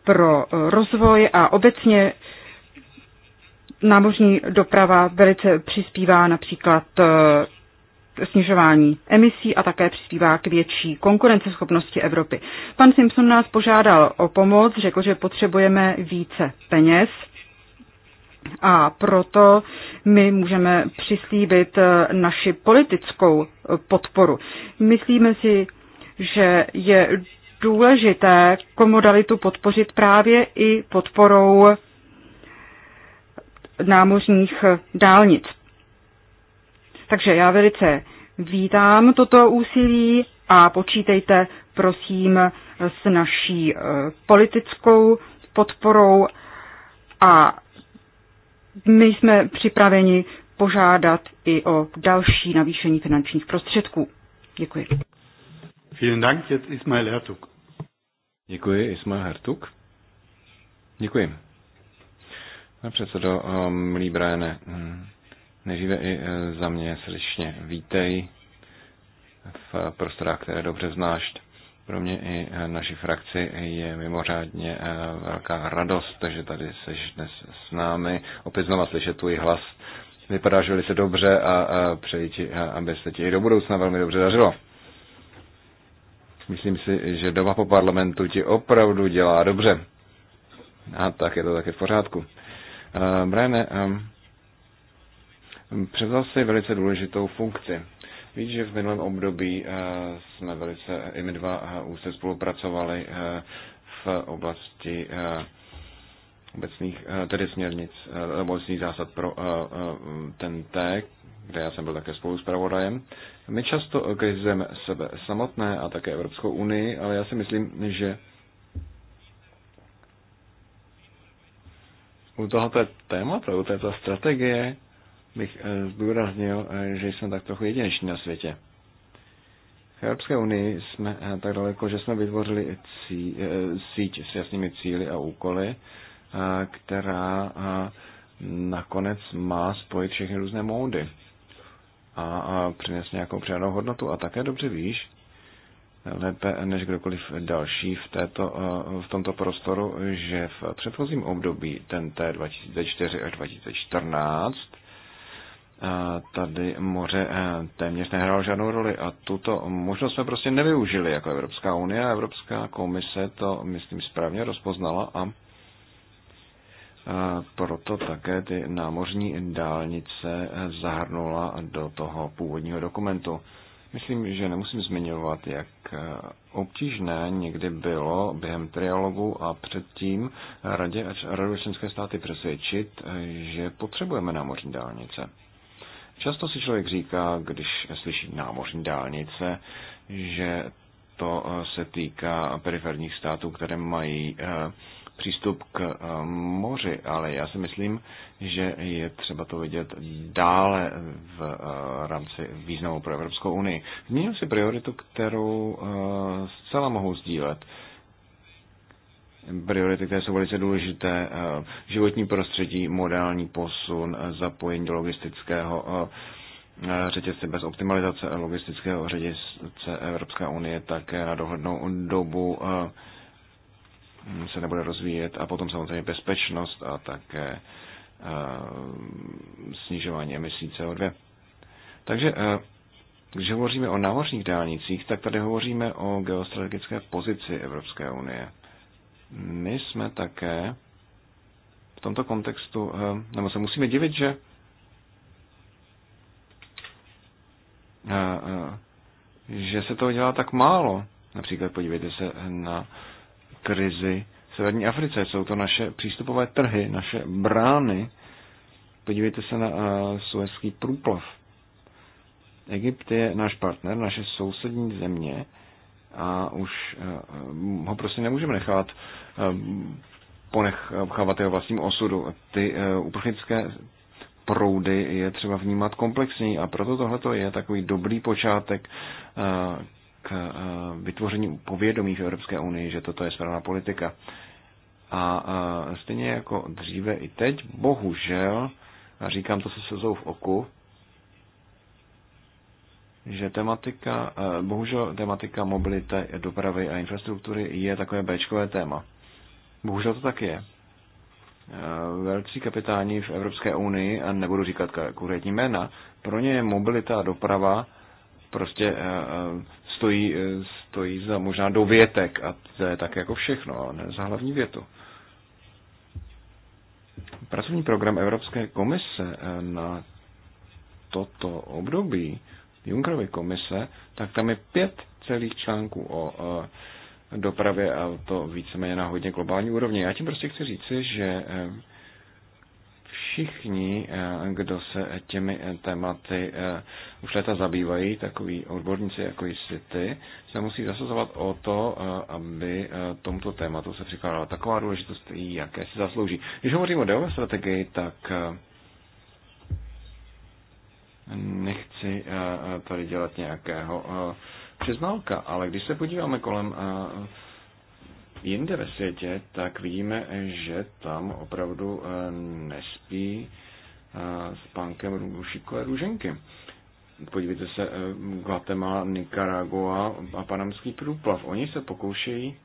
pro rozvoj a obecně námořní doprava velice přispívá například eh, snižování emisí a také přispívá k větší konkurenceschopnosti Evropy. Pan Simpson nás požádal o pomoc, řekl, že potřebujeme více peněz a proto my můžeme přislíbit eh, naši politickou eh, podporu. Myslíme si, že je důležité komodalitu podpořit právě i podporou námořních eh, dálnic. Takže já velice Vítám toto úsilí a počítejte, prosím, s naší eh, politickou podporou a my jsme připraveni požádat i o další navýšení finančních prostředků. Děkuji. Vielen Dank, jetzt Ismail Hertug. Děkuji, Ismail Hertug. Děkuji. Pane předsedo, eh, milý Briane, hm, Nejdříve i e, za mě srdečně vítej v prostorách, které dobře znáš. Pro mě i e, naši frakci je mimořádně e, velká radost, že tady jsi dnes s námi. Opět znova slyšet tvůj hlas. že se dobře a přeji ti, aby se ti i do budoucna velmi dobře dařilo. Myslím si, že doba po parlamentu ti opravdu dělá dobře. A tak je to také v pořádku. Uh, Brian, um, Převzal si velice důležitou funkci. Víš, že v minulém období eh, jsme velice, i my dva úzce eh, spolupracovali eh, v oblasti obecných, tedy směrnic, obecných zásad pro ten TEK, kde já jsem byl také spolu s pravodajem. My často kritizujeme sebe samotné a také Evropskou unii, ale já si myslím, že u tohoto tématu, u této strategie bych eh, zdůraznil, eh, že jsme tak trochu jedineční na světě. V Evropské unii jsme eh, tak daleko, že jsme vytvořili cí, síť s jasnými cíly a úkoly, která nakonec má spojit všechny různé módy a, přines nějakou přidanou hodnotu. A také dobře víš, lépe než kdokoliv další v, této, v tomto prostoru, že v předchozím období, ten T 2004 až 2014, tady moře eh, téměř nehrál žádnou roli a tuto možnost jsme prostě nevyužili jako Evropská unie a Evropská komise to, myslím, správně rozpoznala a proto také ty námořní dálnice eh, zahrnula do toho původního dokumentu. Myslím, že nemusím zmiňovat, jak eh, obtížné někdy bylo během trialogu a předtím radě a členské státy přesvědčit, že potřebujeme námořní dálnice. Často si člověk říká, když slyší námořní dálnice, že to eh, se týká periferních států, které mají eh, přístup k eh, moři, ale já si myslím, že je třeba to vidět dále v rámci významu pro Evropskou unii. Zmíním si prioritu, kterou zcela mohu sdílet priority, které jsou velice důležité, eh, životní prostředí, modální posun, eh, zapojení do logistického eh, řetězce bez optimalizace logistického řetězce Evropské unie také na dohodnou dobu se nebude rozvíjet a potom samozřejmě bezpečnost a také snižování emisí CO2. Takže když hovoříme o námořních dálnicích, tak tady hovoříme o geostrategické pozici Evropské unie. My jsme také v tomto kontextu, eh, nebo se musíme divit, že eh, eh, že se toho dělá tak málo. Například podívejte se na krizi v Severní Africe. Jsou to naše přístupové trhy, naše brány. Podívejte se na suezký průplav. Egypt je náš partner, naše sousední země a už eh, eh, ho prostě nemůžeme nechat eh, ponechávat jeho vlastním osudu. Ty uprchlické proudy je třeba vnímat komplexněji a proto tohle je takový dobrý počátek k vytvoření povědomí v Evropské unii, že toto je správná politika. A stejně jako dříve i teď, bohužel, a říkám to se sezou v oku, že tematika, eh, bohužel tematika mobility, dopravy a infrastruktury je takové Bčkové téma. Bohužel to tak je. Eh, velcí kapitáni v Evropské unii, a nebudu říkat konkrétní jména, pro ně je mobilita a doprava prostě eh, stojí, stojí za možná dovětek a to je tak jako všechno, ale ne za hlavní větu. Pracovní program Evropské komise na toto období Junckerovy komise, tak tam je pět celých článků o dopravě a to víceméně na hodně globální úrovni. Já tím prostě chci říci, že eh, všichni, eh, kdo se těmi eh, tématy už léta zabývají, takový odborníci jako jsi ty, se musí zasazovat o to, aby tomuto tématu se přikládala taková důležitost, jaké si zaslouží. Když hovořím o deové strategii, tak nechci eh, eh, tady dělat nějakého eh, přiznalka, ale když se podíváme kolem jinde ve světě, tak vidíme, že tam opravdu nespí s pánkem růžikové růženky. Podívejte se, Guatemala, Nicaragua a panamský průplav. Oni se pokoušejí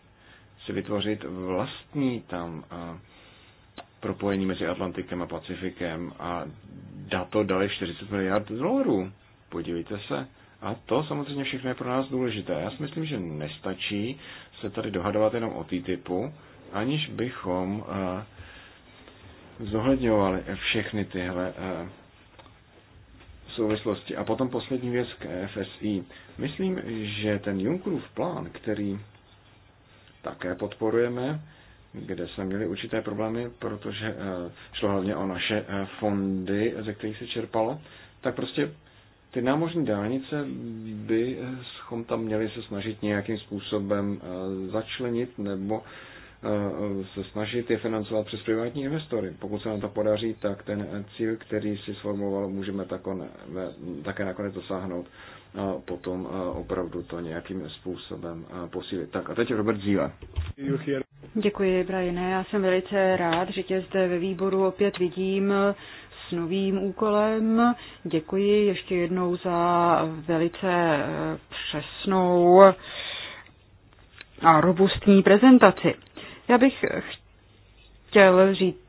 si vytvořit vlastní tam propojení mezi Atlantikem a Pacifikem a dá to dali 40 miliard dolarů. Podívejte se. A to samozřejmě všechno je pro nás důležité. Já si myslím, že nestačí se tady dohadovat jenom o typu, aniž bychom eh, zohledňovali všechny tyhle eh, souvislosti. A potom poslední věc k FSI. Myslím, že ten Junckerův plán, který také podporujeme, kde jsme měli určité problémy, protože eh, šlo hlavně o naše eh, fondy, ze kterých se čerpalo, tak prostě ty námořní dálnice bychom eh, tam měli se snažit nějakým způsobem začlenit nebo se snažit je financovat přes privátní investory. Pokud se nám to podaří, tak ten cíl, který si sformuloval, můžeme také nakonec dosáhnout potom opravdu to nějakým způsobem posílit. Tak a teď Robert Zíle. Děkuji, Brajene. Já jsem velice rád, že tě zde ve výboru opět vidím s novým úkolem. Děkuji ještě jednou za velice e, přesnou a robustní prezentaci. Já bych chtěl říct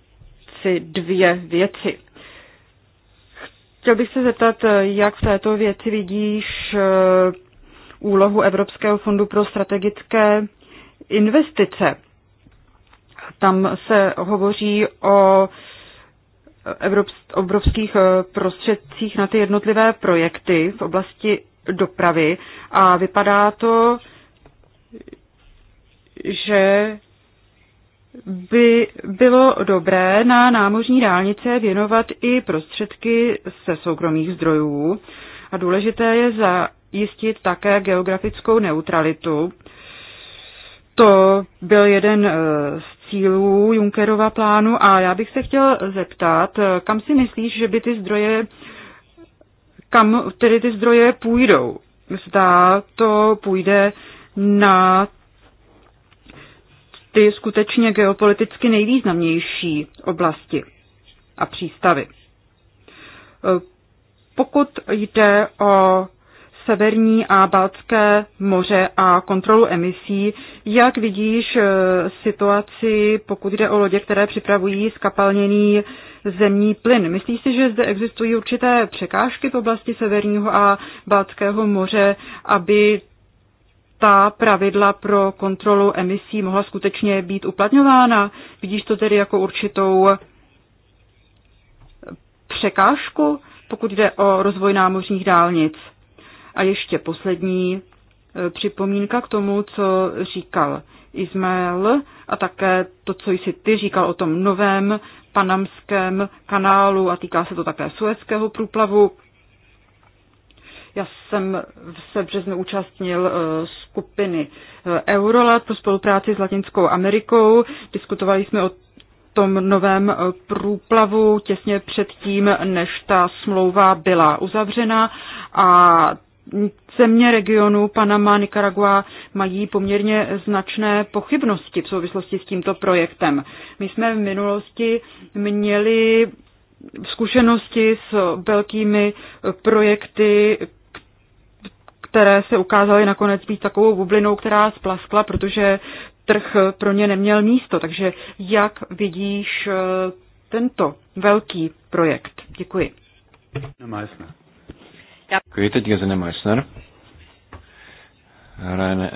si dvě věci. Chtěl bych se zeptat, jak v této věci vidíš eh, úlohu Evropského fondu pro strategické investice. Tam se hovoří o obrovských eh, prostředcích na ty jednotlivé projekty v oblasti dopravy a vypadá to, že by bylo dobré na námořní dálnice věnovat i prostředky ze soukromých zdrojů a důležité je zajistit také geografickou neutralitu. To byl jeden eh, z cílů Junckerova plánu a já bych se chtěl zeptat, eh, kam si myslíš, že by ty zdroje, kam tedy ty zdroje půjdou? Zdá to půjde na ty skutečně geopoliticky nejvýznamnější oblasti a přístavy. E, pokud jde o Severní a Balcké moře a kontrolu emisí. Jak vidíš e, situaci, pokud jde o lodě, které připravují skapalněný zemní plyn? Myslíš si, že zde existují určité překážky v oblasti Severního a Balckého moře, aby ta pravidla pro kontrolu emisí mohla skutečně být uplatňována? Vidíš to tedy jako určitou překážku, pokud jde o rozvoj námořních dálnic? A ještě poslední e, připomínka k tomu, co říkal Izmael a také to, co jsi ty říkal o tom novém panamském kanálu a týká se to také Suezského průplavu. Já jsem se v březnu účastnil eh, skupiny eh, Eurolat pro spolupráci s Latinskou Amerikou. Diskutovali jsme o tom novém eh, průplavu těsně předtím, než ta smlouva byla uzavřena a země regionu Panama, Nicaragua mají poměrně značné pochybnosti v souvislosti s tímto projektem. My jsme v minulosti měli zkušenosti s velkými projekty, které se ukázaly nakonec být takovou bublinou, která splaskla, protože trh pro ně neměl místo. Takže jak vidíš eh, tento velký projekt? Děkuji. Děkuji, teď Gazine Meissner. Ren, eh,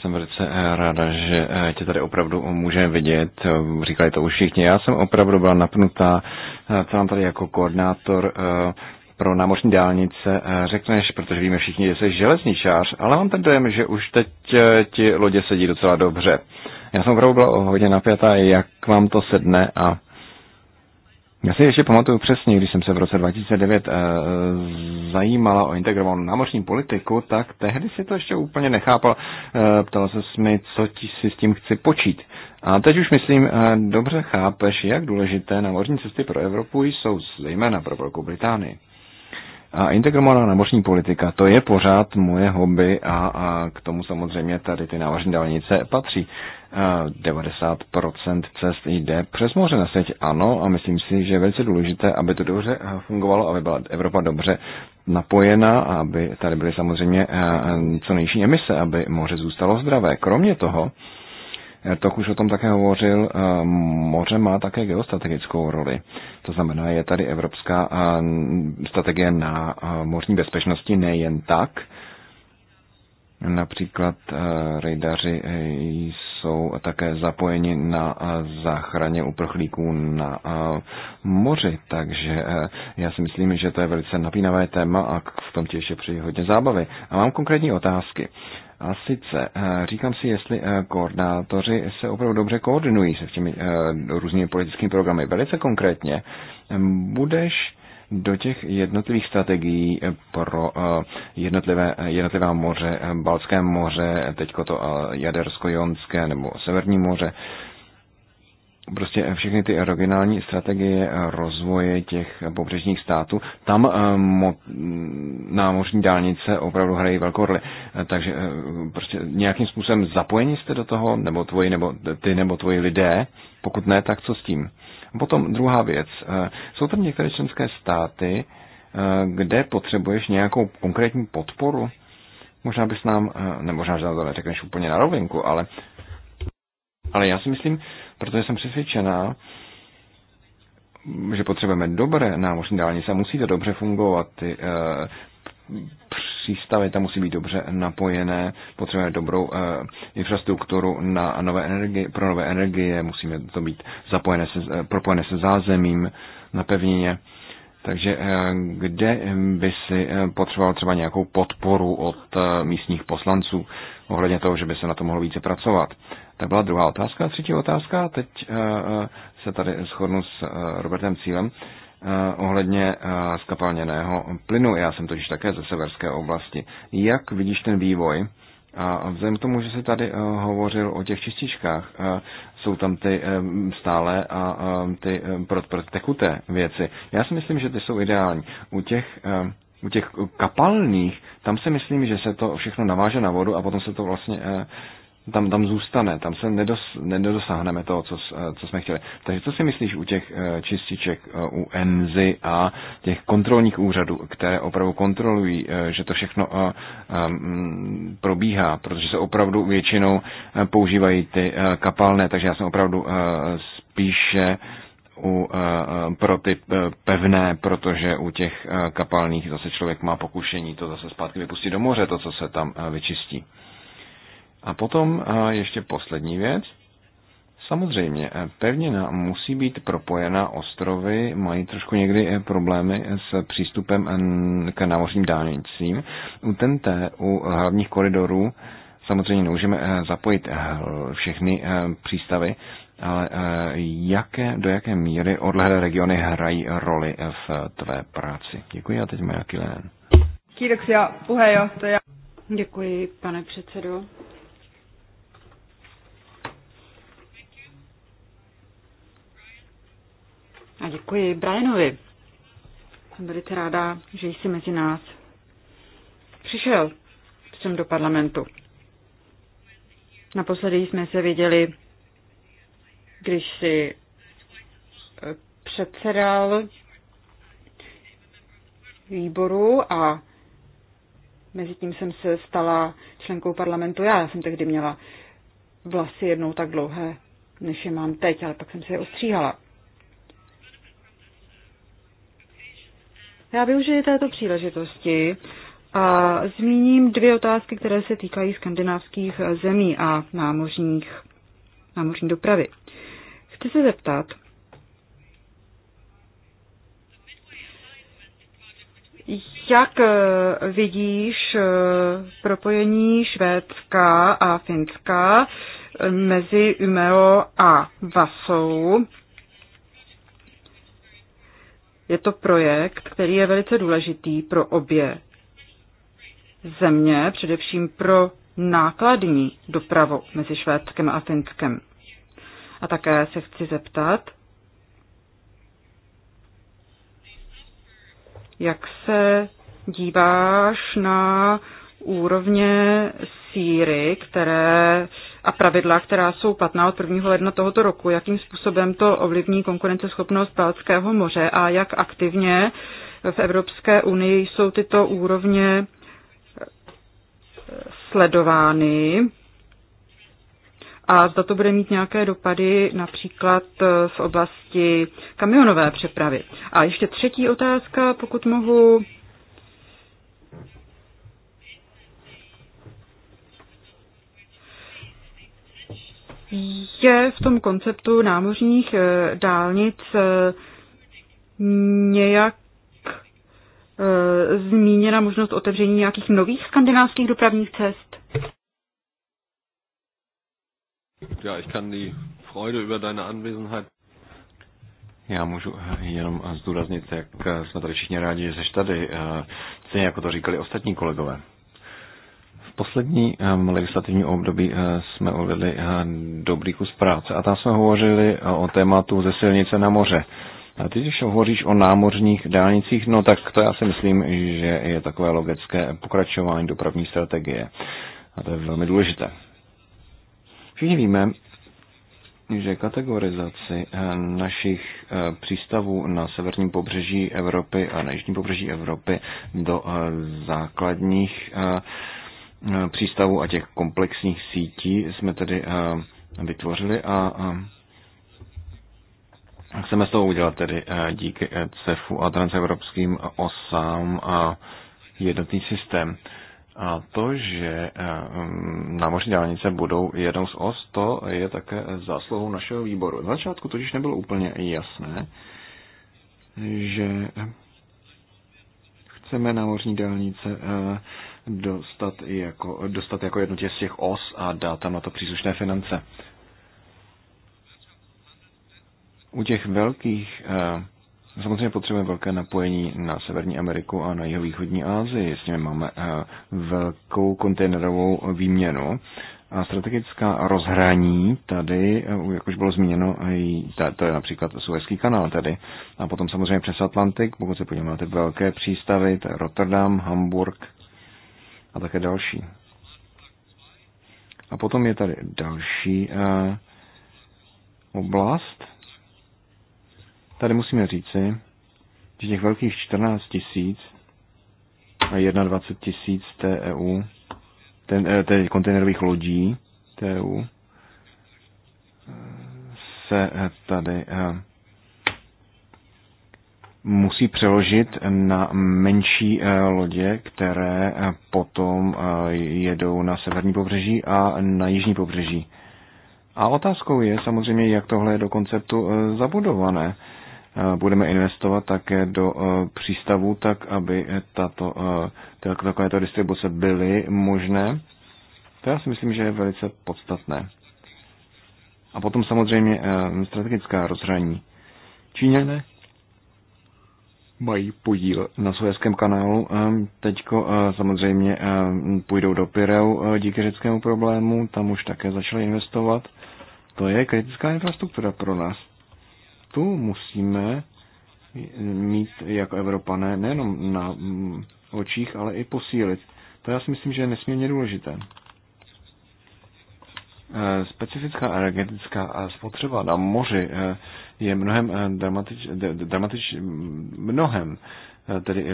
jsem velice eh, ráda, že tě tady opravdu můžeme vidět. Říkali to už všichni. Já jsem opravdu byla napnutá, co tady jako koordinátor pro námořní dálnice eh, řekneš, protože víme všichni, že jsi železničář, ale mám ten dojem, že už teď eh, ti lodě sedí docela dobře. Já jsem opravdu byla hodně napjatá, jak vám to sedne a já si ještě pamatuju přesně, když jsem se v roce 2009 e, eh, zajímala o integrovanou námořní politiku, tak tehdy si to ještě úplně nechápal. E, ptala se mi, co ti si s tím chci počít. A teď už myslím, e, dobře chápeš, jak důležité námořní cesty pro Evropu jsou, zejména pro Velkou Británii. A integrovaná námořní politika, to je pořád moje hobby a, a k tomu samozřejmě tady ty námořní dálnice patří. 90% cest jde přes moře na světě, ano, a myslím si, že je velice důležité, aby to dobře eh, fungovalo, aby byla Evropa dobře napojena a aby tady byly samozřejmě eh, co nejší emise, aby moře zůstalo zdravé. Kromě toho, Tok už o tom také hovořil, moře má také geostrategickou roli. To znamená, je tady evropská strategie na mořní bezpečnosti nejen tak, Například rejdaři e, jsou také zapojeni na záchraně uprchlíků na moři, takže e, já si myslím, že to je velice napínavé téma a v tom ti ještě přijde hodně zábavy. A mám konkrétní otázky. A sice eh, říkám si, jestli eh, koordinátoři se opravdu dobře koordinují se s těmi eh, různými politickými programy. Velice konkrétně budeš do těch jednotlivých strategií pro jednotlivé, jednotlivá moře, Balské moře, teďko to Jadersko-Jonské nebo Severní moře, prostě všechny ty regionální strategie rozvoje těch pobřežních států, tam eh, námořní dálnice opravdu hrají velkou roli. Eh, takže eh, prostě nějakým způsobem zapojení jste do toho, nebo tvoji, nebo ty, nebo tvoji lidé? Pokud ne, tak co s tím? Potom druhá věc. Jsou tam některé členské státy, kde potřebuješ nějakou konkrétní podporu? Možná bys nám, ne možná, že nám to neřekneš úplně na rovinku, ale ale já si myslím, Protože jsem přesvědčená, že potřebujeme dobré námořní dálnice a musí to dobře fungovat. Ty, eh, přístavy tam musí být dobře napojené, potřebujeme dobrou e, infrastrukturu na nové energie, pro nové energie, musíme to být zapojené se, e, propojené se zázemím na pevnině. Takže e, kde by si potřeboval třeba nějakou podporu od e, místních poslanců, ohledně toho, že by se na to mohlo více pracovat. To byla druhá otázka. Třetí otázka, teď eh, eh, se tady shodnu s eh, Robertem Cílem, ohledně skapalněného plynu. Já jsem totiž také ze severské oblasti. Jak vidíš ten vývoj? A vzhledem k tomu, že jsi tady hovořil o těch čističkách, jsou tam ty stále a ty pro, pro tekuté věci. Já si myslím, že ty jsou ideální. U těch, u těch kapalných tam si myslím, že se to všechno naváže na vodu a potom se to vlastně eh, tam, tam zůstane, tam se nedos, nedosáhneme toho, co, eh, co jsme chtěli. Takže co si myslíš u těch eh, čističek, u ENZY a těch kontrolních úřadů, které opravdu kontrolují, že to všechno probíhá, protože se opravdu většinou používají ty kapalné, takže já jsem opravdu spíše u, eh, eh, pro ty eh, pevné, protože u těch kapalných zase člověk má pokušení to zase zpátky vypustit do moře, to, co se tam vyčistí. A potom ještě poslední věc. Samozřejmě, pevněna musí být propojena, ostrovy mají trošku někdy problémy s přístupem k námořním dálnicím. U TNT, u hlavních koridorů, samozřejmě nemůžeme zapojit všechny přístavy, ale eh, jaké, do jaké míry odlehlé regiony hrají roli v tvé práci? Děkuji a teď má jaký Kiitoksia Děkuji, pane předsedo. A děkuji Brianovi. Jsem velice ráda, že jsi mezi nás přišel Jsem do parlamentu. Naposledy jsme se viděli když si eh, předsedal výboru a mezi tím jsem se stala členkou parlamentu. Já jsem tehdy měla vlasy jednou tak dlouhé, než je mám teď, ale pak jsem se je ostříhala. Já využiji této příležitosti a zmíním dvě otázky, které se týkají skandinávských zemí a námořních, námořní dopravy. Chci se zeptat, Jak eh, vidíš eh, propojení Švédska a Finska eh, mezi Umeo a Vasou? Je to projekt, který je velice důležitý pro obě země, především pro nákladní dopravu mezi Švédskem a Finskem. A také se chci zeptat, jak se díváš na úrovně síry, které a pravidla, která jsou platná od 1. ledna tohoto roku, jakým způsobem to ovlivní konkurenceschopnost Balckého moře a jak aktivně v Evropské unii jsou tyto úrovně sledovány a zda to bude mít nějaké dopady například eh, v oblasti kamionové přepravy. A ještě třetí otázka, pokud mohu. Je v tom konceptu námořních eh, dálnic eh, nějak zmíněna možnost otevření nějakých nových skandinávských dopravních cest? Ja, ich kann die Freude über deine Anwesenheit. Já můžu eh, jenom eh, zdůraznit, jak eh, jsme tady všichni rádi, že jsi tady, stejně jako to říkali ostatní kolegové. V poslední legislativní období jsme uvedli dobrý kus práce a tam jsme hovořili o tématu ze silnice na moře. A ty, když hovoříš o námořních dálnicích, no tak to já si myslím, že je takové logické pokračování dopravní strategie. A to je velmi důležité. Všichni víme, že kategorizaci eh, našich eh, přístavů na severním pobřeží Evropy a na jižním pobřeží Evropy do eh, základních přístavů a těch komplexních sítí jsme tedy vytvořili a chceme z toho udělat tedy díky e CEFu a transevropským osám a jednotný systém. A to, že eh, mm, námořní dálnice budou jednou z os, to je také zásluhou našeho výboru. Na začátku totiž nebylo úplně jasné, že eh, chceme námořní dálnice eh, dostat jako, dostat jako jednotě z těch os a dát tam na to příslušné finance. U těch velkých Samozřejmě potřebujeme velké napojení na Severní Ameriku a na jihovýchodní Asii. S nimi máme eh, velkou kontejnerovou výměnu. A strategická rozhraní tady, eh, jak už bylo zmíněno, to je například Suezký kanál tady. A potom samozřejmě přes Atlantik, pokud se podíváme na ty velké přístavy, to je Rotterdam, Hamburg a také další. A potom je tady další eh, oblast, Tady musíme říci, že těch velkých 14 tisíc a 21 tisíc TEU, ten, eh, tedy kontejnerových lodí TEU, eh, se eh, tady musí přeložit na menší lodě, které potom jedou na severní pobřeží a na jižní pobřeží. A otázkou je samozřejmě, jak tohle je do konceptu zabudované. Eh, budeme investovat také do eh, přístavů, tak aby tato, eh, takovéto distribuce byly možné. To já si myslím, že je velice podstatné. A potom samozřejmě strategická rozhraní. Číňané mají podíl na Suezském kanálu. Teď samozřejmě půjdou do Pireu díky řeckému problému, tam už také začali investovat. To je kritická infrastruktura pro nás tu musíme mít jako Evropané ne, nejenom na očích, ale i posílit. To já si myslím, že je nesmírně důležité. Eh, specifická energetická eh, spotřeba na moři eh, je mnohem, dramatič, dramatič, mnohem tedy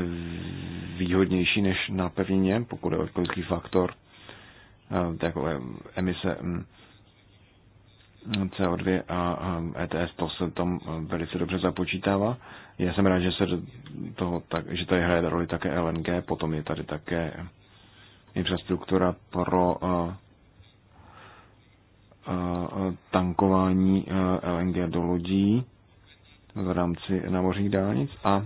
výhodnější než na pevnině, pokud je o faktor, jako emise hm, CO2 a ETS, to se tam eh, velice dobře započítává. Já jsem rád, že, se to, toho tak, že tady hraje roli také LNG, potom je tady také infrastruktura pro eh, eh, tankování LNG do lodí v rámci námořních dálnic a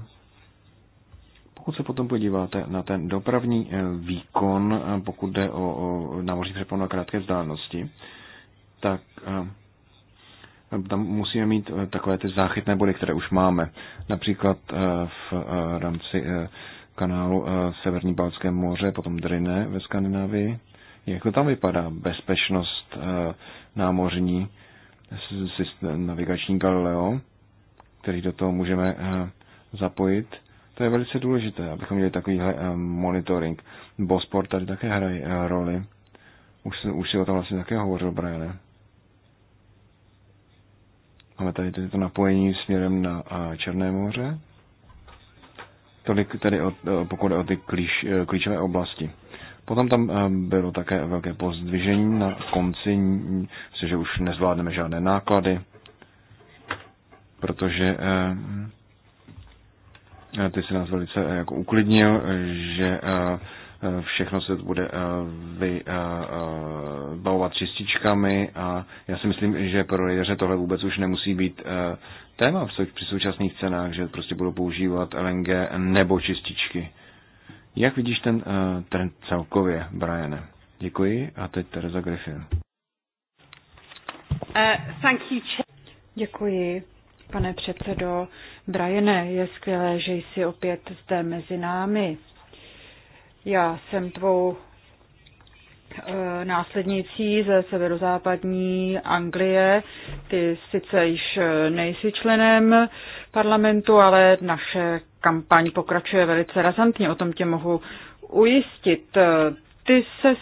pokud se potom podíváte na ten dopravní výkon, pokud jde o námořní přepon na krátké vzdálenosti, tak tam musíme mít eh, takové ty záchytné body, které už máme. Například eh, v eh, rámci kanálu Severní Balcké moře, potom Drine ve Skandinávii. Jak to tam vypadá? Bezpečnost námořní, systém, navigační Galileo, který do toho můžeme zapojit. To je velice důležité, abychom měli takovýhle monitoring. Bosport tady také hraje roli. Už, už si o tom vlastně také hovořil, Brian. Máme tady, tady to napojení směrem na Černé moře. Tolik tedy od, pokud o ty klíč, e, klíčové oblasti. Potom tam e, bylo také velké pozdvižení na konci, myslím, že už nezvládneme žádné náklady, protože e, ty se nás velice jako uklidnil, že všechno se bude eh, vybavovat čističkami a já si myslím, že pro rejdeře tohle vůbec už nemusí být eh, téma při současných cenách, že prostě budou používat LNG nebo čističky. Jak vidíš ten eh, trend celkově, Briane? Děkuji a teď Teresa Griffin. Uh, thank you. Děkuji, pane předsedo. Brajene je skvělé, že jsi opět zde mezi námi. Já jsem tvou eh, následnicí ze severozápadní Anglie. Ty sice již eh, nejsi členem parlamentu, ale naše kampaň pokračuje velice razantně, o tom tě mohu ujistit. Eh, ty se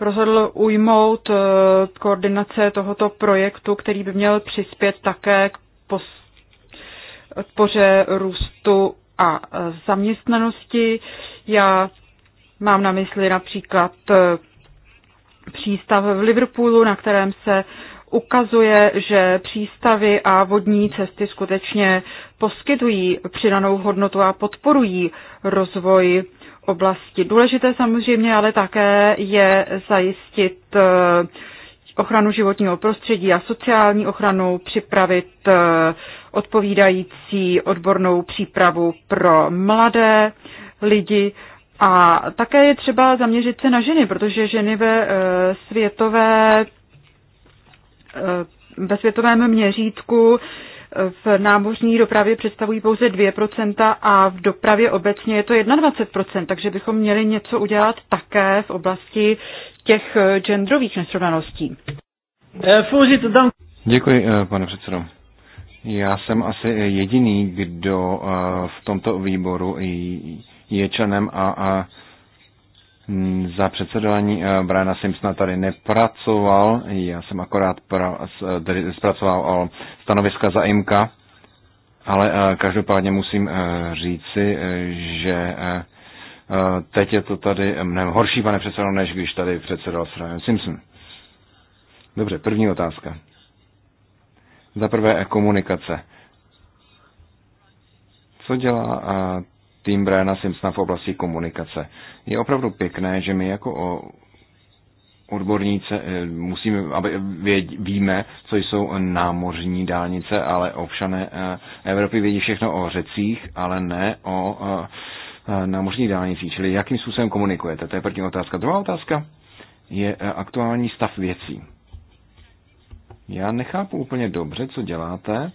rozhodl ujmout koordinace tohoto projektu, který by měl přispět také k podpoře růstu a e, zaměstnanosti. Já mám na mysli například e, přístav v Liverpoolu, na kterém se ukazuje, že přístavy a vodní cesty skutečně poskytují přidanou hodnotu a podporují rozvoj oblasti. Důležité samozřejmě ale také je zajistit e, ochranu životního prostředí a sociální ochranu, připravit odpovídající odbornou přípravu pro mladé lidi a také je třeba zaměřit se na ženy, protože ženy ve eh, světové eh, ve světovém měřítku eh, v námořní dopravě představují pouze 2% a v dopravě obecně je to 21%, takže bychom měli něco udělat také v oblasti těch genderových nesrovnaností. Děkuji, pane předsedo. Já jsem asi jediný, kdo eh, v tomto výboru je členem a, za předsedování eh, Briana Simpsona tady nepracoval. Já jsem akorát pra, tedy zpracoval eh, stanoviska za IMKA, ale každopádně musím říci, že teď je to tady mnohem horší, pane předsedo, než když tady předsedal Brian Simpson. Dobře, první otázka. Za prvé e, komunikace. Co dělá e, tým Briana Simpsona v oblasti komunikace? Je opravdu pěkné, že my jako o odborníce musíme, aby věd, víme, co jsou námořní dálnice, ale občané e, Evropy vědí všechno o řecích, ale ne o námořní dálnicích. Čili jakým způsobem komunikujete? To je první otázka. Druhá otázka je aktuální stav věcí. Já nechápu úplně dobře, co děláte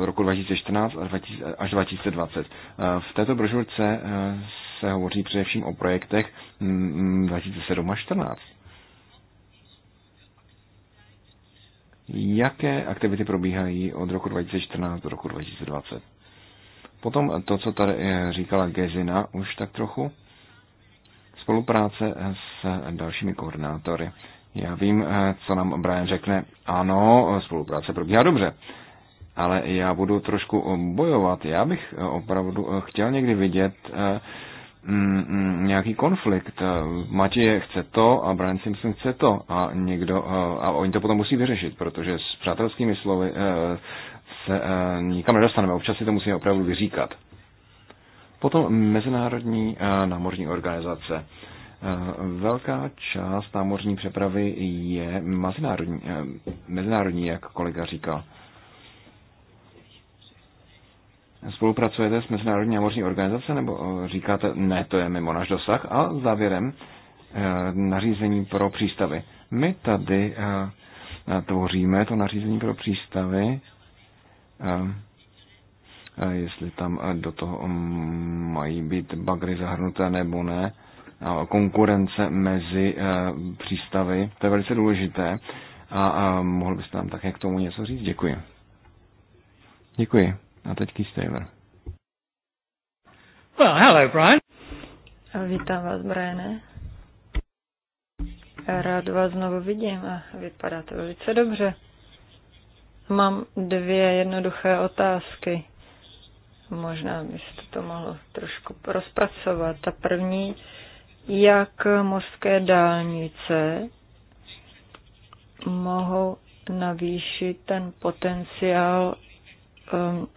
roku 2014 až 2020. Eh, v této brožurce eh, se hovoří především o projektech 2007 mm, až 2014. Jaké aktivity probíhají od roku 2014 do roku 2020? Potom to, co tady eh, říkala Gezina už tak trochu, spolupráce s dalšími koordinátory. Já vím, eh, co nám Brian řekne. Ano, spolupráce probíhá dobře. Ale já budu trošku eh, bojovat. Já bych eh, opravdu chtěl někdy vidět mm, mm, nějaký konflikt. Matěje chce to a Brian Simpson chce to a někdo, a oni to potom musí vyřešit, protože s přátelskými slovy se nikam nedostaneme. Občas si to musíme opravdu vyříkat. Potom Mezinárodní námořní organizace. Velká část námořní přepravy je mezinárodní, eh, mezinárodní jak kolega říkal. Spolupracujete s Mezinárodní námořní organizace nebo eh, říkáte, ne, to je mimo náš dosah? A závěrem eh, nařízení pro přístavy. My tady tvoříme to nařízení pro přístavy, jestli tam do toho mm, mají být bagry zahrnuté nebo ne konkurence mezi eh, přístavy. To je velice důležité a, mohl byste nám také k tomu něco říct? Děkuji. Děkuji. A teď Keith Taylor. Well, hello, Brian. Vítám vás, Briane. Rád vás znovu vidím a vypadá to velice dobře. Mám dvě jednoduché otázky. Možná byste to mohlo trošku rozpracovat. Ta první jak mořské dálnice mohou navýšit ten potenciál um,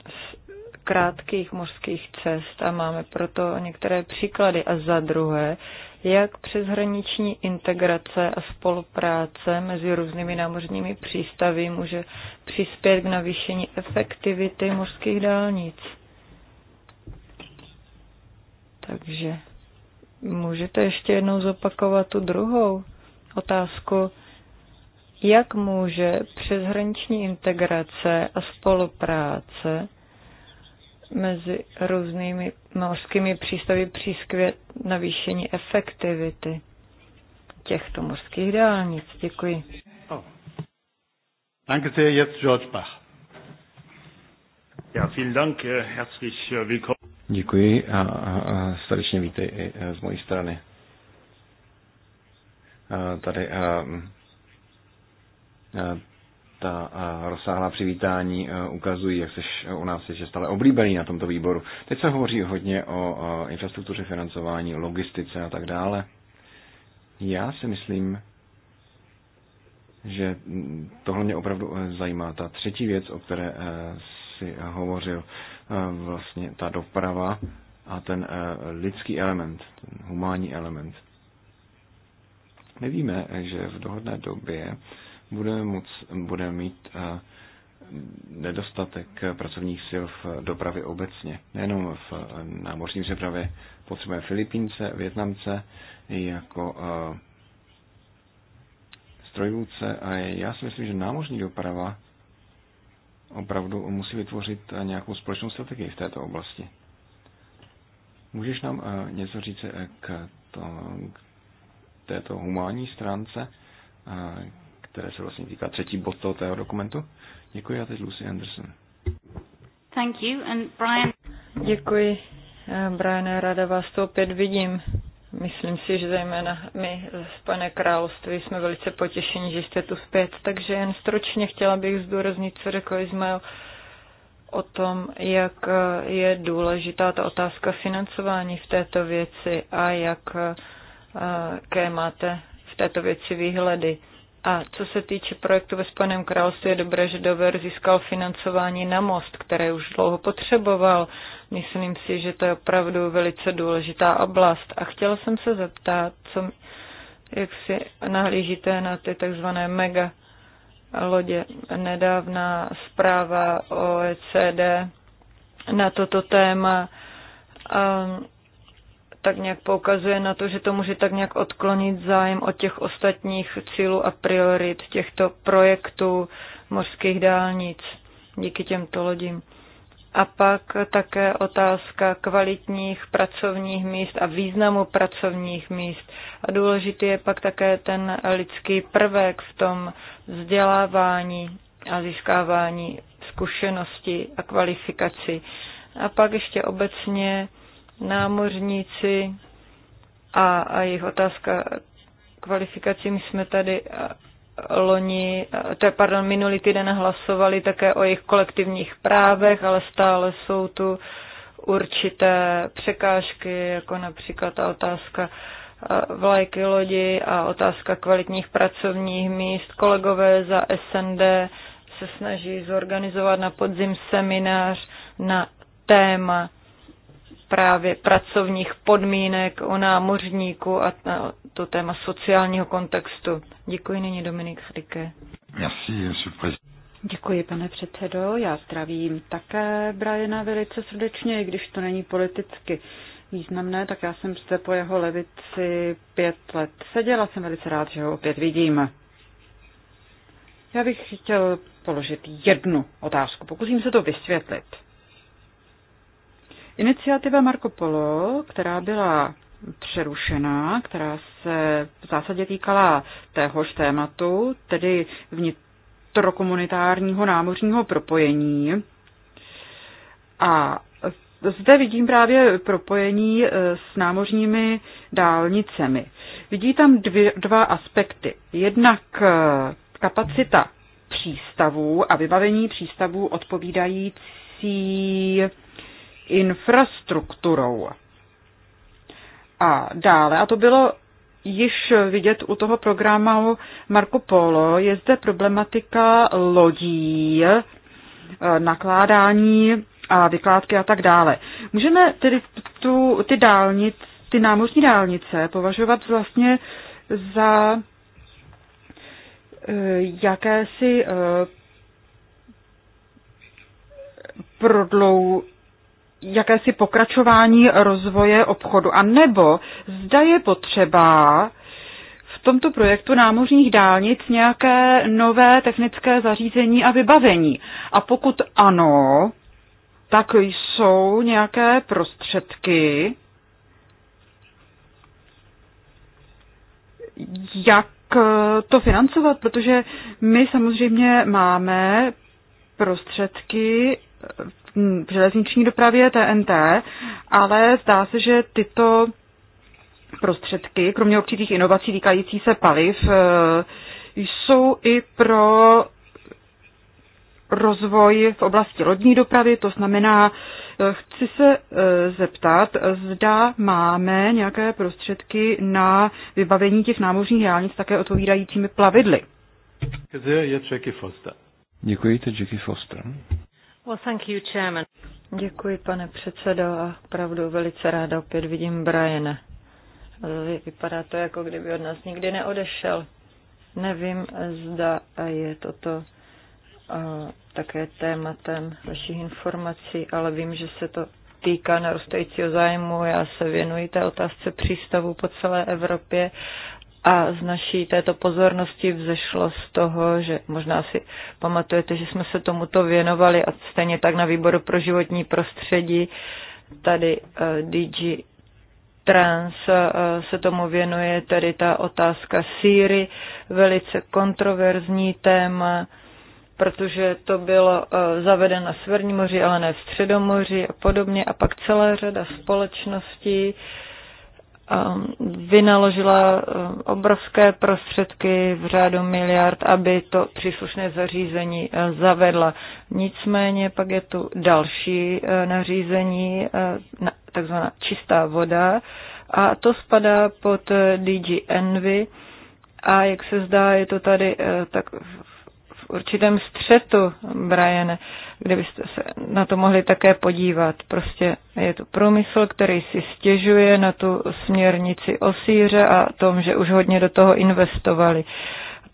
krátkých mořských cest a máme proto některé příklady. A za druhé, jak přeshraniční integrace a spolupráce mezi různými námořními přístavy může přispět k navýšení efektivity mořských dálnic. Takže Můžete ještě jednou zopakovat tu druhou otázku? Jak může přeshraniční integrace a spolupráce mezi různými mořskými přístavy přískvět výšení efektivity těchto mořských dálnic? Děkuji. Děkuji. Oh. Danke sehr, jetzt George Bach. Ja, vielen Dank, äh, herzlich äh, willkommen. Děkuji a, a, a srdečně vítej i e, z mojí strany. A, e, tady a, e, a, ta a, rozsáhlá přivítání a, ukazují, jak seš u nás ještě stále oblíbený na tomto výboru. Teď se hovoří hodně o a, infrastruktuře financování, logistice a tak dále. Já si myslím, že tohle mě opravdu zajímá. Ta třetí věc, o které si hovořil, Eh, vlastně ta doprava a ten eh, lidský element, ten humánní element. My víme, že v dohodné době budeme, moc, budeme mít eh, nedostatek pracovních sil v dopravě obecně. Nejenom v námořní přepravě potřebujeme Filipínce, Větnamce jako strojvůdce a já si myslím, že námořní doprava opravdu musí vytvořit eh, nějakou společnou strategii v této oblasti. Můžeš nám eh, něco říct eh, k, to, k této humánní stránce, které se vlastně týká třetí bod toho dokumentu? Děkuji a teď Lucy Anderson. Thank you and Brian. Děkuji. Brian, ráda vás to opět vidím. Myslím si, že zejména my z Pane království jsme velice potěšeni, že jste tu zpět, takže jen stročně chtěla bych zdůraznit, co řekl Ismail o tom, jak je důležitá ta otázka financování v této věci a jak eh, jaké máte v této věci výhledy. A co se týče projektu ve Spojeném království, je dobré, že Dover získal financování na most, které už dlouho potřeboval. Myslím si, že to je opravdu velice důležitá oblast. A chtěla jsem se zeptat, co, jak si nahlížíte na ty takzvané mega lodě. Nedávná zpráva OECD na toto téma um, tak nějak poukazuje na to, že to může tak nějak odklonit zájem od těch ostatních cílů a priorit těchto projektů mořských dálnic díky těmto lodím. A pak také otázka kvalitních pracovních míst a významu pracovních míst. A důležitý je pak také ten lidský prvek v tom vzdělávání a získávání zkušenosti a kvalifikaci. A pak ještě obecně námořníci a, a jejich otázka kvalifikací. My jsme tady loni, to je, pardon, minulý týden hlasovali také o jejich kolektivních právech, ale stále jsou tu určité překážky, jako například ta otázka vlajky lodi a otázka kvalitních pracovních míst. Kolegové za SND se snaží zorganizovat na podzim seminář na téma právě pracovních podmínek, o námořníku a to téma sociálního kontextu. Děkuji nyní Dominik Chrike. Děkuji, pane předsedo. Já zdravím také Briana velice srdečně, i když to není politicky významné, tak já jsem zde po jeho levici pět let seděla. Jsem velice rád, že ho opět vidím. Já bych chtěl položit jednu otázku. Pokusím se to vysvětlit. Iniciativa Marco Polo, která byla přerušena, která se v zásadě týkala téhož tématu, tedy vnitrokomunitárního námořního propojení. A zde vidím právě propojení e, s námořními dálnicemi. Vidí tam dvě, dva aspekty. Jednak e, kapacita přístavů a vybavení přístavů odpovídající infrastrukturou. A dále, a to bylo již vidět u toho programu Marco Polo, je zde problematika lodí, eh, nakládání a vykládky a tak dále. Můžeme tedy tu, ty dálnic, ty námořní dálnice považovat vlastně za eh, jakési eh, prodlou, jakési pokračování rozvoje obchodu. A nebo zda je potřeba v tomto projektu námořních dálnic nějaké nové technické zařízení a vybavení. A pokud ano, tak jsou nějaké prostředky, jak to financovat, protože my samozřejmě máme prostředky v železniční dopravě TNT, ale zdá se, že tyto prostředky, kromě určitých inovací týkající se paliv, eh, jsou i pro rozvoj v oblasti lodní dopravy, to znamená, eh, chci se eh, zeptat, zda máme nějaké prostředky na vybavení těch námořních jálnic také odpovídajícími plavidly. Je Jackie Děkuji, teď Jackie Foster. Well, thank you, chairman. Děkuji, pane předsedo, a pravdu velice ráda opět vidím Briana. Eh, vypadá to, jako kdyby od nás nikdy neodešel. Nevím, zda je toto eh, také tématem vašich informací, ale vím, že se to týká narostajícího zájmu. Já se věnuji té otázce přístavu po celé Evropě a z naší této pozornosti vzešlo z toho, že možná si pamatujete, že jsme se tomuto věnovali a stejně tak na výboru pro životní prostředí tady eh, DG trans eh, se tomu věnuje, tedy ta otázka síry, velice kontroverzní téma, protože to bylo eh, zavedeno na Severní moři, ale ne v Středomoři a podobně. A pak celá řada společností Um, vynaložila um, obrovské prostředky v řádu miliard, aby to příslušné zařízení uh, zavedla. Nicméně pak je tu další uh, nařízení, uh, takzvaná čistá voda, a to spadá pod DG Envy. A jak se zdá, je to tady tak určitém střetu, Briane, byste se na to mohli také podívat. Prostě je to průmysl, který si stěžuje na tu směrnici o síře a tom, že už hodně do toho investovali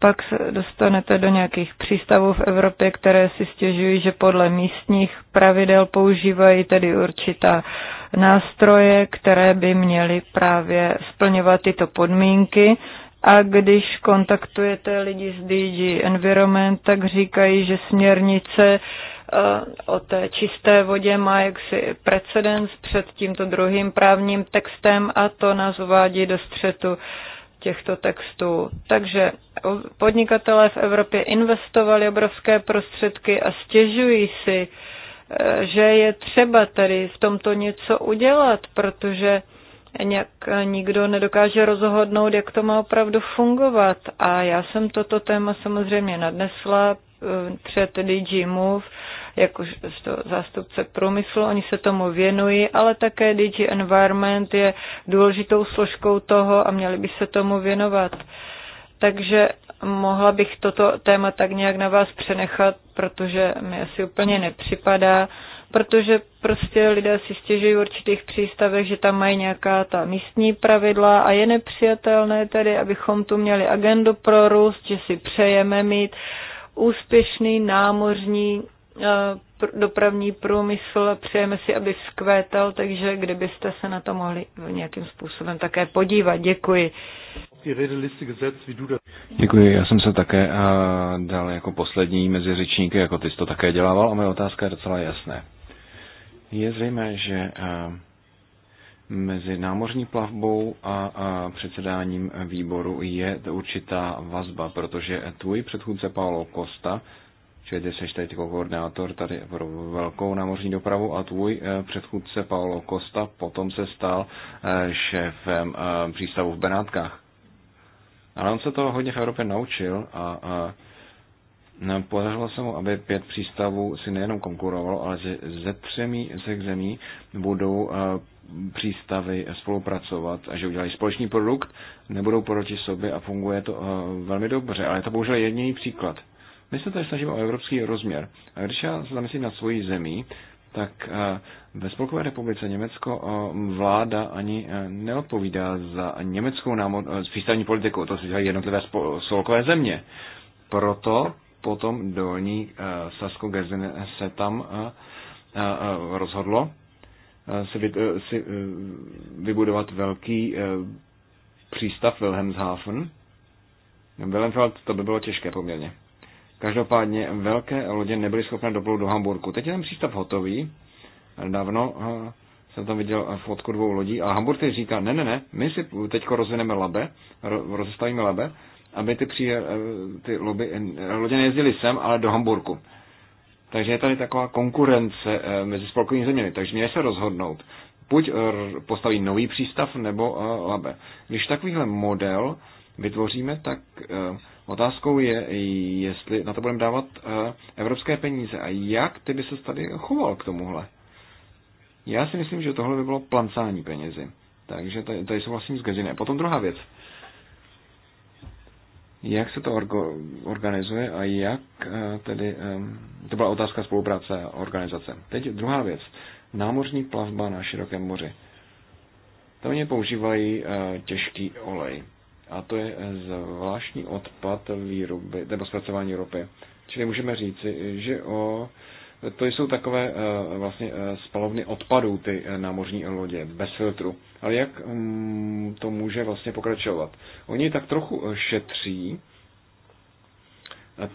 pak se dostanete do nějakých přístavů v Evropě, které si stěžují, že podle místních pravidel používají tedy určitá nástroje, které by měly právě splňovat tyto podmínky. A když kontaktujete lidi z DG Environment, tak říkají, že směrnice eh, o té čisté vodě má jaksi precedens před tímto druhým právním textem a to nás uvádí do střetu těchto textů. Takže podnikatelé v Evropě investovali obrovské prostředky a stěžují si, eh, že je třeba tady v tomto něco udělat, protože nějak eh, nikdo nedokáže rozhodnout, jak to má opravdu fungovat. A já jsem toto téma samozřejmě nadnesla před eh, DG Move, jakožto zástupce průmyslu, oni se tomu věnují, ale také DG Environment je důležitou složkou toho a měli by se tomu věnovat. Takže mohla bych toto téma tak nějak na vás přenechat, protože mi asi úplně nepřipadá, protože prostě lidé si stěžují v určitých přístavech, že tam mají nějaká ta místní pravidla a je nepřijatelné tedy, abychom tu měli agendu pro růst, že si přejeme mít úspěšný námořní eh, dopravní průmysl, přejeme si, aby vzkvétal, takže kdybyste se na to mohli nějakým způsobem také podívat. Děkuji. Děkuji, já jsem se také eh, dal jako poslední mezi řečníky, jako ty jsi to také dělával a moje otázka je docela jasná. Je zřejmé, že eh, mezi námořní plavbou a předsedáním výboru je určitá vazba, protože tvůj předchůdce Paolo Costa, čili jsi teď jako koordinátor tady pro velkou námořní dopravu a tvůj eh, předchůdce Paolo Costa potom se stal eh, šéfem přístavu v Benátkách. Ale on se to hodně v Evropě naučil a, a No, podařilo se mu, aby pět přístavů si nejenom konkurovalo, ale že ze třemi ze zemí budou eh, přístavy spolupracovat a že udělají společný produkt, nebudou proti sobě a funguje to eh, velmi dobře. Ale je to bohužel jediný příklad. My se tady snažíme o evropský rozměr. A když já se zamyslím na svoji zemí, tak eh, ve Spolkové republice Německo vláda ani neodpovídá za německou námo- přístavní politiku, to si dělají jednotlivé spolkové země. Proto potom dolní eh, Sasko Gezin se tam eh, eh, rozhodlo si, vy, si vybudovat velký přístav Wilhelmshaven. Wilhelmshaven to by bylo těžké poměrně. Každopádně velké lodě nebyly schopné doplout do Hamburku. Teď je ten přístav hotový. Dávno jsem tam viděl fotku dvou lodí a Hamburg teď říká, ne, ne, ne, my si teď rozvineme labe, rozestavíme labe aby ty, příje, eh, ty lobby, lodě nejezdily sem, ale do Hamburku. Takže je tady taková konkurence eh, mezi spolkovými zeměmi. Takže měli se rozhodnout, buď eh, postaví nový přístav nebo labe. Když takovýhle model vytvoříme, tak otázkou je, jestli na to budeme dávat evropské peníze a jak ty by se tady choval k tomuhle. Já si myslím, že tohle by bylo plancání penězi. Takže tady, tady souhlasím s Gazinem. Potom druhá věc jak se to organizuje a jak eh, tedy, to byla otázka spolupráce a organizace. Teď druhá věc. Námořní plavba na širokém moři. Tam mě používají eh, těžký olej. A to je eh, zvláštní odpad výroby, nebo zpracování ropy. Čili můžeme říci, že o to jsou takové eh, vlastně eh, spalovny odpadů, ty eh, námořní lodě, bez filtru. Ale jak mm, to může vlastně pokračovat? Oni tak trochu šetří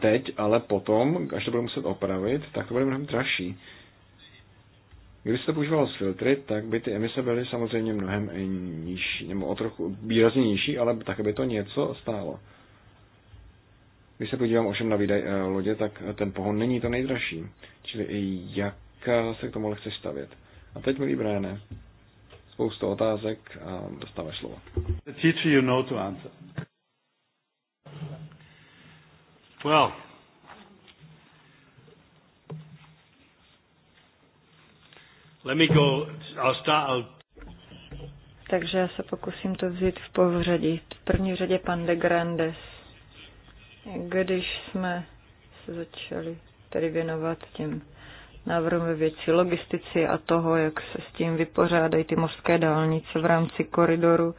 teď, ale potom, až to budou muset opravit, tak to bude mnohem dražší. Kdyby se to používalo s filtry, tak by ty emise byly samozřejmě mnohem nižší, nebo o trochu výrazně nižší, ale také by to něco stálo. Když se podívám ovšem na výdaj eh, lodě, tak eh, ten pohon není to nejdražší. Čili i jak eh, se k tomu chce stavět. A teď, milý Bráne, spoustu otázek a dostáváš slovo. The teacher you know to answer. Well, let me go, I'll start, I'll... Takže já se pokusím to vzít v pořadí. V první řadě pan de Grandes. Když jsme se začali tedy věnovat těm návrhům ve věci logistici a toho, jak se s tím vypořádají ty mořské dálnice v rámci koridoru,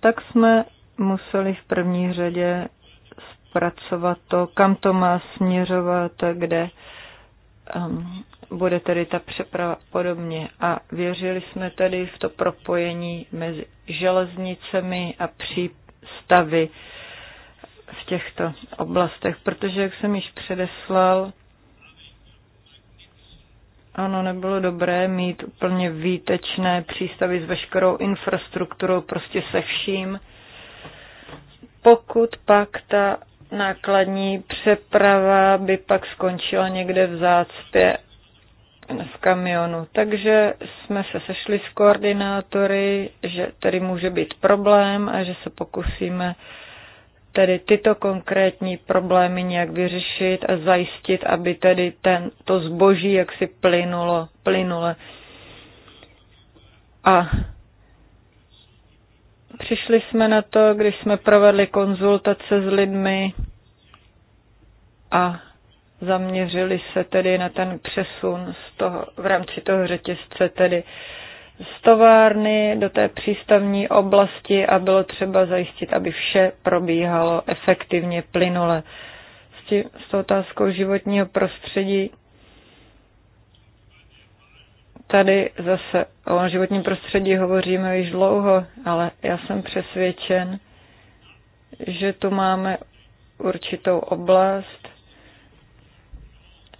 tak jsme museli v první řadě zpracovat to, kam to má směřovat, kde um, bude tedy ta přeprava podobně. A věřili jsme tedy v to propojení mezi železnicemi a přístavy v těchto oblastech, protože, jak jsem již předeslal, ano, nebylo dobré mít úplně výtečné přístavy s veškerou infrastrukturou, prostě se vším. Pokud pak ta nákladní přeprava by pak skončila někde v zácpě v kamionu. Takže jsme se sešli s koordinátory, že tady může být problém a že se pokusíme uh, tedy tyto konkrétní problémy nějak vyřešit a zajistit, aby tedy ten, to zboží jaksi plynulo, plynule. A přišli jsme na to, když jsme provedli konzultace s lidmi a zaměřili se tedy na ten přesun z toho, v rámci toho řetězce tedy uh, z továrny do té přístavní oblasti a bylo třeba zajistit, aby vše probíhalo efektivně, plynule. S, tím, s tou otázkou životního prostředí tady zase o životním prostředí hovoříme již dlouho, ale já jsem přesvědčen, že tu máme určitou oblast,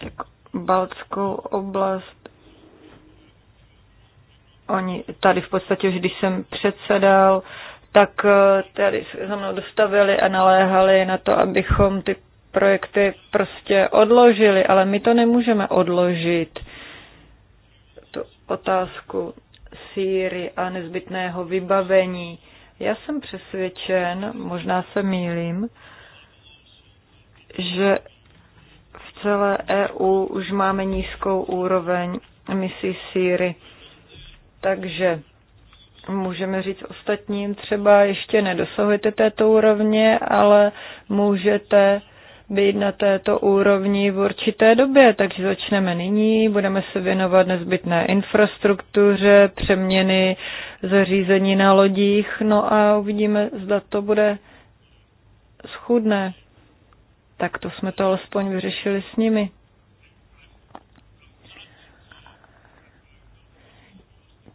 jako Baltskou oblast, Oni tady v podstatě, už když jsem předsedal, tak eh, tady se za mnou dostavili a naléhali na to, abychom ty projekty prostě odložili, ale my to nemůžeme odložit, tu otázku síry a nezbytného vybavení. Já jsem přesvědčen, možná se mýlím, že v celé EU už máme nízkou úroveň emisí síry. Takže můžeme říct ostatním, třeba ještě nedosahujete této úrovně, ale můžete být na této úrovni v určité době, takže začneme nyní, budeme se věnovat nezbytné infrastruktuře, přeměny zařízení na lodích, no a uvidíme, zda to bude schudné. Tak to jsme to alespoň vyřešili s nimi.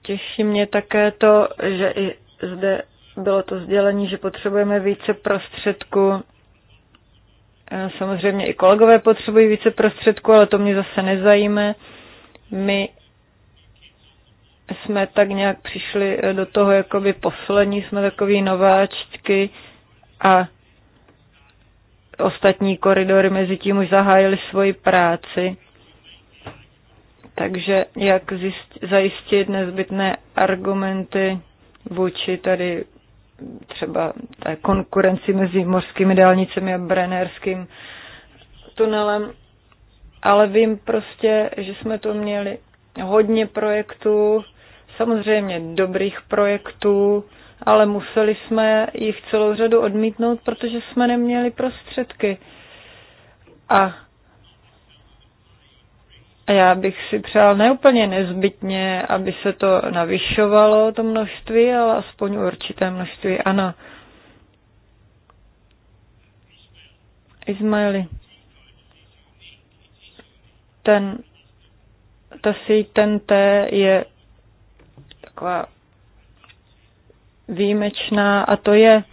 Těší mě také to, že i zde bylo to sdělení, že potřebujeme více prostředků. Eh, samozřejmě i kolegové potřebují více prostředků, ale to mě zase nezajímá. My jsme tak nějak přišli eh, do toho jakoby poslední, jsme takový nováčky a ostatní koridory mezi tím už zahájili svoji práci. Takže jak zjist, zajistit nezbytné argumenty vůči tady třeba té konkurenci mezi mořskými dálnicemi a brenerským tunelem. Ale vím prostě, že jsme to měli hodně projektů, samozřejmě dobrých projektů, ale museli jsme jich celou řadu odmítnout, protože jsme neměli prostředky. A a Já bych si přál neúplně nezbytně, aby se to navyšovalo, to množství, ale aspoň určité množství, ano. Ismaili. Ten, ta ten t je taková výjimečná a to je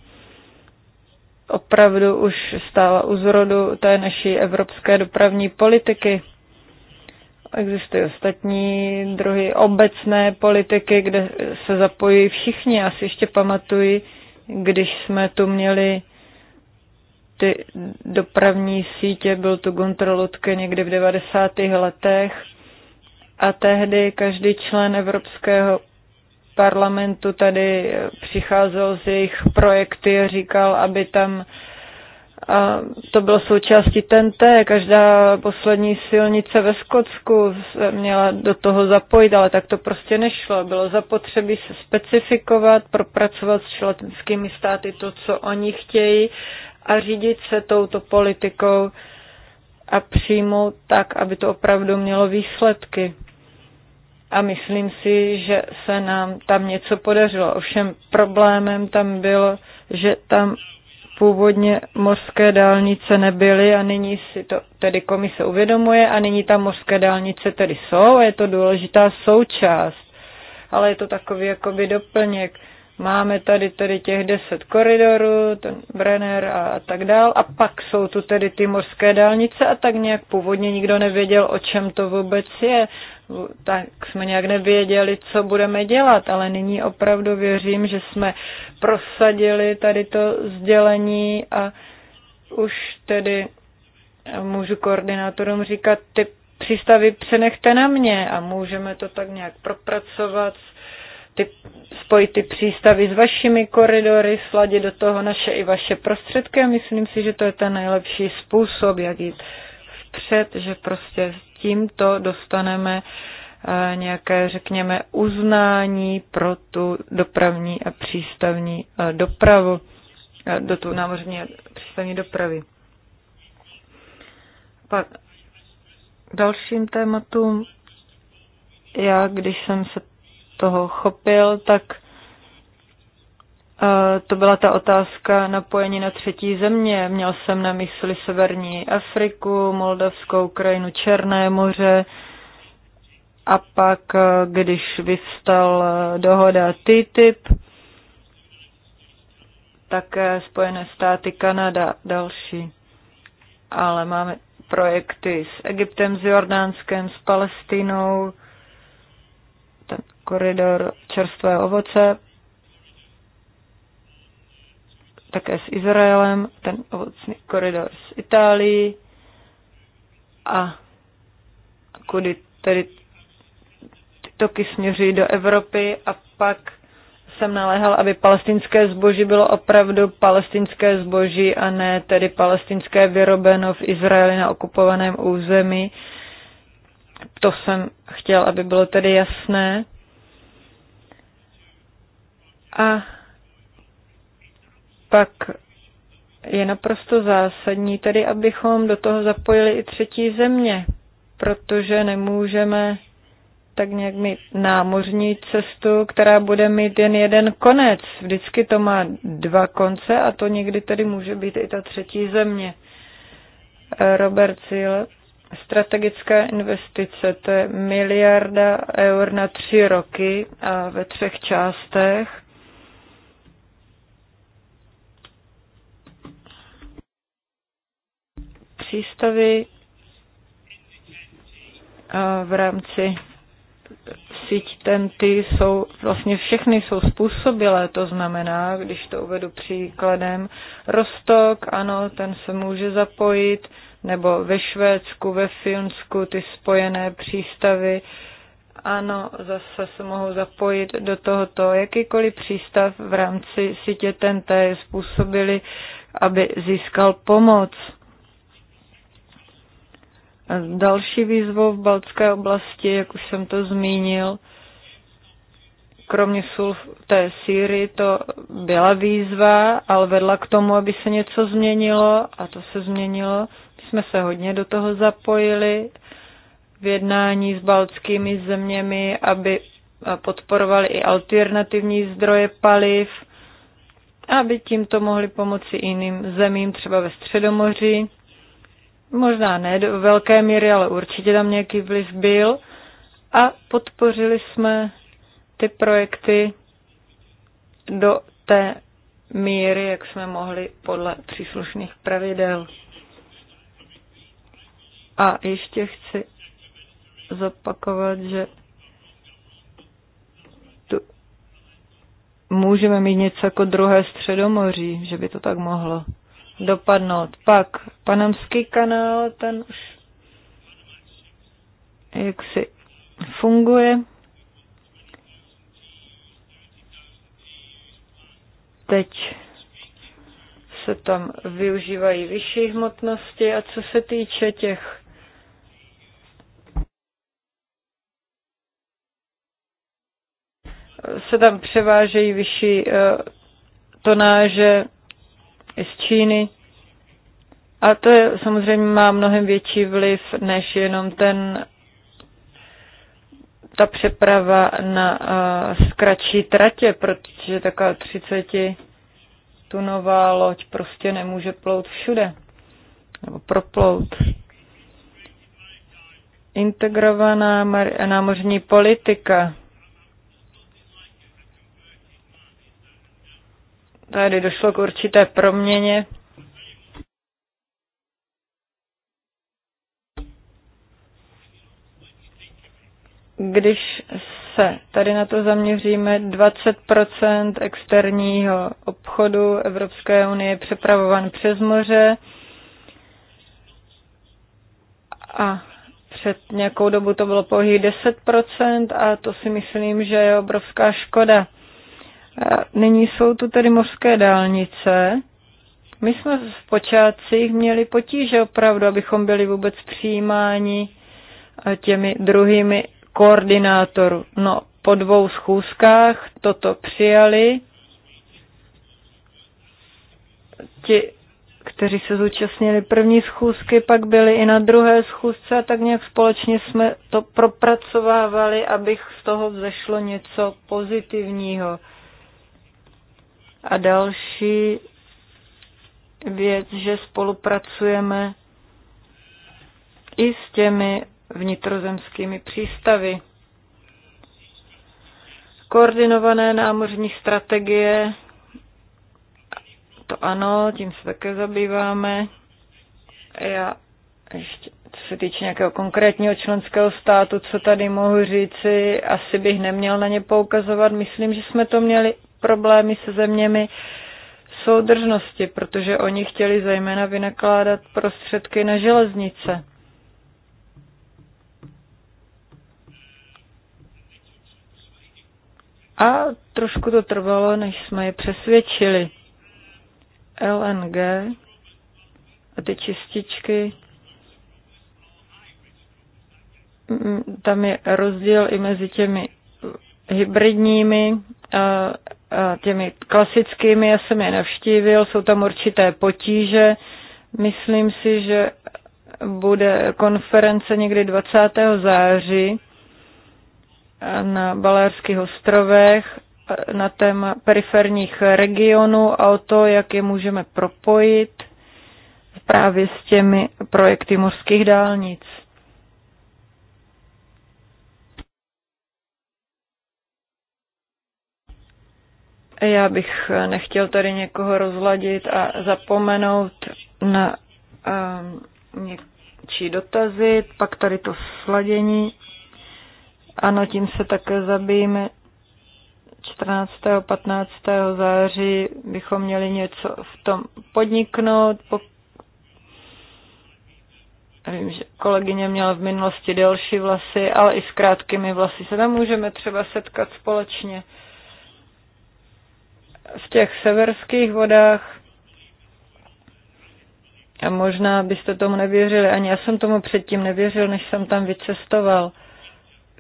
opravdu už stála u zrodu té naší evropské dopravní politiky existují ostatní druhy obecné politiky, kde se zapojí všichni. Já si ještě pamatuji, když jsme tu měli ty dopravní sítě, byl tu Gunter Lutke někdy v 90. letech a tehdy každý člen Evropského parlamentu tady přicházel z jejich projekty a říkal, aby tam a to bylo součástí TNT, každá poslední silnice ve Skotsku se měla do toho zapojit, ale tak to prostě nešlo. Bylo zapotřebí se specifikovat, propracovat s členskými státy to, co oni chtějí a řídit se touto politikou a přijmout tak, aby to opravdu mělo výsledky. A myslím si, že se nám tam něco podařilo. Ovšem problémem tam bylo, že tam původně mořské dálnice nebyly a nyní si to tedy komise uvědomuje a nyní tam mořské dálnice tedy jsou a je to důležitá součást. Ale je to takový jakoby doplněk. Máme tady tedy těch deset koridorů, ten Brenner a tak dál a pak jsou tu tedy ty mořské dálnice a tak nějak původně nikdo nevěděl, o čem to vůbec je tak jsme nějak nevěděli, co budeme dělat, ale nyní opravdu věřím, že jsme prosadili tady to sdělení a už tedy můžu koordinátorům říkat, ty přístavy přenechte na mě a můžeme to tak nějak propracovat, ty, spojit ty přístavy s vašimi koridory, sladit do toho naše i vaše prostředky a myslím si, že to je ten nejlepší způsob, jak jít vpřed, že prostě tímto dostaneme eh, nějaké, řekněme, uznání pro tu dopravní a přístavní eh, dopravu, eh, do tu námořní a přístavní dopravy. Pak dalším tématům, já když jsem se toho chopil, tak Eh, to byla ta otázka napojení na třetí země. Měl jsem na mysli Severní Afriku, Moldavskou Ukrajinu, Černé moře. A pak, eh, když vyvstal eh, dohoda TTIP, také Spojené státy, Kanada, další. Ale máme projekty s Egyptem, s Jordánskem, s Palestinou, ten koridor čerstvé ovoce, také s Izraelem, ten ovocný koridor s Itálií a kudy tedy ty toky směřují do Evropy a pak jsem naléhal, aby palestinské zboží bylo opravdu palestinské zboží a ne tedy palestinské vyrobeno v Izraeli na okupovaném území. To jsem chtěl, aby bylo tedy jasné. A pak je naprosto zásadní tedy, abychom do toho zapojili i třetí země, protože nemůžeme tak nějak mít námořní cestu, která bude mít jen jeden konec. Vždycky to má dva konce a to někdy tedy může být i ta třetí země. Robert Cíl, strategická investice, to je miliarda eur na tři roky a ve třech částech. přístavy v rámci síť TNT jsou, vlastně všechny jsou způsobilé, to znamená, když to uvedu příkladem, Rostok, ano, ten se může zapojit, nebo ve Švédsku, ve Finsku, ty spojené přístavy, ano, zase se mohou zapojit do tohoto. Jakýkoliv přístav v rámci sítě TNT je způsobili, aby získal pomoc Další výzvou v Baltské oblasti, jak už jsem to zmínil, kromě sulf, té síry to byla výzva, ale vedla k tomu, aby se něco změnilo a to se změnilo. My jsme se hodně do toho zapojili v jednání s baltskými zeměmi, aby podporovali i alternativní zdroje paliv, aby tímto mohli pomoci jiným zemím, třeba ve Středomoří. Možná ne do velké míry, ale určitě tam nějaký vliv byl. A podpořili jsme ty projekty do té míry, jak jsme mohli podle příslušných pravidel. A ještě chci zopakovat, že tu můžeme mít něco jako druhé středomoří, že by to tak mohlo dopadnout. Pak panamský kanál, ten už jak si funguje. Teď se tam využívají vyšší hmotnosti a co se týče těch se tam převážejí vyšší eh, tonáže z Číny. A to je, samozřejmě má mnohem větší vliv než jenom ten ta přeprava na uh, zkratší tratě, protože taková 30 tunová loď prostě nemůže plout všude. Nebo proplout. Integrovaná námořní politika Tady došlo k určité proměně. Když se tady na to zaměříme, 20 externího obchodu Evropské unie je přepravovan přes moře a před nějakou dobu to bylo pouhých 10% a to si myslím, že je obrovská škoda. Eh, nyní jsou tu tedy mořské dálnice. My jsme v počátcích měli potíže opravdu, abychom byli vůbec přijímáni eh, těmi druhými koordinátorů. No, po dvou schůzkách toto přijali. Ti, kteří se zúčastnili první schůzky, pak byli i na druhé schůzce a tak nějak společně jsme to propracovávali, abych z toho vzešlo něco pozitivního. A další věc, že spolupracujeme i s těmi vnitrozemskými přístavy. Koordinované námořní strategie, to ano, tím se také zabýváme. Já ještě, co se týče nějakého konkrétního členského státu, co tady mohu říci, asi bych neměl na ně poukazovat. Myslím, že jsme to měli problémy se zeměmi soudržnosti, protože oni chtěli zejména vynakládat prostředky na železnice. A trošku to trvalo, než jsme je přesvědčili. LNG a ty čističky. Mm, tam je rozdíl i mezi těmi hybridními těmi klasickými, já jsem je navštívil, jsou tam určité potíže. Myslím si, že bude konference někdy 20. září na Balářských ostrovech na téma periferních regionů a o to, jak je můžeme propojit právě s těmi projekty mořských dálnic. Já bych nechtěl tady někoho rozladit a zapomenout na um, něčí dotazy, pak tady to sladění. Ano, tím se také zabijeme. 14. 15. září bychom měli něco v tom podniknout. Po... Vím, že kolegyně měla v minulosti delší vlasy, ale i s krátkými vlasy se tam můžeme třeba setkat společně v těch severských vodách a možná byste tomu nevěřili, ani já jsem tomu předtím nevěřil, než jsem tam vycestoval.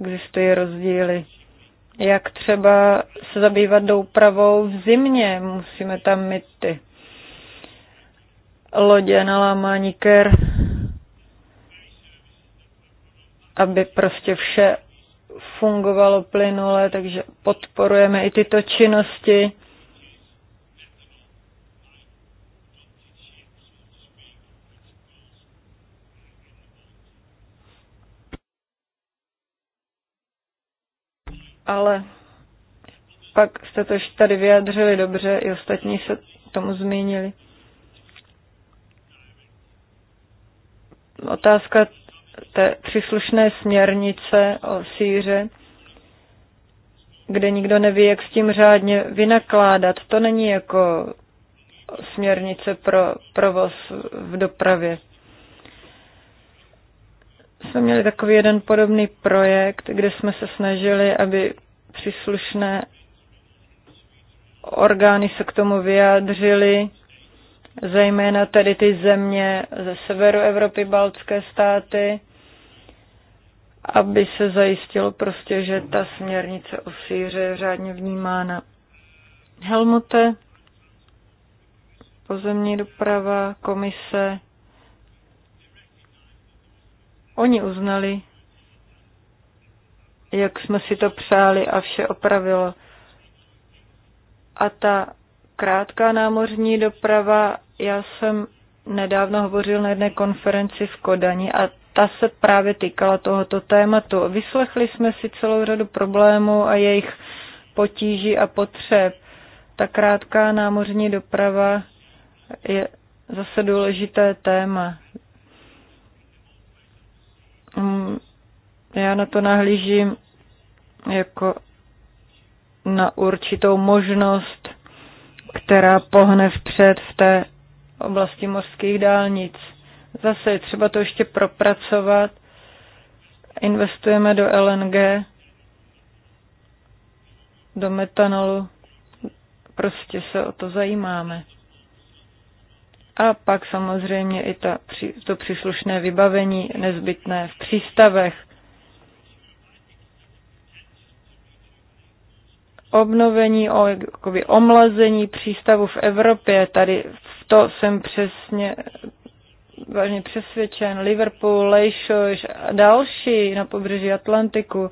Existují rozdíly. Jak třeba se zabývat doupravou v zimě, musíme tam mít ty lodě na lámání ker, aby prostě vše fungovalo plynule, takže podporujeme i tyto činnosti ale pak jste to tady vyjadřili dobře, i ostatní se tomu zmínili. Otázka té příslušné směrnice o síře, kde nikdo neví, jak s tím řádně vynakládat. To není jako směrnice pro provoz v dopravě jsme měli takový jeden podobný projekt, kde jsme se snažili, aby příslušné orgány se k tomu vyjádřily, zejména tedy ty země ze severu Evropy, baltské státy, aby se zajistilo prostě, že ta směrnice o síře je řádně vnímána. Helmute, pozemní doprava, komise, Oni uznali, jak jsme si to přáli a vše opravilo. A ta krátká námořní doprava, já jsem nedávno hovořil na jedné konferenci v Kodani a ta se právě týkala tohoto tématu. Vyslechli jsme si celou řadu problémů a jejich potíží a potřeb. Ta krátká námořní doprava je zase důležité téma. Mm, já na to nahlížím jako na určitou možnost, která pohne vpřed v té oblasti mořských dálnic. Zase je třeba to ještě propracovat. Investujeme do LNG, do metanolu. Prostě se o to zajímáme a pak samozřejmě i ta, to příslušné vybavení nezbytné v přístavech. Obnovení, o, jakoby omlazení přístavu v Evropě, tady v to jsem přesně vážně přesvědčen. Liverpool, Leishoš a další na pobřeží Atlantiku,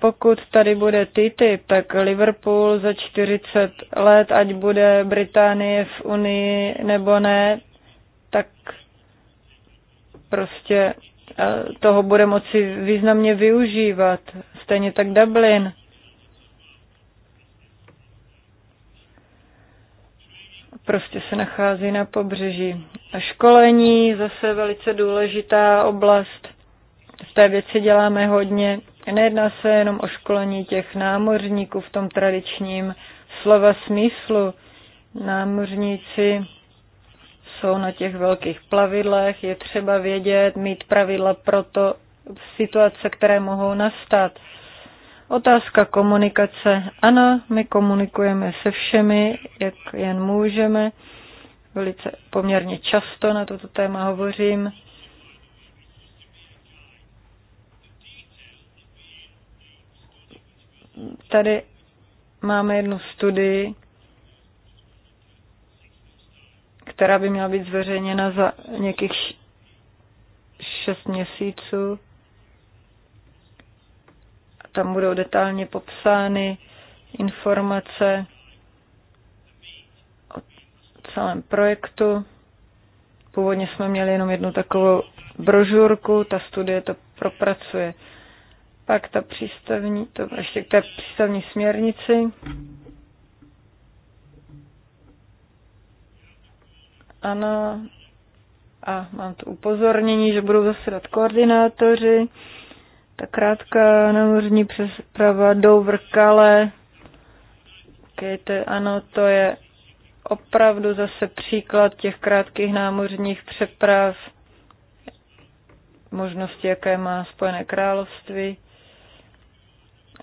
pokud tady bude TTIP, tak Liverpool za 40 let, ať bude Británie v Unii nebo ne, tak prostě eh, toho bude moci významně využívat. Stejně tak Dublin. Prostě se nachází na pobřeží. A školení, zase velice důležitá oblast. V té věci děláme hodně. Nejedná se jenom o školení těch námořníků v tom tradičním slova smyslu. Námořníci jsou na těch velkých plavidlech, je třeba vědět, mít pravidla pro to situace, které mohou nastat. Otázka komunikace. Ano, my komunikujeme se všemi, jak jen můžeme. Velice poměrně často na toto téma hovořím. tady máme jednu studii, která by měla být zveřejněna za nějakých šest měsíců. Tam budou detailně popsány informace o celém projektu. Původně jsme měli jenom jednu takovou brožurku, ta studie to propracuje. Pak ta přístavní, to ještě k té přístavní směrnici. Ano. A mám tu upozornění, že budou zasedat koordinátoři. Ta krátká námořní přeprava do vrkale. Okay, to, ano, to je opravdu zase příklad těch krátkých námořních přeprav, možnosti, jaké má Spojené království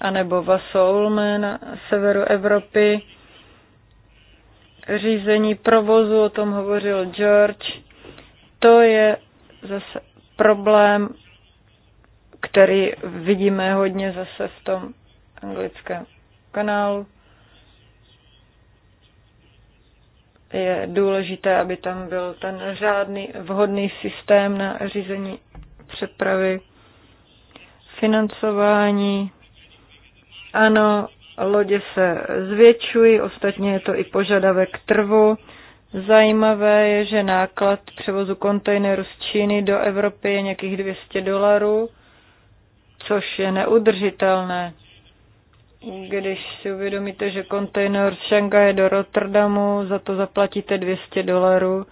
anebo Vasoulme na severu Evropy. Řízení provozu, o tom hovořil George. To je zase problém, který vidíme hodně zase v tom anglickém kanálu. Je důležité, aby tam byl ten řádný vhodný systém na řízení přepravy, financování, ano, lodě se zvětšují, ostatně je to i požadavek trvu. Zajímavé je, že náklad převozu kontejneru z Číny do Evropy je nějakých 200 dolarů, což je neudržitelné. Když si uvědomíte, že kontejner z Šanghaje do Rotterdamu, za to zaplatíte 200 dolarů,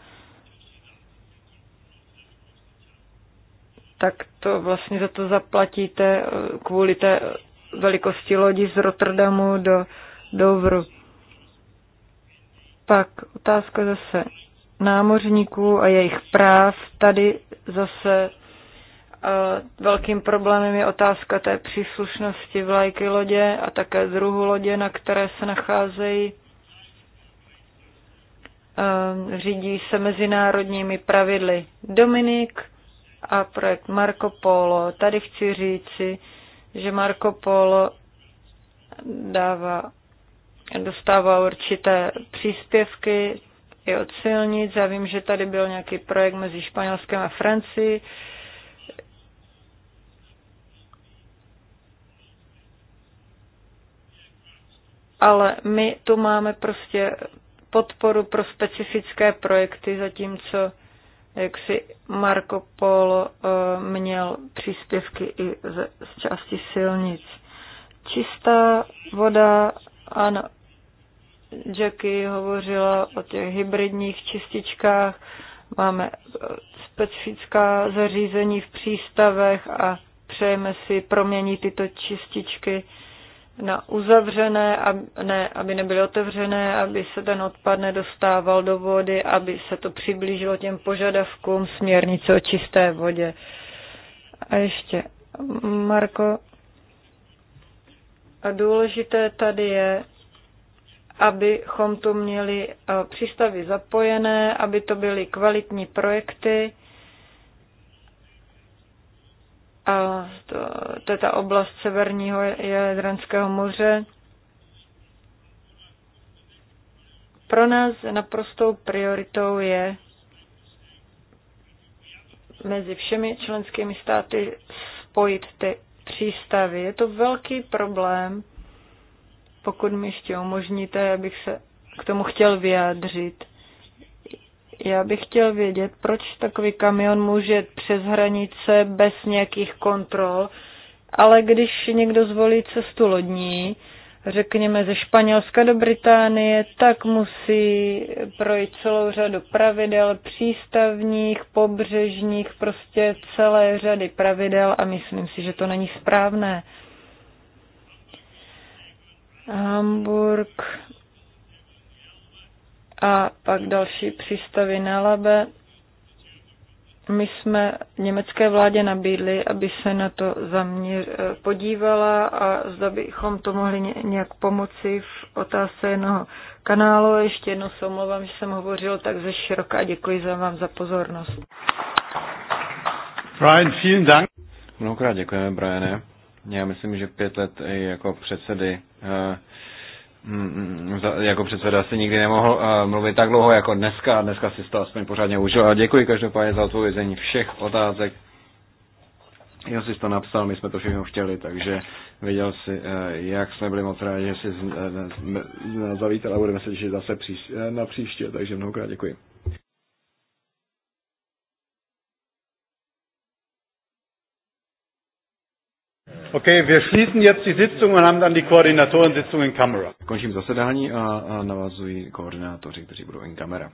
tak to vlastně za to zaplatíte kvůli té velikosti lodi z Rotterdamu do Douvru. Pak otázka zase námořníků a jejich práv. Tady zase eh, velkým problémem je otázka té příslušnosti vlajky lodě a také druhu lodě, na které se nacházejí. Eh, řídí se mezinárodními pravidly Dominik a projekt Marco Polo. Tady chci říci, že Marco Polo dává, dostává určité příspěvky i od silnic. Já vím, že tady byl nějaký projekt mezi Španělskem a Francií. Ale my tu máme prostě podporu pro specifické projekty, zatímco jak si Marco Polo eh, měl příspěvky i z, z části silnic. Čistá voda, ano, Jackie hovořila o těch hybridních čističkách, máme eh, specifická zařízení v přístavech a přejeme si proměnit tyto čističky na uzavřené, ne, aby nebyly otevřené, aby se ten odpad nedostával do vody, aby se to přiblížilo těm požadavkům směrnice o čisté vodě. A ještě, Marko, a důležité tady je, abychom tu měli eh, přístavy zapojené, aby to byly kvalitní projekty, a to, to je ta oblast severního Jadranského moře. Pro nás naprostou prioritou je mezi všemi členskými státy spojit ty přístavy. Je to velký problém, pokud mi ještě umožníte, abych se k tomu chtěl vyjádřit. Já bych chtěl vědět, proč takový kamion může přes hranice bez nějakých kontrol, ale když někdo zvolí cestu lodní, řekněme ze Španělska do Británie, tak musí projít celou řadu pravidel přístavních, pobřežních, prostě celé řady pravidel a myslím si, že to není správné. Hamburg a pak další přístavy na Labe. My jsme německé vládě nabídli, aby se na to zaměř, eh, podívala a zda bychom to mohli nějak pomoci v otázce jednoho kanálu. Ještě jednou se omlouvám, že jsem hovořil tak ze široka a děkuji za vám za pozornost. Brian, vielen Dank. Mnohokrát děkujeme, Briane. Já myslím, že pět let i jako předsedy eh, Mm, jako předseda si nikdy nemohl eh, mluvit tak dlouho jako dneska. Dneska si to aspoň pořádně užil. A děkuji každopádně za odpovězení všech otázek. Já si to napsal, my jsme to všechno chtěli, takže viděl si, eh, jak jsme byli moc rádi, že si zavítal a budeme se těšit zase příš- eh, na příště, takže mnohokrát děkuji. Okay, wir schließen jetzt die Sitzung und haben dann die Koordinatorensitzung in Kamera. Končím zasedání a, a navazují koordinátoři, kteří budou in kamera.